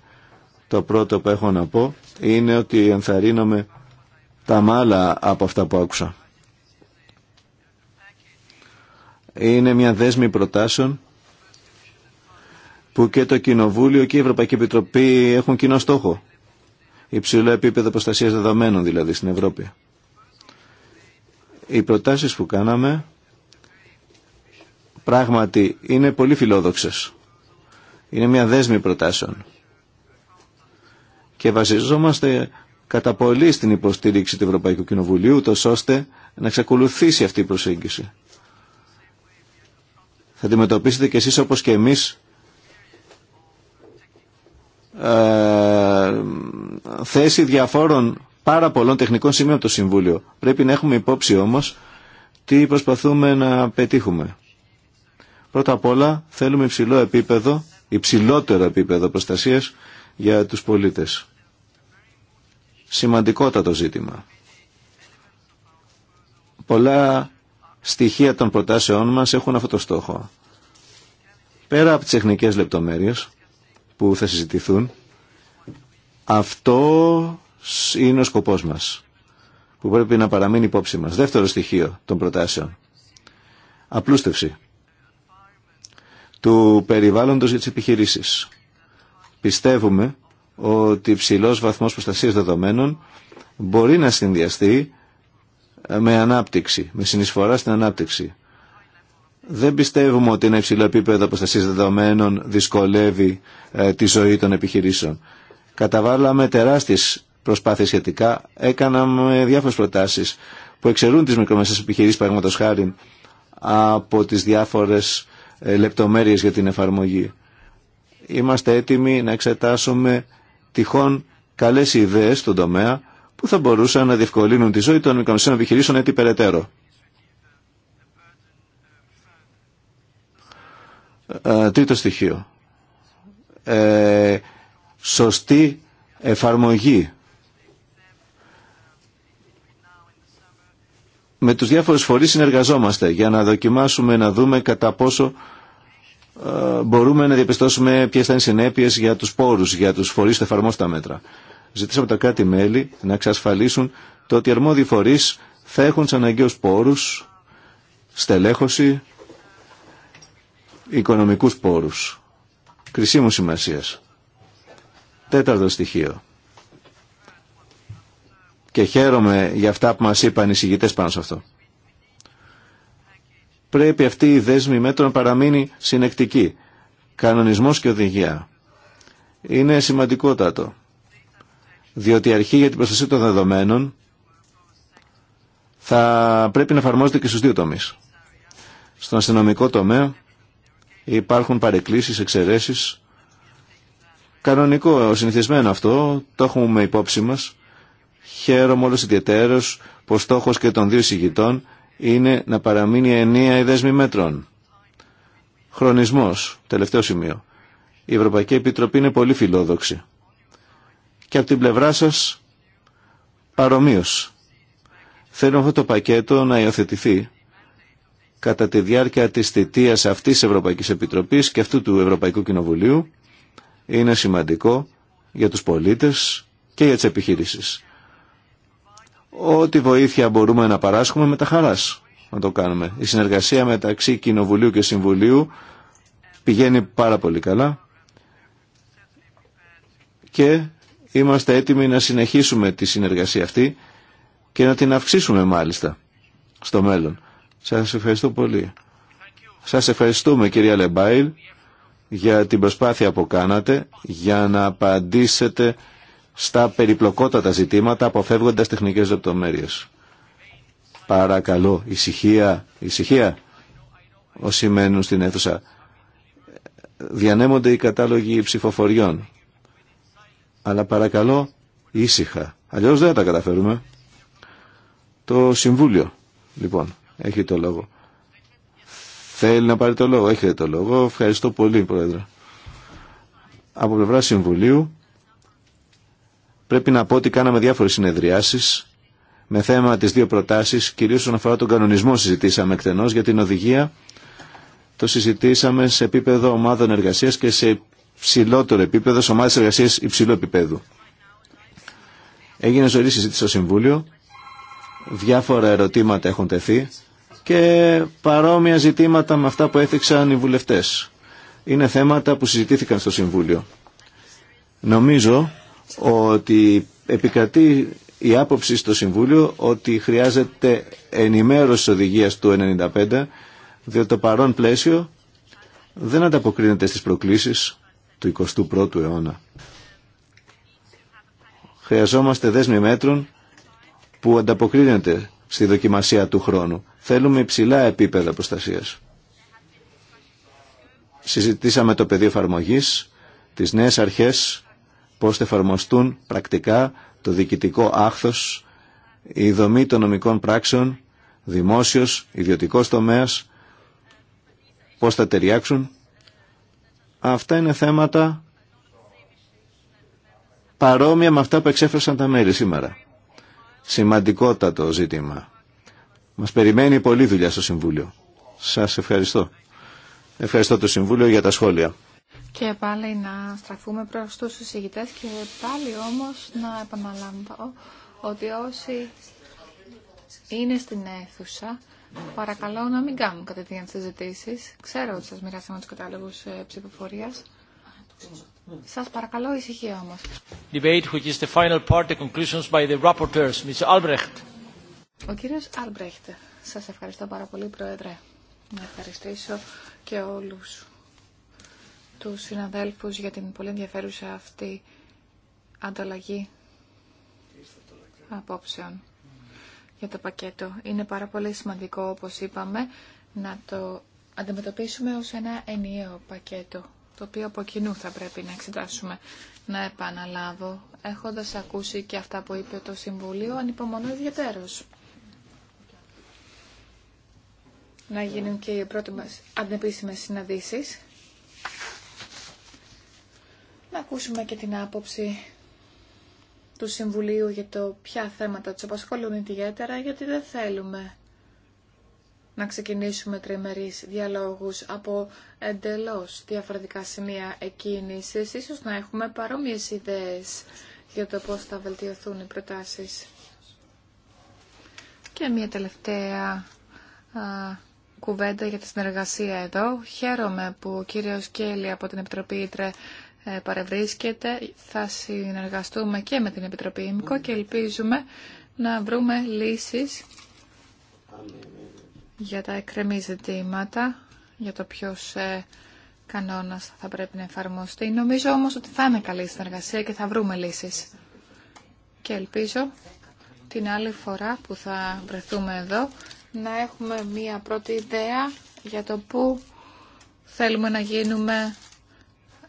Το πρώτο που έχω να πω είναι ότι ενθαρρύνομαι τα μάλα από αυτά που άκουσα. Είναι μια δέσμη προτάσεων που και το Κοινοβούλιο και η Ευρωπαϊκή Επιτροπή έχουν κοινό στόχο. Υψηλό επίπεδο προστασία δεδομένων δηλαδή στην Ευρώπη. Οι προτάσεις που κάναμε πράγματι είναι πολύ φιλόδοξες. Είναι μια δέσμη προτάσεων. Και βασιζόμαστε κατά πολύ στην υποστήριξη του Ευρωπαϊκού Κοινοβουλίου, τόσο ώστε να εξακολουθήσει αυτή η προσέγγιση. Θα αντιμετωπίσετε κι εσείς όπως και εμείς ε, θέση διαφόρων πάρα πολλών τεχνικών σημείων από το Συμβούλιο. Πρέπει να έχουμε υπόψη όμως τι προσπαθούμε να πετύχουμε. Πρώτα απ' όλα θέλουμε υψηλό επίπεδο, υψηλότερο επίπεδο προστασίας για τους πολίτες. Σημαντικότατο ζήτημα. Πολλά στοιχεία των προτάσεών μας έχουν αυτό το στόχο. Πέρα από τις τεχνικές λεπτομέρειες που θα συζητηθούν, αυτό είναι ο σκοπό μας, που πρέπει να παραμείνει υπόψη μας. Δεύτερο στοιχείο των προτάσεων. Απλούστευση του περιβάλλοντος για τις επιχειρήσεις. Πιστεύουμε ότι υψηλό βαθμός προστασίας δεδομένων μπορεί να συνδυαστεί με ανάπτυξη, με συνεισφορά στην ανάπτυξη. Δεν πιστεύουμε ότι ένα υψηλό επίπεδο προστασίας δεδομένων δυσκολεύει ε, τη ζωή των επιχειρήσεων. Καταβάλαμε τεράστιες προσπάθειες σχετικά. Έκαναμε διάφορες προτάσεις που εξαιρούν τις μικρομεσαίες επιχειρήσεις παραδείγματος χάρη από τις διάφορες ε, λεπτομέρειες για την εφαρμογή. Είμαστε έτοιμοι να εξετάσουμε τυχόν καλές ιδέες στον τομέα που θα μπορούσαν να διευκολύνουν τη ζωή των μικρομεσαίων επιχειρήσεων έτσι περαιτέρω. Ε, τρίτο στοιχείο. Ε, σωστή εφαρμογή με τους διάφορους φορείς συνεργαζόμαστε για να δοκιμάσουμε, να δούμε κατά πόσο ε, μπορούμε να διαπιστώσουμε ποιε θα είναι οι συνέπειες για τους πόρους, για τους φορείς που εφαρμόσουν τα μέτρα. Ζητήσαμε τα κράτη-μέλη να εξασφαλίσουν το ότι οι αρμόδιοι φορείς θα έχουν τους αναγκαίους πόρους, στελέχωση, οικονομικούς πόρους. Κρισίμου σημασίας. Τέταρτο στοιχείο και χαίρομαι για αυτά που μας είπαν οι συγγητές πάνω σε αυτό. Πρέπει αυτή η δέσμη μέτρων παραμείνει συνεκτική. Κανονισμός και οδηγία. Είναι σημαντικότατο. Διότι η αρχή για την προστασία των δεδομένων θα πρέπει να εφαρμόζεται και στους δύο τομείς. Στον αστυνομικό τομέα υπάρχουν παρεκκλήσεις, εξαιρέσεις. Κανονικό, συνηθισμένο αυτό, το έχουμε υπόψη μας Χαίρομαι όλος ιδιαίτερος πως στόχος και των δύο συγητών είναι να παραμείνει ενία η δέσμη μέτρων. Χρονισμός, τελευταίο σημείο. Η Ευρωπαϊκή Επιτροπή είναι πολύ φιλόδοξη. Και από την πλευρά σας παρομοίως. Θέλω αυτό το πακέτο να υιοθετηθεί κατά τη διάρκεια της θητείας αυτής της Ευρωπαϊκής Επιτροπής και αυτού του Ευρωπαϊκού Κοινοβουλίου είναι σημαντικό για τους πολίτες και για τις επιχείρησεις. Ό,τι βοήθεια μπορούμε να παράσχουμε με τα χαράς να το κάνουμε. Η συνεργασία μεταξύ Κοινοβουλίου και Συμβουλίου πηγαίνει πάρα πολύ καλά και είμαστε έτοιμοι να συνεχίσουμε τη συνεργασία αυτή και να την αυξήσουμε μάλιστα στο μέλλον. Σας ευχαριστώ πολύ. Σας ευχαριστούμε κυρία Λεμπάιλ για την προσπάθεια που κάνατε για να απαντήσετε στα περιπλοκότατα ζητήματα αποφεύγοντας τεχνικές λεπτομέρειες. Παρακαλώ, ησυχία, ησυχία όσοι μένουν στην αίθουσα. Διανέμονται οι κατάλογοι ψηφοφοριών. Αλλά παρακαλώ, ήσυχα. Αλλιώς δεν τα καταφέρουμε. Το Συμβούλιο, λοιπόν, έχει το λόγο. Θέλει να πάρει το λόγο. Έχετε το λόγο. Ευχαριστώ πολύ, Πρόεδρε. Από πλευρά Συμβουλίου, Πρέπει να πω ότι κάναμε διάφορες συνεδριάσεις με θέμα τις δύο προτάσεις, κυρίως όσον αφορά τον κανονισμό συζητήσαμε εκτενώς για την οδηγία. Το συζητήσαμε σε επίπεδο ομάδων εργασίας και σε ψηλότερο επίπεδο, σε ομάδες εργασίας υψηλού επίπεδου. Έγινε ζωή συζήτηση στο Συμβούλιο, διάφορα ερωτήματα έχουν τεθεί και παρόμοια ζητήματα με αυτά που έθιξαν οι βουλευτές. Είναι θέματα που συζητήθηκαν στο Συμβούλιο. Νομίζω ότι επικρατεί η άποψη στο Συμβούλιο ότι χρειάζεται ενημέρωση οδηγίας του 95 διότι το παρόν πλαίσιο δεν ανταποκρίνεται στις προκλήσεις του 21ου αιώνα. Χρειαζόμαστε δέσμοι μέτρων που ανταποκρίνεται στη δοκιμασία του χρόνου. Θέλουμε υψηλά επίπεδα προστασίας. Συζητήσαμε το πεδίο εφαρμογή, τις νέες αρχές πώς θα εφαρμοστούν πρακτικά το διοικητικό άχθος, η δομή των νομικών πράξεων, δημόσιος, ιδιωτικός τομέας, πώς θα ταιριάξουν. Αυτά είναι θέματα παρόμοια με αυτά που εξέφρασαν τα μέλη σήμερα. Σημαντικότατο ζήτημα. Μας περιμένει πολλή δουλειά στο Συμβούλιο. Σας ευχαριστώ. Ευχαριστώ το Συμβούλιο για τα σχόλια. Και πάλι να στραφούμε προς τους συζητητές και πάλι όμως να επαναλαμβώ ότι όσοι είναι στην αίθουσα παρακαλώ να μην κάνουν κατευθείαν συζητήσει. Ξέρω ότι σας μοιράσαμε τους κατάλογους ε, ψηφοφορίας. Σας παρακαλώ ησυχία όμως. Debate which is the final part, the conclusions by the rapporteurs, Mr. Albrecht. Ο κύριος Albrecht. Σας ευχαριστώ πάρα πολύ, Πρόεδρε. Να ευχαριστήσω και όλους του συναδέλφους για την πολύ ενδιαφέρουσα αυτή ανταλλαγή απόψεων για το πακέτο. Είναι πάρα πολύ σημαντικό, όπως είπαμε, να το αντιμετωπίσουμε ως ένα ενιαίο πακέτο, το οποίο από κοινού θα πρέπει να εξετάσουμε. Να επαναλάβω, έχοντας ακούσει και αυτά που είπε το Συμβουλίο, ανυπομονώ ιδιαίτερος. Να γίνουν και οι πρώτοι μας ανεπίσημες συναντήσεις να ακούσουμε και την άποψη του Συμβουλίου για το ποια θέματα του απασχολούν ιδιαίτερα, γιατί δεν θέλουμε να ξεκινήσουμε τριμερείς διαλόγους από εντελώς διαφορετικά σημεία εκκίνησης, ίσως να έχουμε παρόμοιες ιδέες για το πώς θα βελτιωθούν οι προτάσεις. Και μια τελευταία κουβέντα για τη συνεργασία εδώ. Χαίρομαι που ο κύριος Κέλλη από την Επιτροπή Ήτρε ε, παρευρίσκεται. Θα συνεργαστούμε και με την Επιτροπή ΕΜΚΟ και ελπίζουμε να βρούμε λύσεις για τα εκκρεμή ζητήματα, για το ποιος ε, κανόνας θα πρέπει να εφαρμοστεί. Νομίζω όμως ότι θα είναι καλή συνεργασία και θα βρούμε λύσεις. Και ελπίζω την άλλη φορά που θα βρεθούμε εδώ να έχουμε μία πρώτη ιδέα για το πού θέλουμε να γίνουμε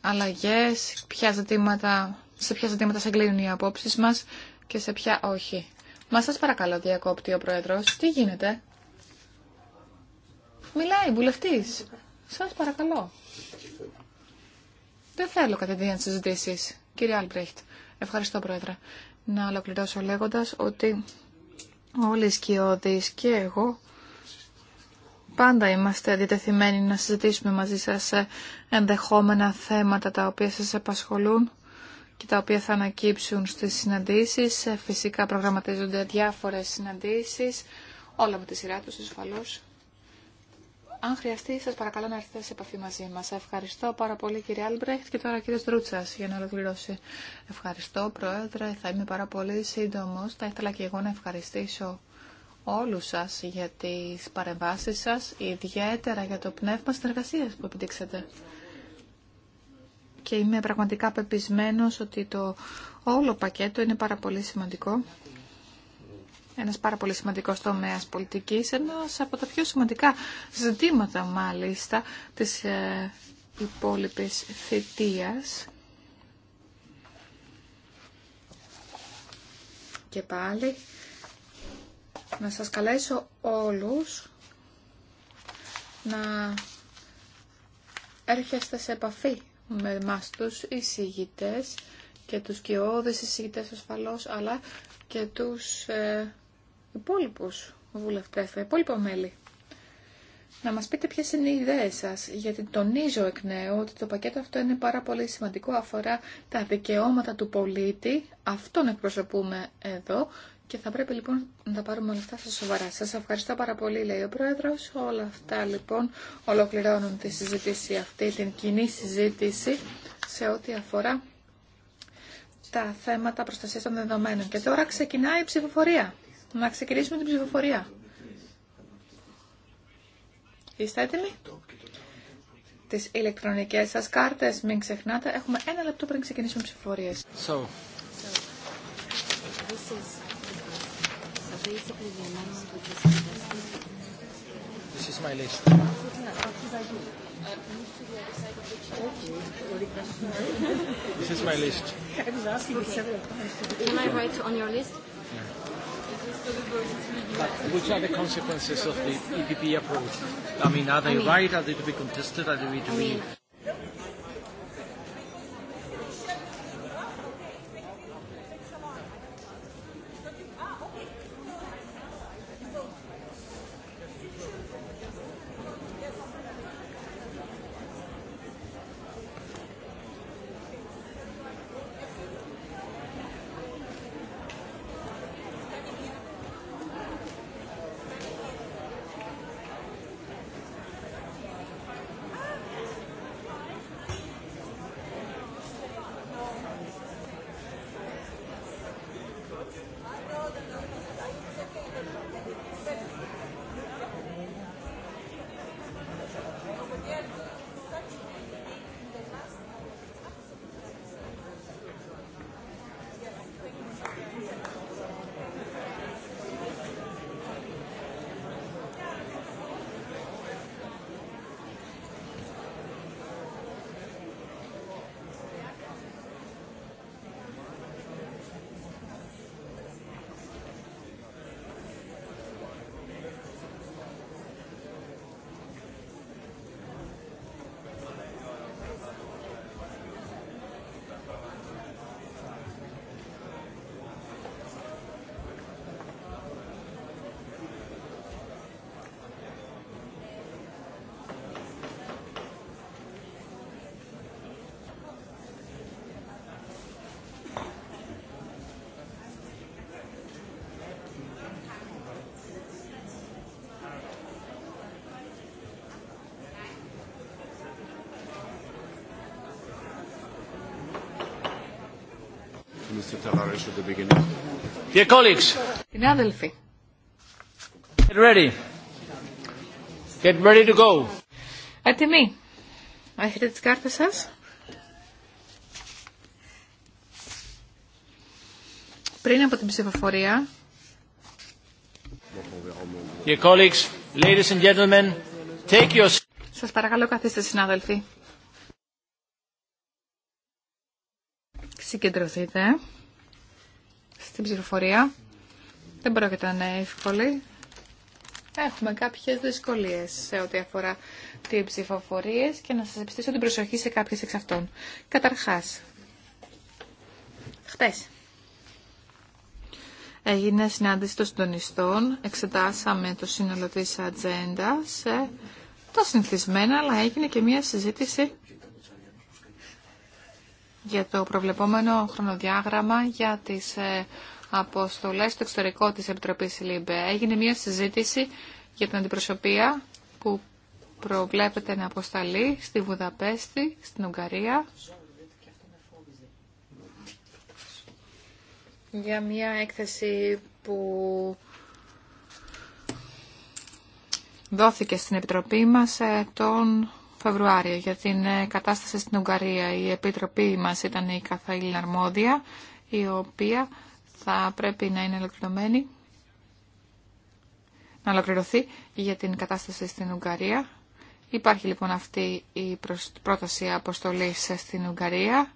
αλλαγές, ποια ζητήματα, σε ποια ζητήματα συγκλίνουν οι απόψει μας και σε ποια όχι. Μα σας παρακαλώ διακόπτει ο Πρόεδρος. Τι γίνεται. Μιλάει βουλευτή. Σας παρακαλώ. Δεν θέλω κατευθείαν συζητήσει. Κύριε Άλμπρεχτ, ευχαριστώ Πρόεδρε. Να ολοκληρώσω λέγοντας ότι όλοι οι σκιώδει και εγώ πάντα είμαστε αντιτεθειμένοι να συζητήσουμε μαζί σας ε, ενδεχόμενα θέματα τα οποία σας απασχολούν και τα οποία θα ανακύψουν στις συναντήσεις. Ε, φυσικά προγραμματίζονται διάφορες συναντήσεις, όλα με τη σειρά τους ασφαλώς. Αν χρειαστεί, σας παρακαλώ να έρθετε σε επαφή μαζί μας. Ευχαριστώ πάρα πολύ κύριε Άλμπρεχτ και τώρα κύριε Στρούτσας για να ολοκληρώσει. Ευχαριστώ Πρόεδρε, θα είμαι πάρα πολύ σύντομος. Θα ήθελα και εγώ να ευχαριστήσω όλους σας για τις παρεμβάσεις σας, ιδιαίτερα για το πνεύμα συνεργασίας που επιδείξατε. Και είμαι πραγματικά πεπισμένος ότι το όλο πακέτο είναι πάρα πολύ σημαντικό. Ένας πάρα πολύ σημαντικός τομέας πολιτικής, ένας από τα πιο σημαντικά ζητήματα μάλιστα της ε, υπόλοιπης Και πάλι να σας καλέσω όλους να έρχεστε σε επαφή με εμάς τους εισηγητές και τους κοιόδες εισηγητές ασφαλώς, αλλά και τους ε, υπόλοιπους βουλευτές, τα υπόλοιπα μέλη. Να μας πείτε ποιες είναι οι ιδέες σας, γιατί τονίζω εκ νέου ότι το πακέτο αυτό είναι πάρα πολύ σημαντικό, αφορά τα δικαιώματα του πολίτη, αυτόν εκπροσωπούμε εδώ και θα πρέπει λοιπόν να τα πάρουμε όλα αυτά στα σοβαρά. Σα ευχαριστώ πάρα πολύ, λέει ο πρόεδρο, Όλα αυτά λοιπόν ολοκληρώνουν τη συζήτηση αυτή, την κοινή συζήτηση σε ό,τι αφορά τα θέματα προστασία των δεδομένων. Και τώρα ξεκινάει η ψηφοφορία. Να ξεκινήσουμε την ψηφοφορία. Είστε έτοιμοι? Τις ηλεκτρονικές σας κάρτες, μην ξεχνάτε, έχουμε ένα λεπτό πριν ξεκινήσουμε ψηφοφορίες basically the amendment which is This is my list. This is my list. I was asking several times. Can I write on your list? Which are the consequences of the EPP approach? I mean, are they right? Are they to be contested? Are they to be? Dear colleagues. Συνάδελφοι. Get ready. Get ready to go. Έτοιμοι. Έχετε τις κάρτες σας. Πριν από την ψηφοφορία. Dear colleagues, ladies and gentlemen, take your... Σας παρακαλώ καθίστε συνάδελφοι. Συγκεντρωθείτε στην ψηφοφορία. Δεν πρόκειται να είναι εύκολη. Έχουμε κάποιες δυσκολίες σε ό,τι αφορά τις ψηφοφορίες και να σας επιστήσω την προσοχή σε κάποιες εξ αυτών. Καταρχάς, χτες έγινε συνάντηση των συντονιστών, εξετάσαμε το σύνολο της ατζέντα, τα συνηθισμένα, αλλά έγινε και μία συζήτηση για το προβλεπόμενο χρονοδιάγραμμα για τις ε, αποστολές στο εξωτερικό της Επιτροπής ΛΥΜΠΕ. Έγινε μια συζήτηση για την αντιπροσωπεία που προβλέπεται να αποσταλεί στη Βουδαπέστη, στην Ουγγαρία, για μια έκθεση που δόθηκε στην Επιτροπή μας ε, τον Φεβρουάριο για την ε, κατάσταση στην Ουγγαρία. Η Επιτροπή μας ήταν η Καθαήλ Αρμόδια, η οποία θα πρέπει να είναι ολοκληρωμένη, να ολοκληρωθεί για την κατάσταση στην Ουγγαρία. Υπάρχει λοιπόν αυτή η πρόταση αποστολής στην Ουγγαρία,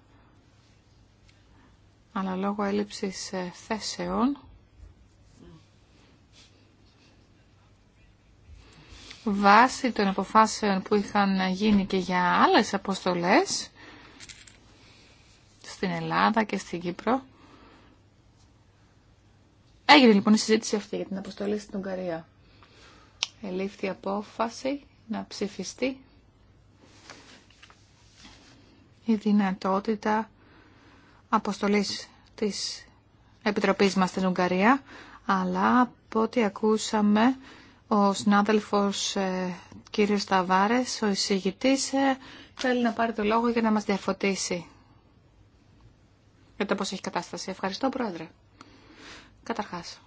αλλά λόγω έλλειψης ε, θέσεων βάσει των αποφάσεων που είχαν γίνει και για άλλες αποστολές στην Ελλάδα και στην Κύπρο. Έγινε λοιπόν η συζήτηση αυτή για την αποστολή στην Ουγγαρία. Ελήφθη απόφαση να ψηφιστεί η δυνατότητα αποστολής της Επιτροπής μας στην Ουγγαρία, αλλά από ό,τι ακούσαμε ο συνάδελφος ε, κύριος Ταβάρες, ο εισηγητής, ε, θέλει να πάρει το λόγο για να μας διαφωτίσει για το πώς έχει κατάσταση. Ευχαριστώ, Πρόεδρε. Καταρχάς,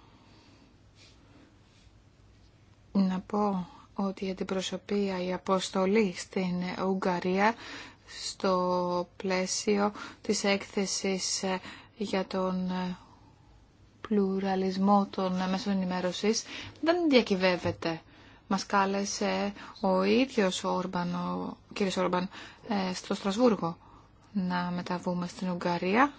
να πω ότι η αντιπροσωπεία, η αποστολή στην Ουγγαρία στο πλαίσιο της έκθεσης ε, για τον πλουραλισμό των μέσων ενημέρωση δεν διακυβεύεται. Μας κάλεσε ο ίδιο ο, Ορμπαν, ο Όρμπαν ε, στο Στρασβούργο να μεταβούμε στην Ουγγαρία.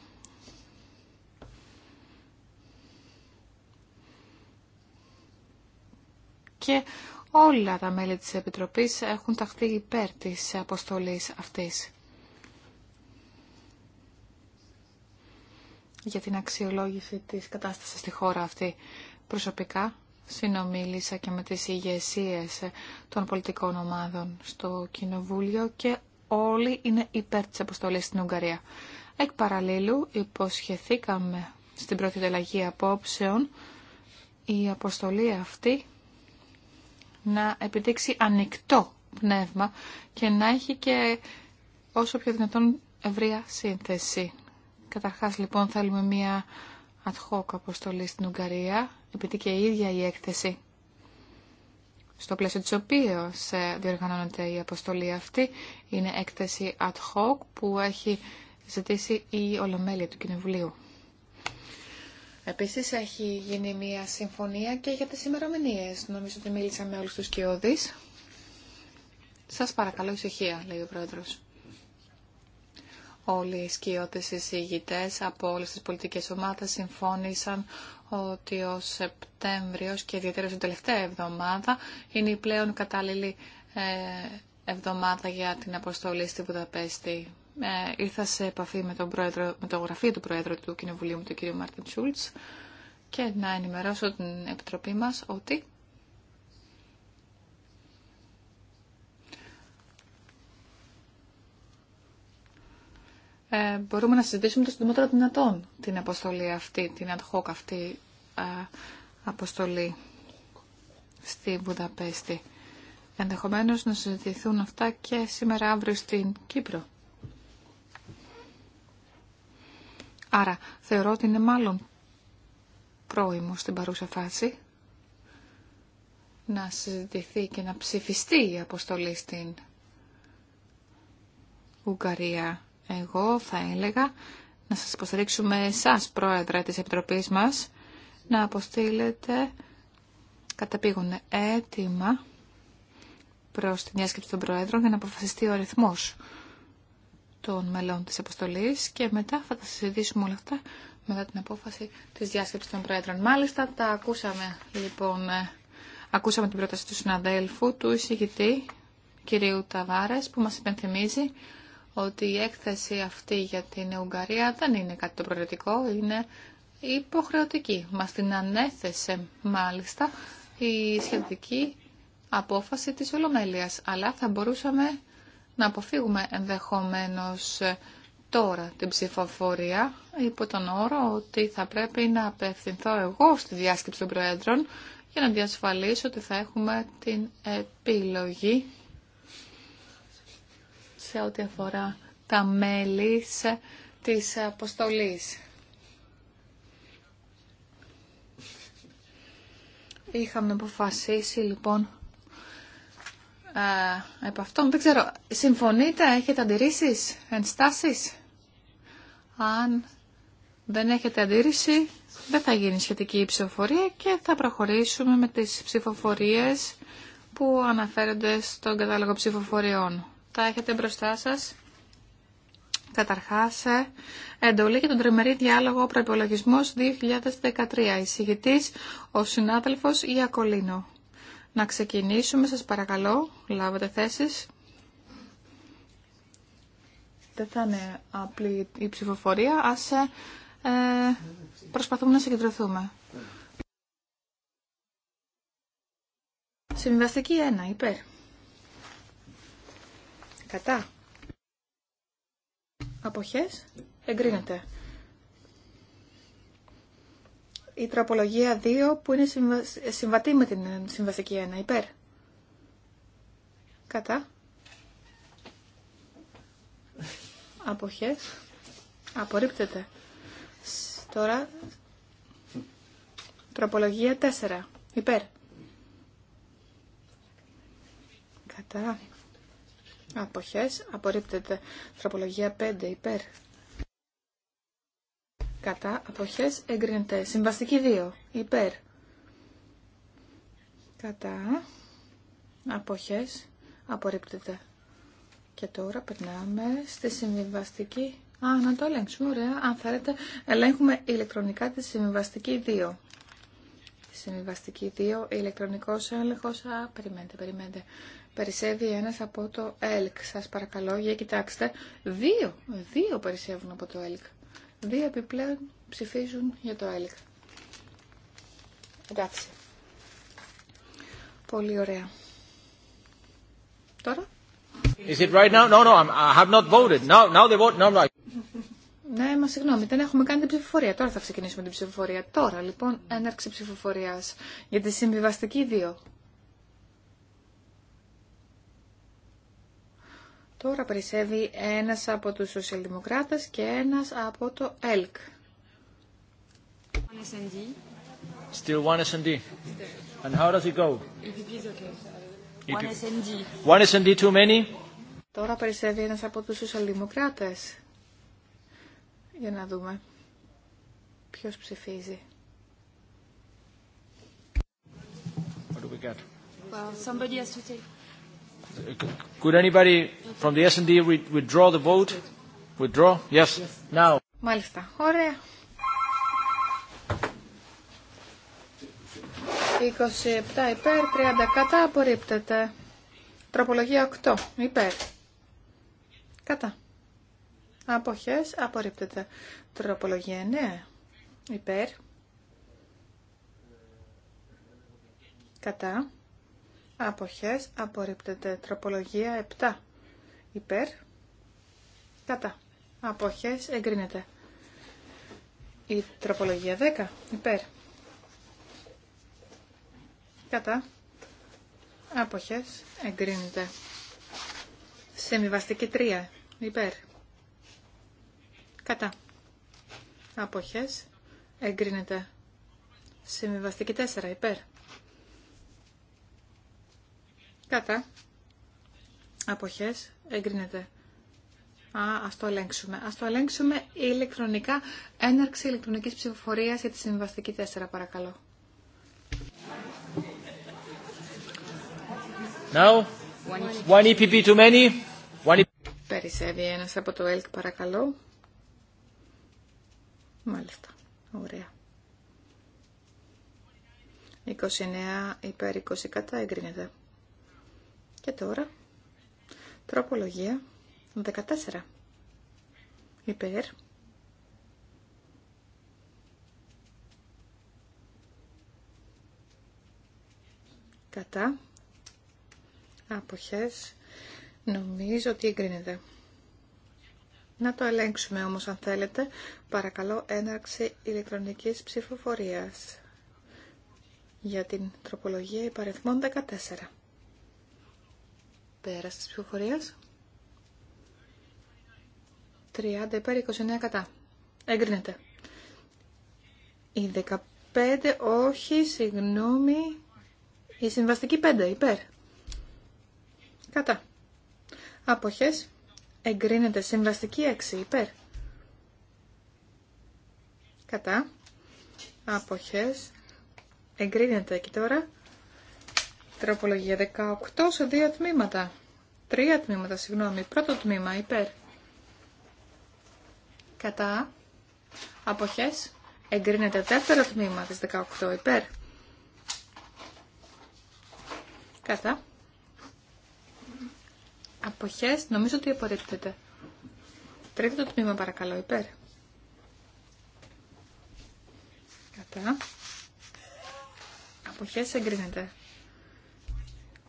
Και όλα τα μέλη της Επιτροπής έχουν ταχθεί υπέρ της αποστολής αυτής. για την αξιολόγηση της κατάστασης στη χώρα αυτή. Προσωπικά συνομίλησα και με τις ηγεσίε των πολιτικών ομάδων στο Κοινοβούλιο και όλοι είναι υπέρ της αποστολής στην Ουγγαρία. Εκ παραλλήλου υποσχεθήκαμε στην πρώτη τελαγή απόψεων η αποστολή αυτή να επιδείξει ανοιχτό πνεύμα και να έχει και όσο πιο δυνατόν ευρεία σύνθεση. Καταρχάς λοιπόν θέλουμε μία ad hoc αποστολή στην Ουγγαρία, επειδή και η ίδια η έκθεση στο πλαίσιο της οποίας ε, διοργανώνεται η αποστολή αυτή είναι έκθεση ad hoc που έχει ζητήσει η Ολομέλεια του Κοινοβουλίου. Επίσης έχει γίνει μια συμφωνία και για τις ημερομηνίε. Νομίζω ότι μίλησα με όλους τους κοιόδης. Σας παρακαλώ ησυχία, λέει ο Πρόεδρος. Όλοι οι σκιώτες εισηγητές από όλες τις πολιτικές ομάδες συμφώνησαν ότι ο Σεπτέμβριος και ιδιαίτερα στην τελευταία εβδομάδα είναι η πλέον κατάλληλη ε, εβδομάδα για την αποστολή στη Βουδαπέστη. Ε, ήρθα σε επαφή με, τον πρόεδρο, με το γραφείο του Πρόεδρου του Κοινοβουλίου μου, τον κύριο Μάρτιν Σούλτς, και να ενημερώσω την Επιτροπή μας ότι ε, μπορούμε να συζητήσουμε το συντομότερο δυνατόν την αποστολή αυτή, την ad hoc αυτή ε, αποστολή στη Βουδαπέστη. Ενδεχομένως να συζητηθούν αυτά και σήμερα αύριο στην Κύπρο. Άρα θεωρώ ότι είναι μάλλον πρόημο στην παρούσα φάση να συζητηθεί και να ψηφιστεί η αποστολή στην Ουγγαρία εγώ θα έλεγα να σας υποστηρίξουμε εσάς, Πρόεδρε της Επιτροπής μας, να αποστείλετε καταπήγουν έτοιμα προς την διάσκεψη των Προέδρων για να αποφασιστεί ο αριθμός των μελών της αποστολής και μετά θα τα συζητήσουμε όλα αυτά μετά την απόφαση της διάσκεψης των Προέδρων. Μάλιστα τα ακούσαμε λοιπόν, ε, ακούσαμε την πρόταση του συναδέλφου του εισηγητή κυρίου Ταβάρες που μας υπενθυμίζει ότι η έκθεση αυτή για την Ουγγαρία δεν είναι κάτι το προαιρετικό, είναι υποχρεωτική. Μας την ανέθεσε μάλιστα η σχετική απόφαση της Ολομέλειας, αλλά θα μπορούσαμε να αποφύγουμε ενδεχομένως τώρα την ψηφοφορία υπό τον όρο ότι θα πρέπει να απευθυνθώ εγώ στη διάσκεψη των Προέδρων για να διασφαλίσω ότι θα έχουμε την επιλογή σε ό,τι αφορά τα μέλη της αποστολής. Είχαμε αποφασίσει λοιπόν ε, επ' αυτόν. Δεν ξέρω, συμφωνείτε, έχετε αντιρρήσεις, ενστάσεις. Αν δεν έχετε αντίρρηση, δεν θα γίνει σχετική η ψηφοφορία και θα προχωρήσουμε με τις ψηφοφορίες που αναφέρονται στον κατάλογο ψηφοφοριών τα έχετε μπροστά σας. Καταρχάς, ε, εντολή για τον τριμερή διάλογο προϋπολογισμός 2013. Εισηγητής, ο συνάδελφος Ιακολίνο. Να ξεκινήσουμε, σας παρακαλώ, λάβετε θέσεις. Δεν θα είναι απλή η ψηφοφορία, ας ε, ε προσπαθούμε να συγκεντρωθούμε. Συμβαστική 1, υπέρ. Κατά. Αποχές. Εγκρίνεται. Η τροπολογία 2 που είναι συμβατή με την συμβαστική 1. Υπέρ. Κατά. Αποχές. Απορρίπτεται. Τώρα τροπολογία 4. Υπέρ. Κατά. Αποχές. Απορρίπτεται. Τροπολογία 5 υπέρ. Κατά. Αποχές. Εγκρίνεται. Συμβαστική 2 υπέρ. Κατά. Αποχές. Απορρίπτεται. Και τώρα περνάμε στη συμβιβαστική. Α, να το ελέγξουμε. Ωραία. Αν θέλετε, ελέγχουμε ηλεκτρονικά τη συμβιβαστική 2. Τη συμβιβαστική 2, ηλεκτρονικός έλεγχος. Α, περιμένετε, περιμένετε. Περισσεύει ένας από το ΕΛΚ. Σας παρακαλώ, για κοιτάξτε. Δύο, δύο περισσεύουν από το ΕΛΚ. Δύο επιπλέον ψηφίζουν για το ΕΛΚ. Εντάξει. Πολύ ωραία. Τώρα. Is it right now? No, no, I have not voted. Now, now they vote. No, no. Ναι, μα συγγνώμη, δεν έχουμε κάνει την ψηφοφορία. Τώρα θα ξεκινήσουμε την ψηφοφορία. Τώρα, λοιπόν, έναρξη ψηφοφορία για τη συμβιβαστική δύο. Τώρα περισσεύει ένας από τους σοσιαλδημοκράτες και ένας από το ΕΛΚ. Still one S&D. And how does it go? One S&D. One S&D too many. Τώρα περισσεύει ένας από τους σοσιαλδημοκράτες. Για να δούμε. Ποιος ψηφίζει. What do we get? Well, somebody has to take Could anybody from the S&D withdraw the vote? Withdraw? Yes. Now. Μάλιστα. Ωραία. 27 υπέρ, 30 κατά, απορρίπτεται. Τροπολογία 8 υπέρ. Κατά. Αποχές, απορρίπτεται. Τροπολογία 9 υπέρ. Κατά. Αποχές απορρίπτεται. Τροπολογία 7. Υπέρ. Κατά. Αποχές εγκρίνεται. Η τροπολογία 10. Υπέρ. Κατά. Αποχές εγκρίνεται. Σεμιβαστική 3. Υπέρ. Κατά. Αποχές εγκρίνεται. Σεμιβαστική 4. Υπέρ. Κατά. Αποχές. Εγκρίνεται. Α, ας το ελέγξουμε. Ας το ελέγξουμε ηλεκτρονικά. Έναρξη ηλεκτρονικής ψηφοφορίας για τη συμβαστική 4, παρακαλώ. Now, one EPP too many. One... E Περισσεύει ένας από το ΕΛΚ, παρακαλώ. Μάλιστα. Ωραία. 29 υπέρ 20 κατά εγκρίνεται. Και τώρα, τροπολογία 14. Υπέρ. Κατά. Αποχές. Νομίζω ότι εγκρίνεται. Να το ελέγξουμε όμως αν θέλετε. Παρακαλώ έναρξη ηλεκτρονικής ψηφοφορίας για την τροπολογία υπαριθμών 14. Πέρας της ψηφοφορίας. 30 υπέρ 29 κατά. Έγκρινεται. Η 15 όχι, συγγνώμη. Η συμβαστική 5 υπέρ. Κατά. Αποχές. Εγκρίνεται συμβαστική 6 υπέρ. Κατά. Αποχές. Εγκρίνεται και τώρα Τροπολογία 18 σε δύο τμήματα. Τρία τμήματα, συγγνώμη. Πρώτο τμήμα, υπέρ. Κατά. Αποχές. Εγκρίνεται δεύτερο τμήμα της 18, υπέρ. Κατά. Αποχές. Νομίζω ότι απορρίπτεται. Τρίτο τμήμα, παρακαλώ, υπέρ. Κατά. Αποχές εγκρίνεται.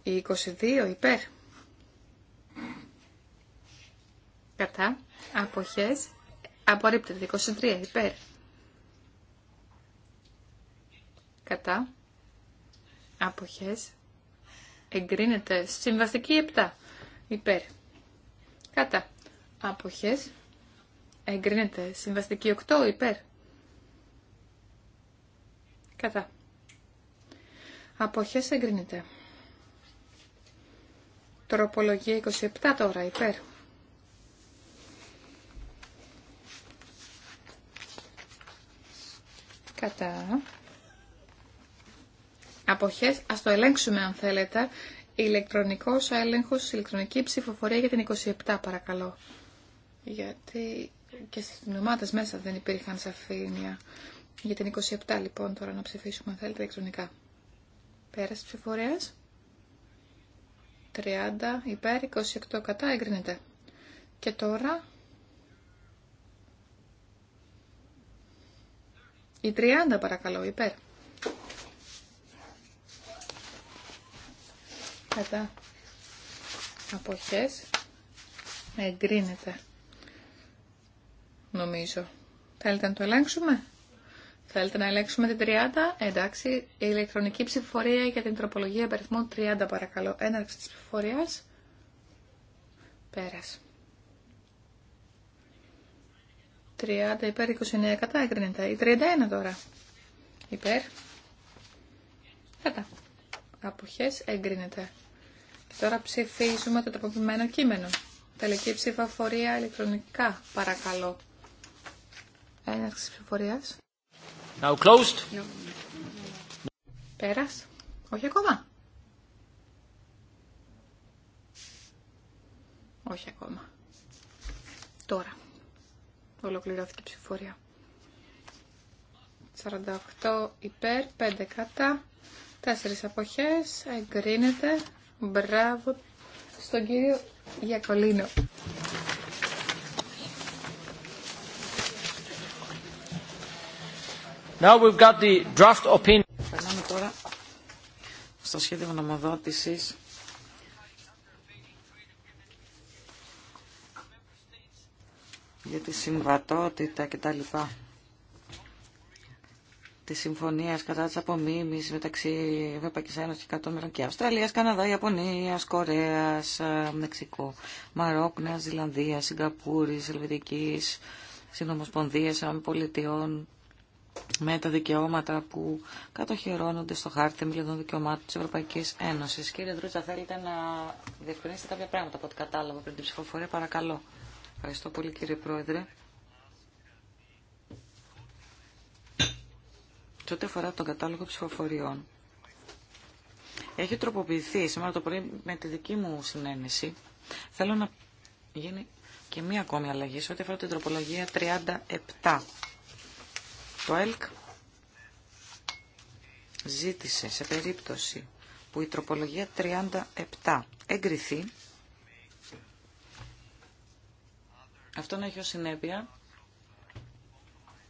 Η 22 υπέρ. Κατά. Αποχές. Απορρίπτεται. 23 υπέρ. Κατά. Αποχές. Εγκρίνεται. Συμβαστική 7 υπέρ. Κατά. Αποχές. Εγκρίνεται. Συμβαστική 8 υπέρ. Κατά. Αποχές εγκρίνεται. Τροπολογία 27 τώρα, υπέρ. Κατά. Αποχές, ας το ελέγξουμε αν θέλετε. Ηλεκτρονικός έλεγχος, ηλεκτρονική ψηφοφορία για την 27 παρακαλώ. Γιατί και στις νομάτες μέσα δεν υπήρχαν σαφήνεια. Για την 27 λοιπόν τώρα να ψηφίσουμε αν θέλετε ηλεκτρονικά. Πέρας ψηφοφορίας. 30 υπέρ 28 κατά εγκρίνεται. Και τώρα η 30 παρακαλώ υπέρ. Κατά αποχές εγκρίνεται νομίζω. Θέλετε να το ελέγξουμε. Θέλετε να ελέγξουμε την 30. Εντάξει. Η ηλεκτρονική ψηφοφορία για την τροπολογία περιθμών 30 παρακαλώ. Έναρξη της ψηφοφορίας. Πέρας. 30 υπέρ 29 κατά εγκρίνεται. Η 31 τώρα. Υπέρ. Κατά. Αποχές εγκρίνεται. Και τώρα ψηφίζουμε το τροποποιημένο κείμενο. Τελική ψηφοφορία ηλεκτρονικά παρακαλώ. Έναρξη ψηφοφορίας. Now closed. Πέρας. Όχι ακόμα. Όχι ακόμα. Τώρα. Ολοκληρώθηκε η ψηφορία. 48 υπέρ, 5 κατά, 4 αποχές, εγκρίνεται. Μπράβο στον κύριο Γιακολίνο. Now we've got the draft opinion. Περνάμε τώρα στο σχέδιο γνωμοδότησης για τη συμβατότητα κτλ. Τη συμφωνία κατά τη απομίμηση μεταξύ Ευρωπαϊκή Ένωση και Κατώμερων και Αυστραλία, Καναδά, Ιαπωνία, Κορέα, ε, Μεξικό, Μαρόκ, Νέα Ζηλανδία, Σιγκαπούρη, Ελβετική, Συνομοσπονδία Πολιτειών, με τα δικαιώματα που κατοχυρώνονται στο χάρτη των δικαιωμάτων της Ευρωπαϊκής Ένωσης. Κύριε Δρούτσα, θέλετε να διευκρινίσετε κάποια πράγματα από ό,τι κατάλαβα πριν την ψηφοφορία. Παρακαλώ. Ευχαριστώ πολύ κύριε Πρόεδρε. Σε ό,τι αφορά τον κατάλογο ψηφοφοριών, έχει τροποποιηθεί σήμερα το πρωί με τη δική μου συνένεση. Θέλω να γίνει και μία ακόμη αλλαγή σε ό,τι αφορά την τροπολογία 37 το ΕΛΚ ζήτησε σε περίπτωση που η τροπολογία 37 εγκριθεί αυτό να έχει ως συνέπεια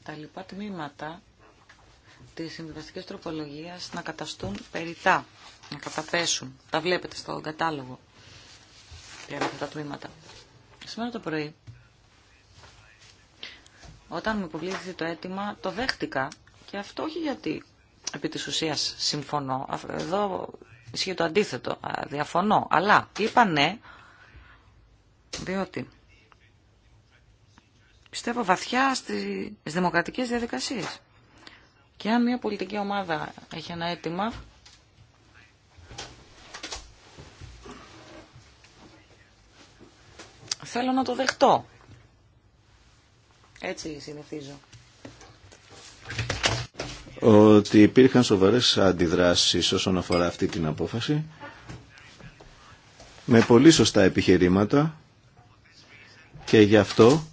τα λοιπά τμήματα της συμβιβαστικής τροπολογίας να καταστούν περιτά, να καταπέσουν. Τα βλέπετε στον κατάλογο για αυτά τα τμήματα. Σήμερα το πρωί όταν μου υποβλήθηκε το αίτημα, το δέχτηκα. Και αυτό όχι γιατί επί της ουσίας συμφωνώ. Εδώ ισχύει το αντίθετο. Διαφωνώ. Αλλά είπα ναι, διότι πιστεύω βαθιά στις δημοκρατικές διαδικασίες. Και αν μια πολιτική ομάδα έχει ένα αίτημα, θέλω να το δεχτώ. Έτσι συνηθίζω. Ότι υπήρχαν σοβαρές αντιδράσεις όσον αφορά αυτή την απόφαση με πολύ σωστά επιχειρήματα και γι' αυτό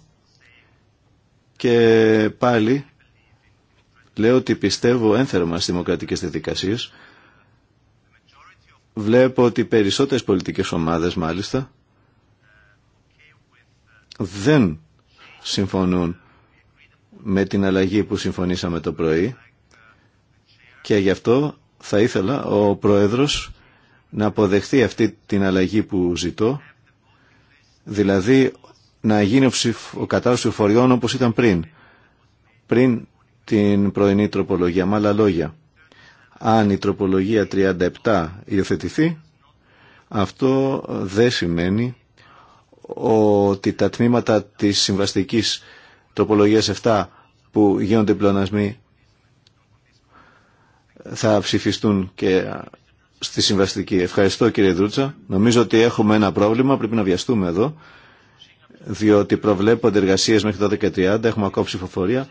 και πάλι λέω ότι πιστεύω ένθερμα στις δημοκρατικές διαδικασίες. Βλέπω ότι περισσότερες πολιτικές ομάδες μάλιστα δεν συμφωνούν με την αλλαγή που συμφωνήσαμε το πρωί και γι' αυτό θα ήθελα ο Πρόεδρος να αποδεχθεί αυτή την αλλαγή που ζητώ, δηλαδή να γίνει ο, ο κατάρρος όπως ήταν πριν, πριν την πρωινή τροπολογία. Με άλλα λόγια, αν η τροπολογία 37 υιοθετηθεί, αυτό δεν σημαίνει ότι τα τμήματα της συμβαστικής τροπολογίας 7 που γίνονται πλεονασμοί θα ψηφιστούν και στη συμβαστική. Ευχαριστώ κύριε Δρούτσα. Νομίζω ότι έχουμε ένα πρόβλημα, πρέπει να βιαστούμε εδώ, διότι προβλέπονται εργασίες μέχρι το 2030, έχουμε ακόμα ψηφοφορία.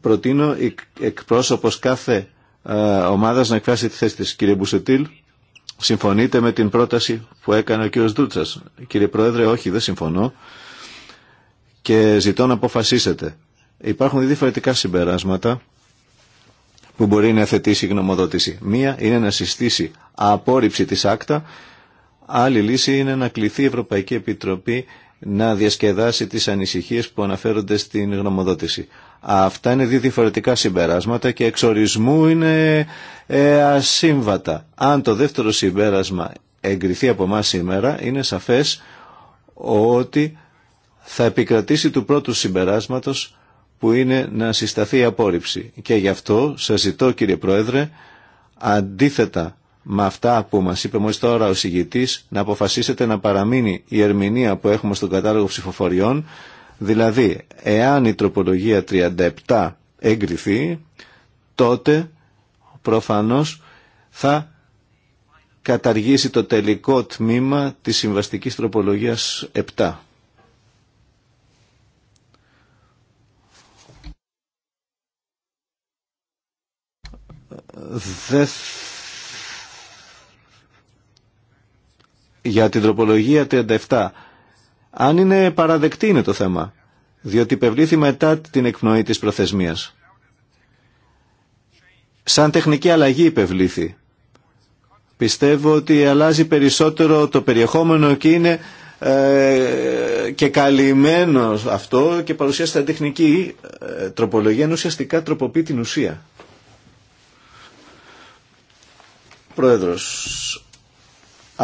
Προτείνω εκπρόσωπος κάθε ε, ομάδας να εκφράσει τη θέση της. Κύριε Μπουσετήλ. Συμφωνείτε με την πρόταση που έκανε ο κύριος Δούτσας. Κύριε Πρόεδρε, όχι, δεν συμφωνώ και ζητώ να αποφασίσετε. Υπάρχουν διαφορετικά συμπεράσματα που μπορεί να θετήσει η γνωμοδότηση. Μία είναι να συστήσει απόρριψη της άκτα, άλλη λύση είναι να κληθεί η Ευρωπαϊκή Επιτροπή να διασκεδάσει τις ανησυχίες που αναφέρονται στην γνωμοδότηση. Αυτά είναι δύο διαφορετικά συμπεράσματα και εξορισμού είναι ε, ασύμβατα. Αν το δεύτερο συμπέρασμα εγκριθεί από εμά σήμερα, είναι σαφές ότι θα επικρατήσει του πρώτου συμπεράσματος που είναι να συσταθεί η απόρριψη. Και γι' αυτό σας ζητώ κύριε Πρόεδρε, αντίθετα με αυτά που μας είπε μόλις τώρα ο συγητής να αποφασίσετε να παραμείνει η ερμηνεία που έχουμε στον κατάλογο ψηφοφοριών δηλαδή εάν η τροπολογία 37 εγκριθεί τότε προφανώς θα καταργήσει το τελικό τμήμα της συμβαστικής τροπολογίας 7. Δεν για την τροπολογία 37. Αν είναι παραδεκτή είναι το θέμα, διότι υπευλήθη μετά την εκπνοή της προθεσμίας. Σαν τεχνική αλλαγή υπευλήθη. Πιστεύω ότι αλλάζει περισσότερο το περιεχόμενο και είναι ε, και καλυμμένο αυτό και παρουσιάζει τεχνική ε, τροπολογία, ενώ ουσιαστικά τροποποιεί την ουσία. Πρόεδρος,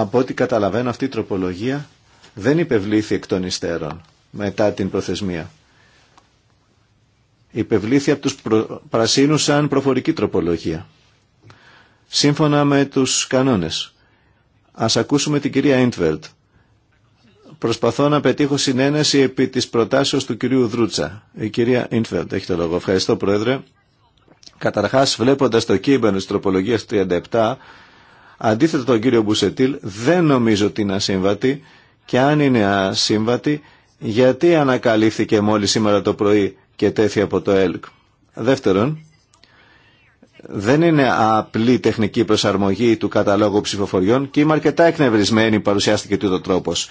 από ό,τι καταλαβαίνω αυτή η τροπολογία δεν υπευλήθη εκ των υστέρων μετά την προθεσμία. Υπευλήθη από τους προ... πρασίνους σαν προφορική τροπολογία. Σύμφωνα με τους κανόνες. Ας ακούσουμε την κυρία Ιντβελτ. Προσπαθώ να πετύχω συνένεση επί της προτάσεως του κυρίου Δρούτσα. Η κυρία Ιντβελτ έχει το λόγο. Ευχαριστώ Πρόεδρε. Καταρχάς βλέποντας το κείμενο της τροπολογίας 37 Αντίθετα τον κύριο Μπουσετήλ δεν νομίζω ότι είναι ασύμβατη και αν είναι ασύμβατη γιατί ανακαλύφθηκε μόλις σήμερα το πρωί και τέθη από το ΕΛΚ. Δεύτερον, δεν είναι απλή τεχνική προσαρμογή του καταλόγου ψηφοφοριών και είμαι αρκετά εκνευρισμένη παρουσιάστηκε τούτο τρόπος.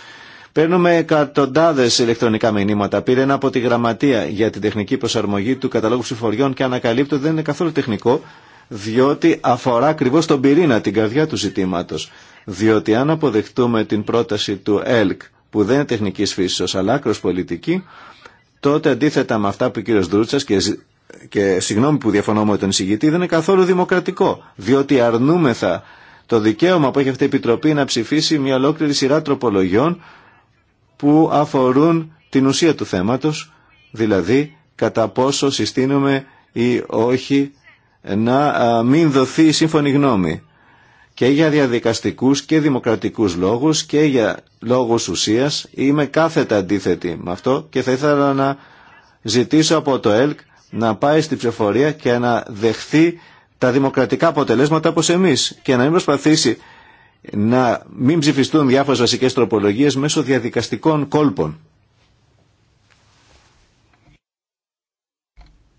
Παίρνουμε εκατοντάδε ηλεκτρονικά μηνύματα. Πήρε ένα από τη γραμματεία για την τεχνική προσαρμογή του καταλόγου ψηφοφοριών και ανακαλύπτω ότι δεν είναι καθόλου τεχνικό διότι αφορά ακριβώς τον πυρήνα, την καρδιά του ζητήματος. Διότι αν αποδεχτούμε την πρόταση του ΕΛΚ, που δεν είναι τεχνικής φύσης, αλλά άκρο πολιτική, τότε αντίθετα με αυτά που ο κύριος Δρούτσας και, και συγγνώμη που διαφωνώ με τον εισηγητή, δεν είναι καθόλου δημοκρατικό, διότι αρνούμεθα το δικαίωμα που έχει αυτή η Επιτροπή να ψηφίσει μια ολόκληρη σειρά τροπολογιών που αφορούν την ουσία του θέματος, δηλαδή κατά πόσο συστήνουμε ή όχι ε, να μην δοθεί σύμφωνη γνώμη και για διαδικαστικούς και δημοκρατικούς λόγους και για λόγους ουσίας είμαι κάθετα αντίθετη με αυτό και θα ήθελα να ζητήσω από το ΕΛΚ να πάει στην ψηφοφορία και να δεχθεί τα δημοκρατικά αποτελέσματα όπως εμείς και να μην προσπαθήσει να μην ψηφιστούν διάφορες βασικές τροπολογίες μέσω διαδικαστικών κόλπων.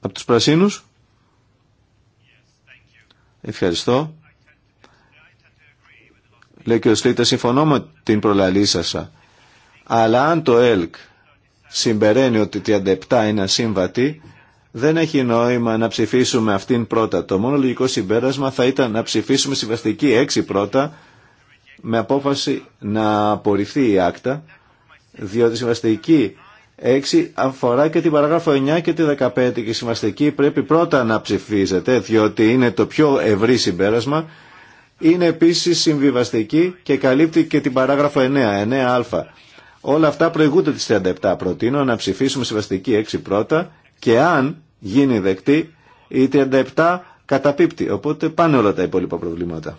Από τους Πρασίνους. Ευχαριστώ. Λέει και ο Σλίτα, συμφωνώ με την προλαλήσασα. Αλλά αν το ΕΛΚ συμπεραίνει ότι 37 είναι ασύμβατη, δεν έχει νόημα να ψηφίσουμε αυτήν πρώτα. Το μόνο λογικό συμπέρασμα θα ήταν να ψηφίσουμε συμβαστική 6 πρώτα, με απόφαση να απορριφθεί η άκτα, διότι συμβαστική 6 αφορά και την παράγραφο 9 και τη 15 και η συμβαστική πρέπει πρώτα να ψηφίζεται διότι είναι το πιο ευρύ συμπέρασμα είναι επίσης συμβιβαστική και καλύπτει και την παράγραφο 9, 9α. Όλα αυτά προηγούνται τις 37. Προτείνω να ψηφίσουμε συμβαστική 6 πρώτα και αν γίνει δεκτή η 37 καταπίπτει. Οπότε πάνε όλα τα υπόλοιπα προβλήματα.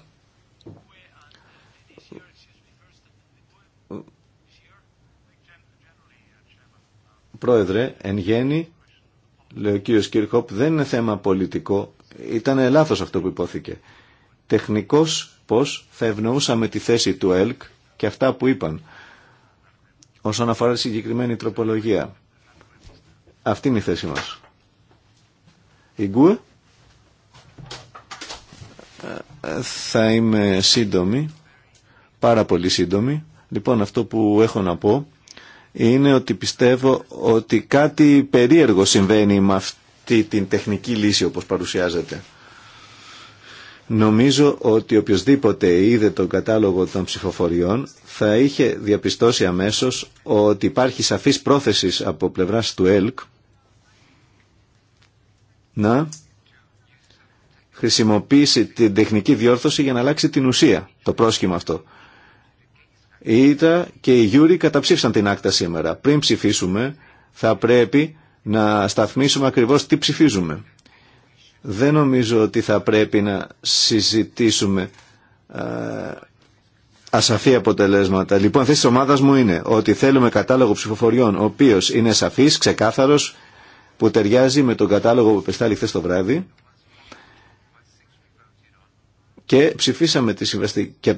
Πρόεδρε, εν γέννη, λέει ο κύριος Κύρκοπ, δεν είναι θέμα πολιτικό. Ήταν λάθος αυτό που υπόθηκε. Τεχνικός πώς θα ευνοούσαμε τη θέση του ΕΛΚ και αυτά που είπαν όσον αφορά τη συγκεκριμένη τροπολογία. Αυτή είναι η θέση μας. Η Γκουε θα είμαι σύντομη, πάρα πολύ σύντομη. Λοιπόν, αυτό που έχω να πω είναι ότι πιστεύω ότι κάτι περίεργο συμβαίνει με αυτή την τεχνική λύση όπως παρουσιάζεται. Νομίζω ότι οποιοδήποτε είδε τον κατάλογο των ψηφοφοριών θα είχε διαπιστώσει αμέσως ότι υπάρχει σαφής πρόθεσης από πλευράς του ΕΛΚ να χρησιμοποιήσει την τεχνική διόρθωση για να αλλάξει την ουσία, το πρόσχημα αυτό. Η ΙΤΑ και οι Γιούρι καταψήφισαν την άκτα σήμερα. Πριν ψηφίσουμε θα πρέπει να σταθμίσουμε ακριβώς τι ψηφίζουμε. Δεν νομίζω ότι θα πρέπει να συζητήσουμε ασαφή αποτελέσματα. Λοιπόν, θέση της ομάδα μου είναι ότι θέλουμε κατάλογο ψηφοφοριών, ο οποίος είναι σαφής, ξεκάθαρος, που ταιριάζει με τον κατάλογο που πεστάλη χθε το βράδυ. Και ψηφίσαμε τη συμβαστική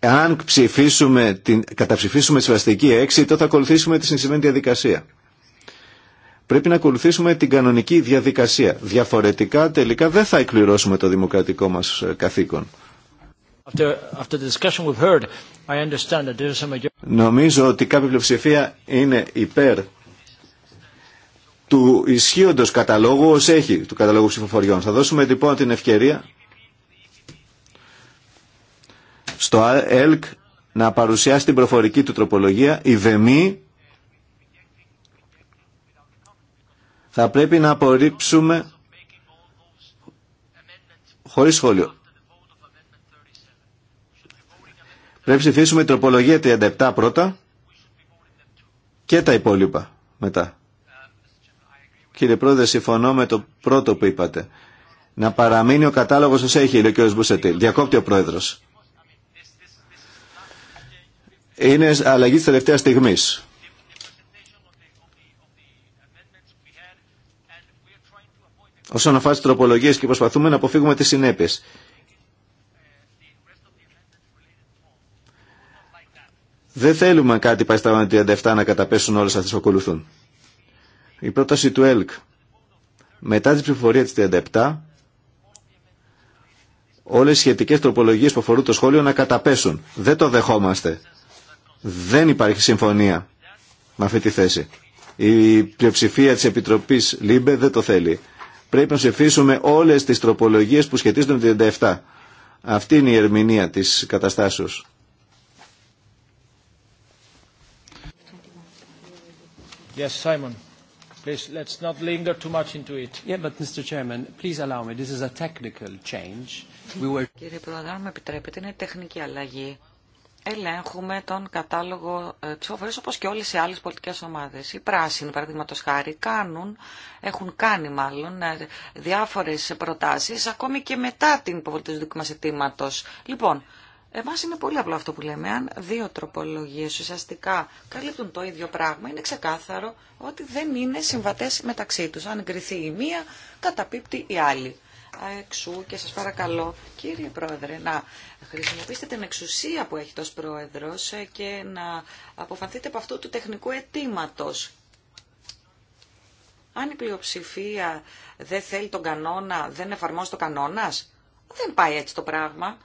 αν ψηφίσουμε την, καταψηφίσουμε τη συμβαστική έξι, τότε θα ακολουθήσουμε τη συνηθισμένη διαδικασία. Πρέπει να ακολουθήσουμε την κανονική διαδικασία. Διαφορετικά τελικά δεν θα εκπληρώσουμε το δημοκρατικό μας καθήκον. Νομίζω ότι κάποια πλειοψηφία είναι υπέρ του ισχύοντος καταλόγου ως έχει του καταλόγου ψηφοφοριών. Θα δώσουμε λοιπόν την ευκαιρία στο ΕΛΚ να παρουσιάσει την προφορική του τροπολογία η ΔΕΜΗ θα πρέπει να απορρίψουμε χωρίς σχόλιο. Πρέπει να ψηφίσουμε τροπολογία 37 πρώτα και τα υπόλοιπα μετά. Κύριε Πρόεδρε, συμφωνώ με το πρώτο που είπατε. Να παραμείνει ο κατάλογος ως έχει, λέει ο κ. Μπουσετήλ. Διακόπτει ο Πρόεδρος είναι αλλαγή της τελευταίας στιγμής. Όσον αφορά τις τροπολογίες και προσπαθούμε να αποφύγουμε τις συνέπειες. Δεν θέλουμε κάτι πάει στα 37 να καταπέσουν όλες αυτές που ακολουθούν. Η πρόταση του ΕΛΚ. Μετά την ψηφοφορία της 37, όλες οι σχετικές τροπολογίες που αφορούν το σχόλιο να καταπέσουν. Δεν το δεχόμαστε. Δεν υπάρχει συμφωνία με αυτή τη θέση. Η πλειοψηφία της Επιτροπής Λίμπε δεν το θέλει. Πρέπει να ψηφίσουμε όλες τις τροπολογίες που σχετίζονται με την 97. Αυτή είναι η ερμηνεία της καταστάσεως. Yes, Simon. Please, let's not linger too much into it. Yeah, but Mr. Chairman, please allow me. This is a technical change. We were... Κύριε Πρόεδρε, αν με επιτρέπετε, είναι τεχνική αλλαγή ελέγχουμε τον κατάλογο ε, ψηφοφορίας όπως και όλες οι άλλες πολιτικές ομάδες. Οι πράσινοι, παραδείγματο χάρη, κάνουν, έχουν κάνει μάλλον ε, διάφορες προτάσεις ακόμη και μετά την υποβολή του δικού μας αιτήματος. Λοιπόν, εμάς είναι πολύ απλό αυτό που λέμε. Αν δύο τροπολογίες ουσιαστικά καλύπτουν το ίδιο πράγμα, είναι ξεκάθαρο ότι δεν είναι συμβατέ μεταξύ του. Αν εγκριθεί η μία, καταπίπτει η άλλη εξού και σας παρακαλώ κύριε Πρόεδρε να χρησιμοποιήσετε την εξουσία που έχει τός Πρόεδρος ε, και να αποφανθείτε από αυτού του τεχνικού αιτήματο. Αν η πλειοψηφία δεν θέλει τον κανόνα, δεν εφαρμόζει το κανόνας, δεν πάει έτσι το πράγμα.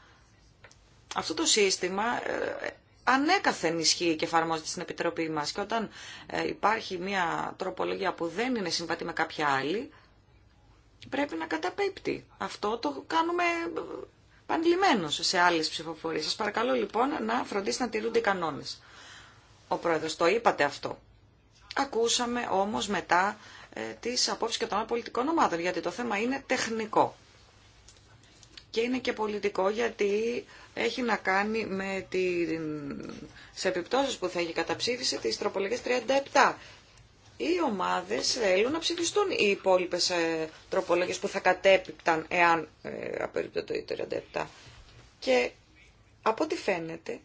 Αυτό το σύστημα ε, ανέκαθεν ισχύει και εφαρμόζεται στην Επιτροπή μας και όταν ε, υπάρχει μια τροπολογία που δεν είναι συμβατή με κάποια άλλη, πρέπει να καταπέπτει. Αυτό το κάνουμε ε, πανλημένως σε άλλες ψηφοφορίες. Σας παρακαλώ λοιπόν να φροντίσετε να τηρούνται οι κανόνες. Ο Πρόεδρος, το είπατε αυτό. Ακούσαμε όμως μετά ε, τις απόψεις και των άλλων πολιτικών ομάδων, γιατί το θέμα είναι τεχνικό. Και είναι και πολιτικό γιατί έχει να κάνει με τι επιπτώσει που θα έχει καταψήφιση τη τροπολογία 37 οι ομάδε θέλουν να ψηφιστούν οι υπόλοιπε ε, τροπολογίες που θα κατέπιπταν εάν ε, απερίπτω το 37. Και από ό,τι φαίνεται,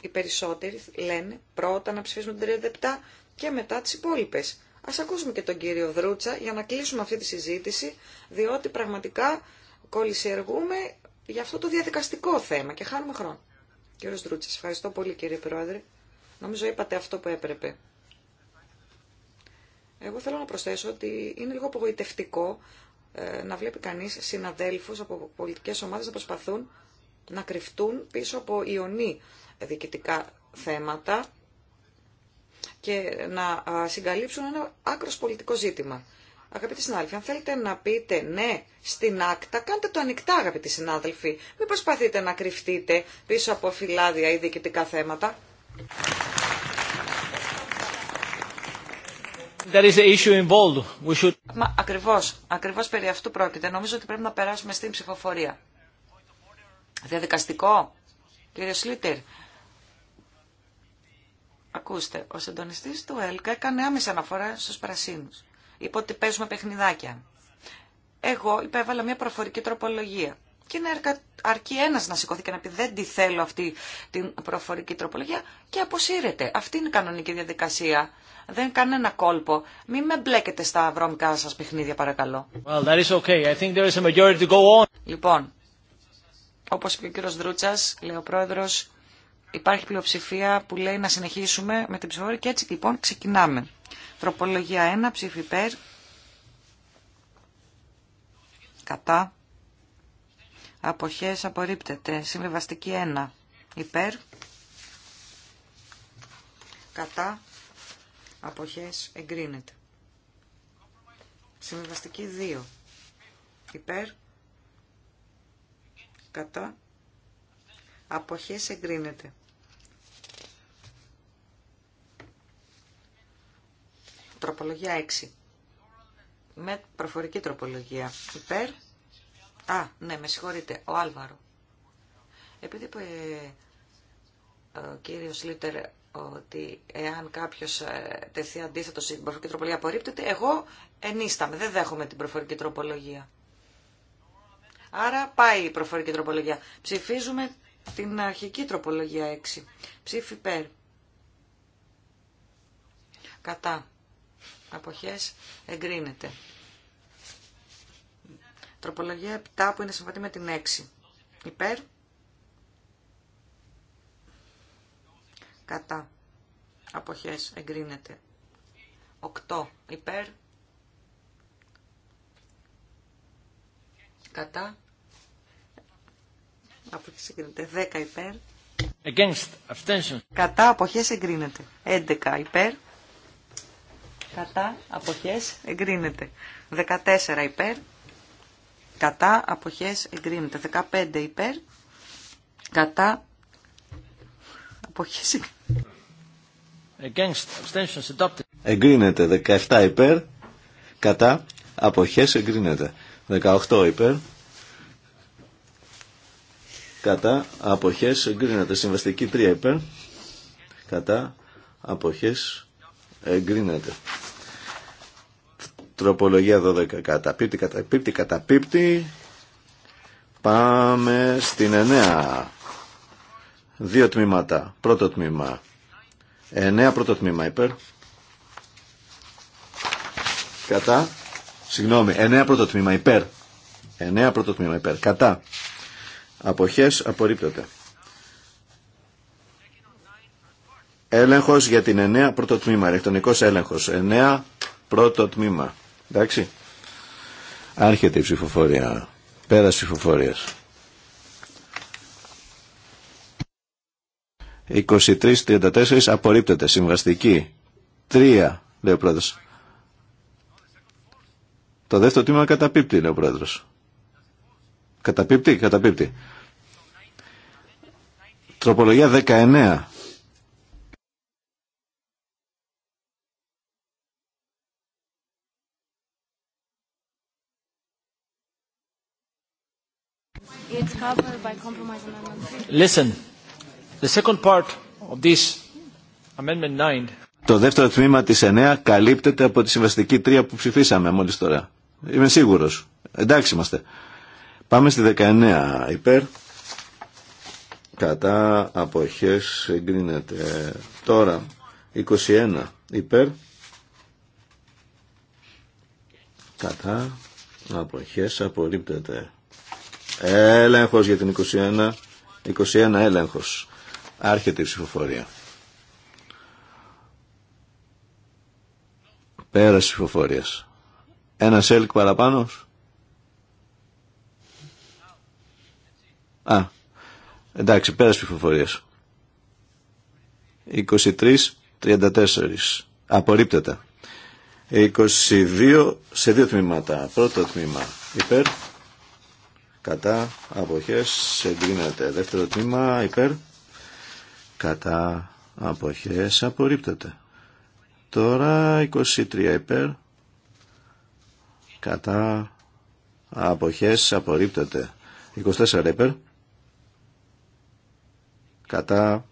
οι περισσότεροι λένε πρώτα να ψηφίσουμε το 37 και μετά τις υπόλοιπε. Ας ακούσουμε και τον κύριο Δρούτσα για να κλείσουμε αυτή τη συζήτηση, διότι πραγματικά εργούμε για αυτό το διαδικαστικό θέμα και χάνουμε χρόνο. Κύριο Δρούτσα, ευχαριστώ πολύ κύριε Πρόεδρε. Νομίζω είπατε αυτό που έπρεπε. Εγώ θέλω να προσθέσω ότι είναι λίγο απογοητευτικό ε, να βλέπει κανείς συναδέλφους από πολιτικές ομάδες να προσπαθούν να κρυφτούν πίσω από ιονή διοικητικά θέματα και να συγκαλύψουν ένα άκρο πολιτικό ζήτημα. Αγαπητοί συνάδελφοι, αν θέλετε να πείτε ναι στην άκτα, κάντε το ανοιχτά, αγαπητοί συνάδελφοι. Μην προσπαθείτε να κρυφτείτε πίσω από φυλάδια ή διοικητικά θέματα. There is issue involved. We should... Μα ακριβώς, ακριβώς περί αυτού πρόκειται. Νομίζω ότι πρέπει να περάσουμε στην ψηφοφορία. Διαδικαστικό, κύριε Σλίτερ. Ακούστε, ο συντονιστής του ΕΛΚΑ έκανε άμεση αναφορά στους πρασίνους. Είπε ότι παίζουμε παιχνιδάκια. Εγώ υπέβαλα μια προφορική τροπολογία και να αρκεί ένα να σηκωθεί και να πει δεν τη θέλω αυτή την προφορική τροπολογία και αποσύρεται. Αυτή είναι η κανονική διαδικασία. Δεν είναι κανένα κόλπο. Μην με μπλέκετε στα βρώμικα σα παιχνίδια παρακαλώ. Well, that is okay. I think there is a majority to go on. Λοιπόν, όπω είπε ο κύριος Δρούτσας, λέει ο πρόεδρο, υπάρχει πλειοψηφία που λέει να συνεχίσουμε με την ψηφοφορία και έτσι λοιπόν ξεκινάμε. Τροπολογία 1, ψήφι υπέρ, κατά, αποχές απορρίπτεται. Συμβιβαστική 1 υπέρ κατά αποχές εγκρίνεται. Συμβιβαστική 2 υπέρ κατά αποχές εγκρίνεται. Τροπολογία 6 με προφορική τροπολογία υπέρ Α, ναι, με συγχωρείτε, ο Άλβαρο. Επειδή είπε ε, ο κύριος Λίτερ ότι εάν κάποιο ε, τεθεί αντίθετο στην προφορική τροπολογία απορρίπτεται, εγώ ενίσταμαι, δεν δέχομαι την προφορική τροπολογία. Άρα πάει η προφορική τροπολογία. Ψηφίζουμε την αρχική τροπολογία 6. Ψήφι περ. Κατά. Αποχές εγκρίνεται. Τροπολογία 7 που είναι συμβατή με την 6. Υπέρ. Κατά. Αποχές. Εγκρίνεται. 8. Υπέρ. Κατά. Αποχές εγκρίνεται. 10 υπέρ. Against. Abstention. Κατά. Αποχές εγκρίνεται. 11 υπέρ. Κατά. Αποχές εγκρίνεται. 14 υπέρ κατά αποχές εγκρίνεται. 15 υπέρ κατά αποχές εγκρίνεται. 17 υπέρ κατά αποχές εγκρίνεται. 18 υπέρ κατά αποχές εγκρίνεται. Συμβαστική 3 υπέρ κατά αποχές εγκρίνεται. Τροπολογία 12 καταπίπτει, καταπίπτει, καταπίπτει. Πάμε στην 9. Δύο τμήματα. Πρώτο τμήμα. 9 πρώτο τμήμα υπέρ. Κατά. Συγγνώμη. 9 πρώτο τμήμα υπέρ. 9 πρώτο τμήμα υπέρ. Κατά. Αποχές απορρίπτεται. Έλεγχος για την 9 πρώτο τμήμα. Ελεκτρονικός έλεγχος. 9 πρώτο τμήμα. Εντάξει. Άρχεται η ψηφοφορία. Πέρας ψηφοφορίας. 23-34 απορρίπτεται. Συμβαστική. Τρία, λέει ο πρόεδρος. Το δεύτερο τμήμα καταπίπτει, λέει ο πρόεδρος. Καταπίπτει, καταπίπτει. Τροπολογία 19. Listen, the second part of this amendment 9. Το δεύτερο τμήμα της 9 καλύπτεται από τη συμβαστική 3 που ψηφίσαμε μόλις τώρα. Είμαι σίγουρος. Εντάξει είμαστε. Πάμε στη 19 υπέρ. Κατά αποχές εγκρίνεται. Τώρα 21 υπέρ. Κατά αποχές απορρίπτεται. Έλεγχος για την 21. 21 έλεγχος. Άρχεται η ψηφοφορία. Πέρας ψηφοφορία. Ένα σέλκ παραπάνω. Α, ενταξει πέρα ψηφοφορία. ψηφοφορίας. 23-34. Απορρίπτεται. 22 σε δύο τμήματα. Πρώτο τμήμα υπέρ κατά αποχές εγκρίνεται. Δεύτερο τμήμα υπέρ κατά αποχές απορρίπτεται. Τώρα 23 υπέρ κατά αποχές απορρίπτεται. 24 υπέρ κατά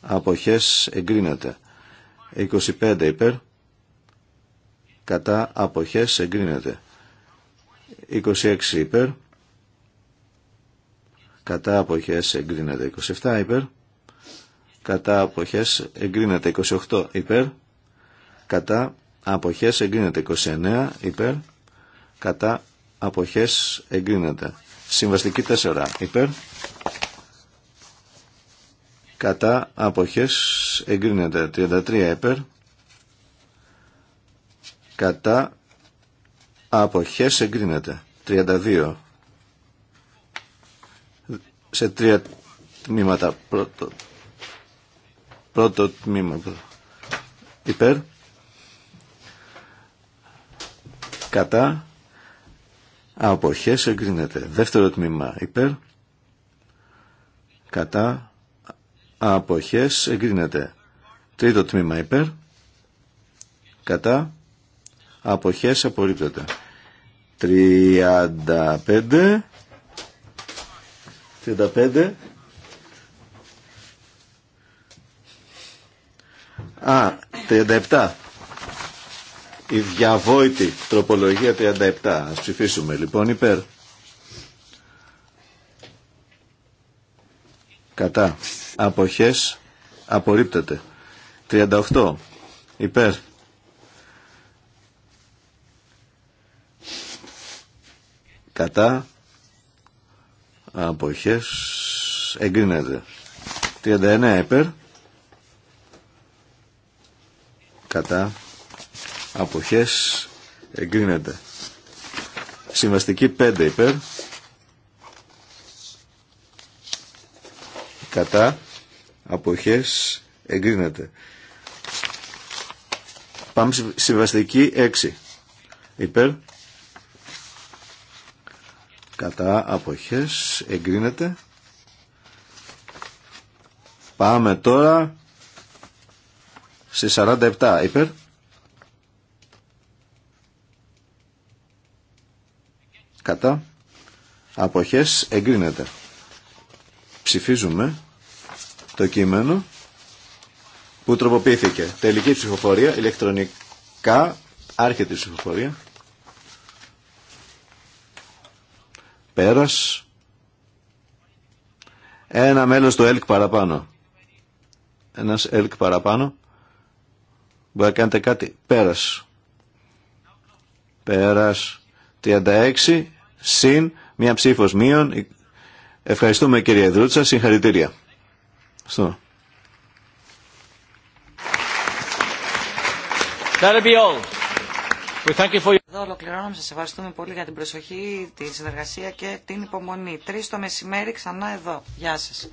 αποχές εγκρίνεται. 25 υπέρ κατά αποχές εγκρίνεται. 26 υπέρ κατά αποχές εγκρίνεται 27 υπέρ κατά αποχές εγκρίνεται 28 υπέρ κατά αποχές εγκρίνεται 29 υπέρ κατά αποχές εγκρίνεται συμβαστική 4 υπέρ κατά αποχές εγκρίνεται 33 υπέρ κατά Αποχές εγκρίνεται. 32. Σε τρία τμήματα. Πρώτο, πρώτο τμήμα. Υπέρ. Κατά. Αποχές εγκρίνεται. Δεύτερο τμήμα. Υπέρ. Κατά. Αποχές εγκρίνεται. Τρίτο τμήμα. Υπέρ. Κατά. Αποχές απορρίπτεται. 35 35 Α, 37 η διαβόητη τροπολογία 37 ας ψηφίσουμε λοιπόν υπέρ κατά αποχές απορρίπτεται 38 υπέρ κατά αποχές εγκρίνεται 39 υπέρ κατά αποχές εγκρίνεται συμβαστική 5 υπέρ κατά αποχές εγκρίνεται πάμε συμβαστική 6 υπέρ κατά αποχές εγκρίνεται πάμε τώρα σε 47 υπέρ κατά αποχές εγκρίνεται ψηφίζουμε το κείμενο που τροποποιήθηκε τελική ψηφοφορία ηλεκτρονικά άρχεται η ψηφοφορία Πέρας. Ένα μέλος του ΕΛΚ παραπάνω. Ένας ΕΛΚ παραπάνω. Μπορεί να κάνετε κάτι. Πέρας. Πέρας. 36 συν μια ψήφος μείων. Ευχαριστούμε κύριε Δρούτσα. Συγχαρητήρια. Στο. That'll be all. Εδώ ολοκληρώνουμε. Σας ευχαριστούμε πολύ για την προσοχή, τη συνεργασία και την υπομονή. Τρεις το μεσημέρι ξανά εδώ. Γεια σας.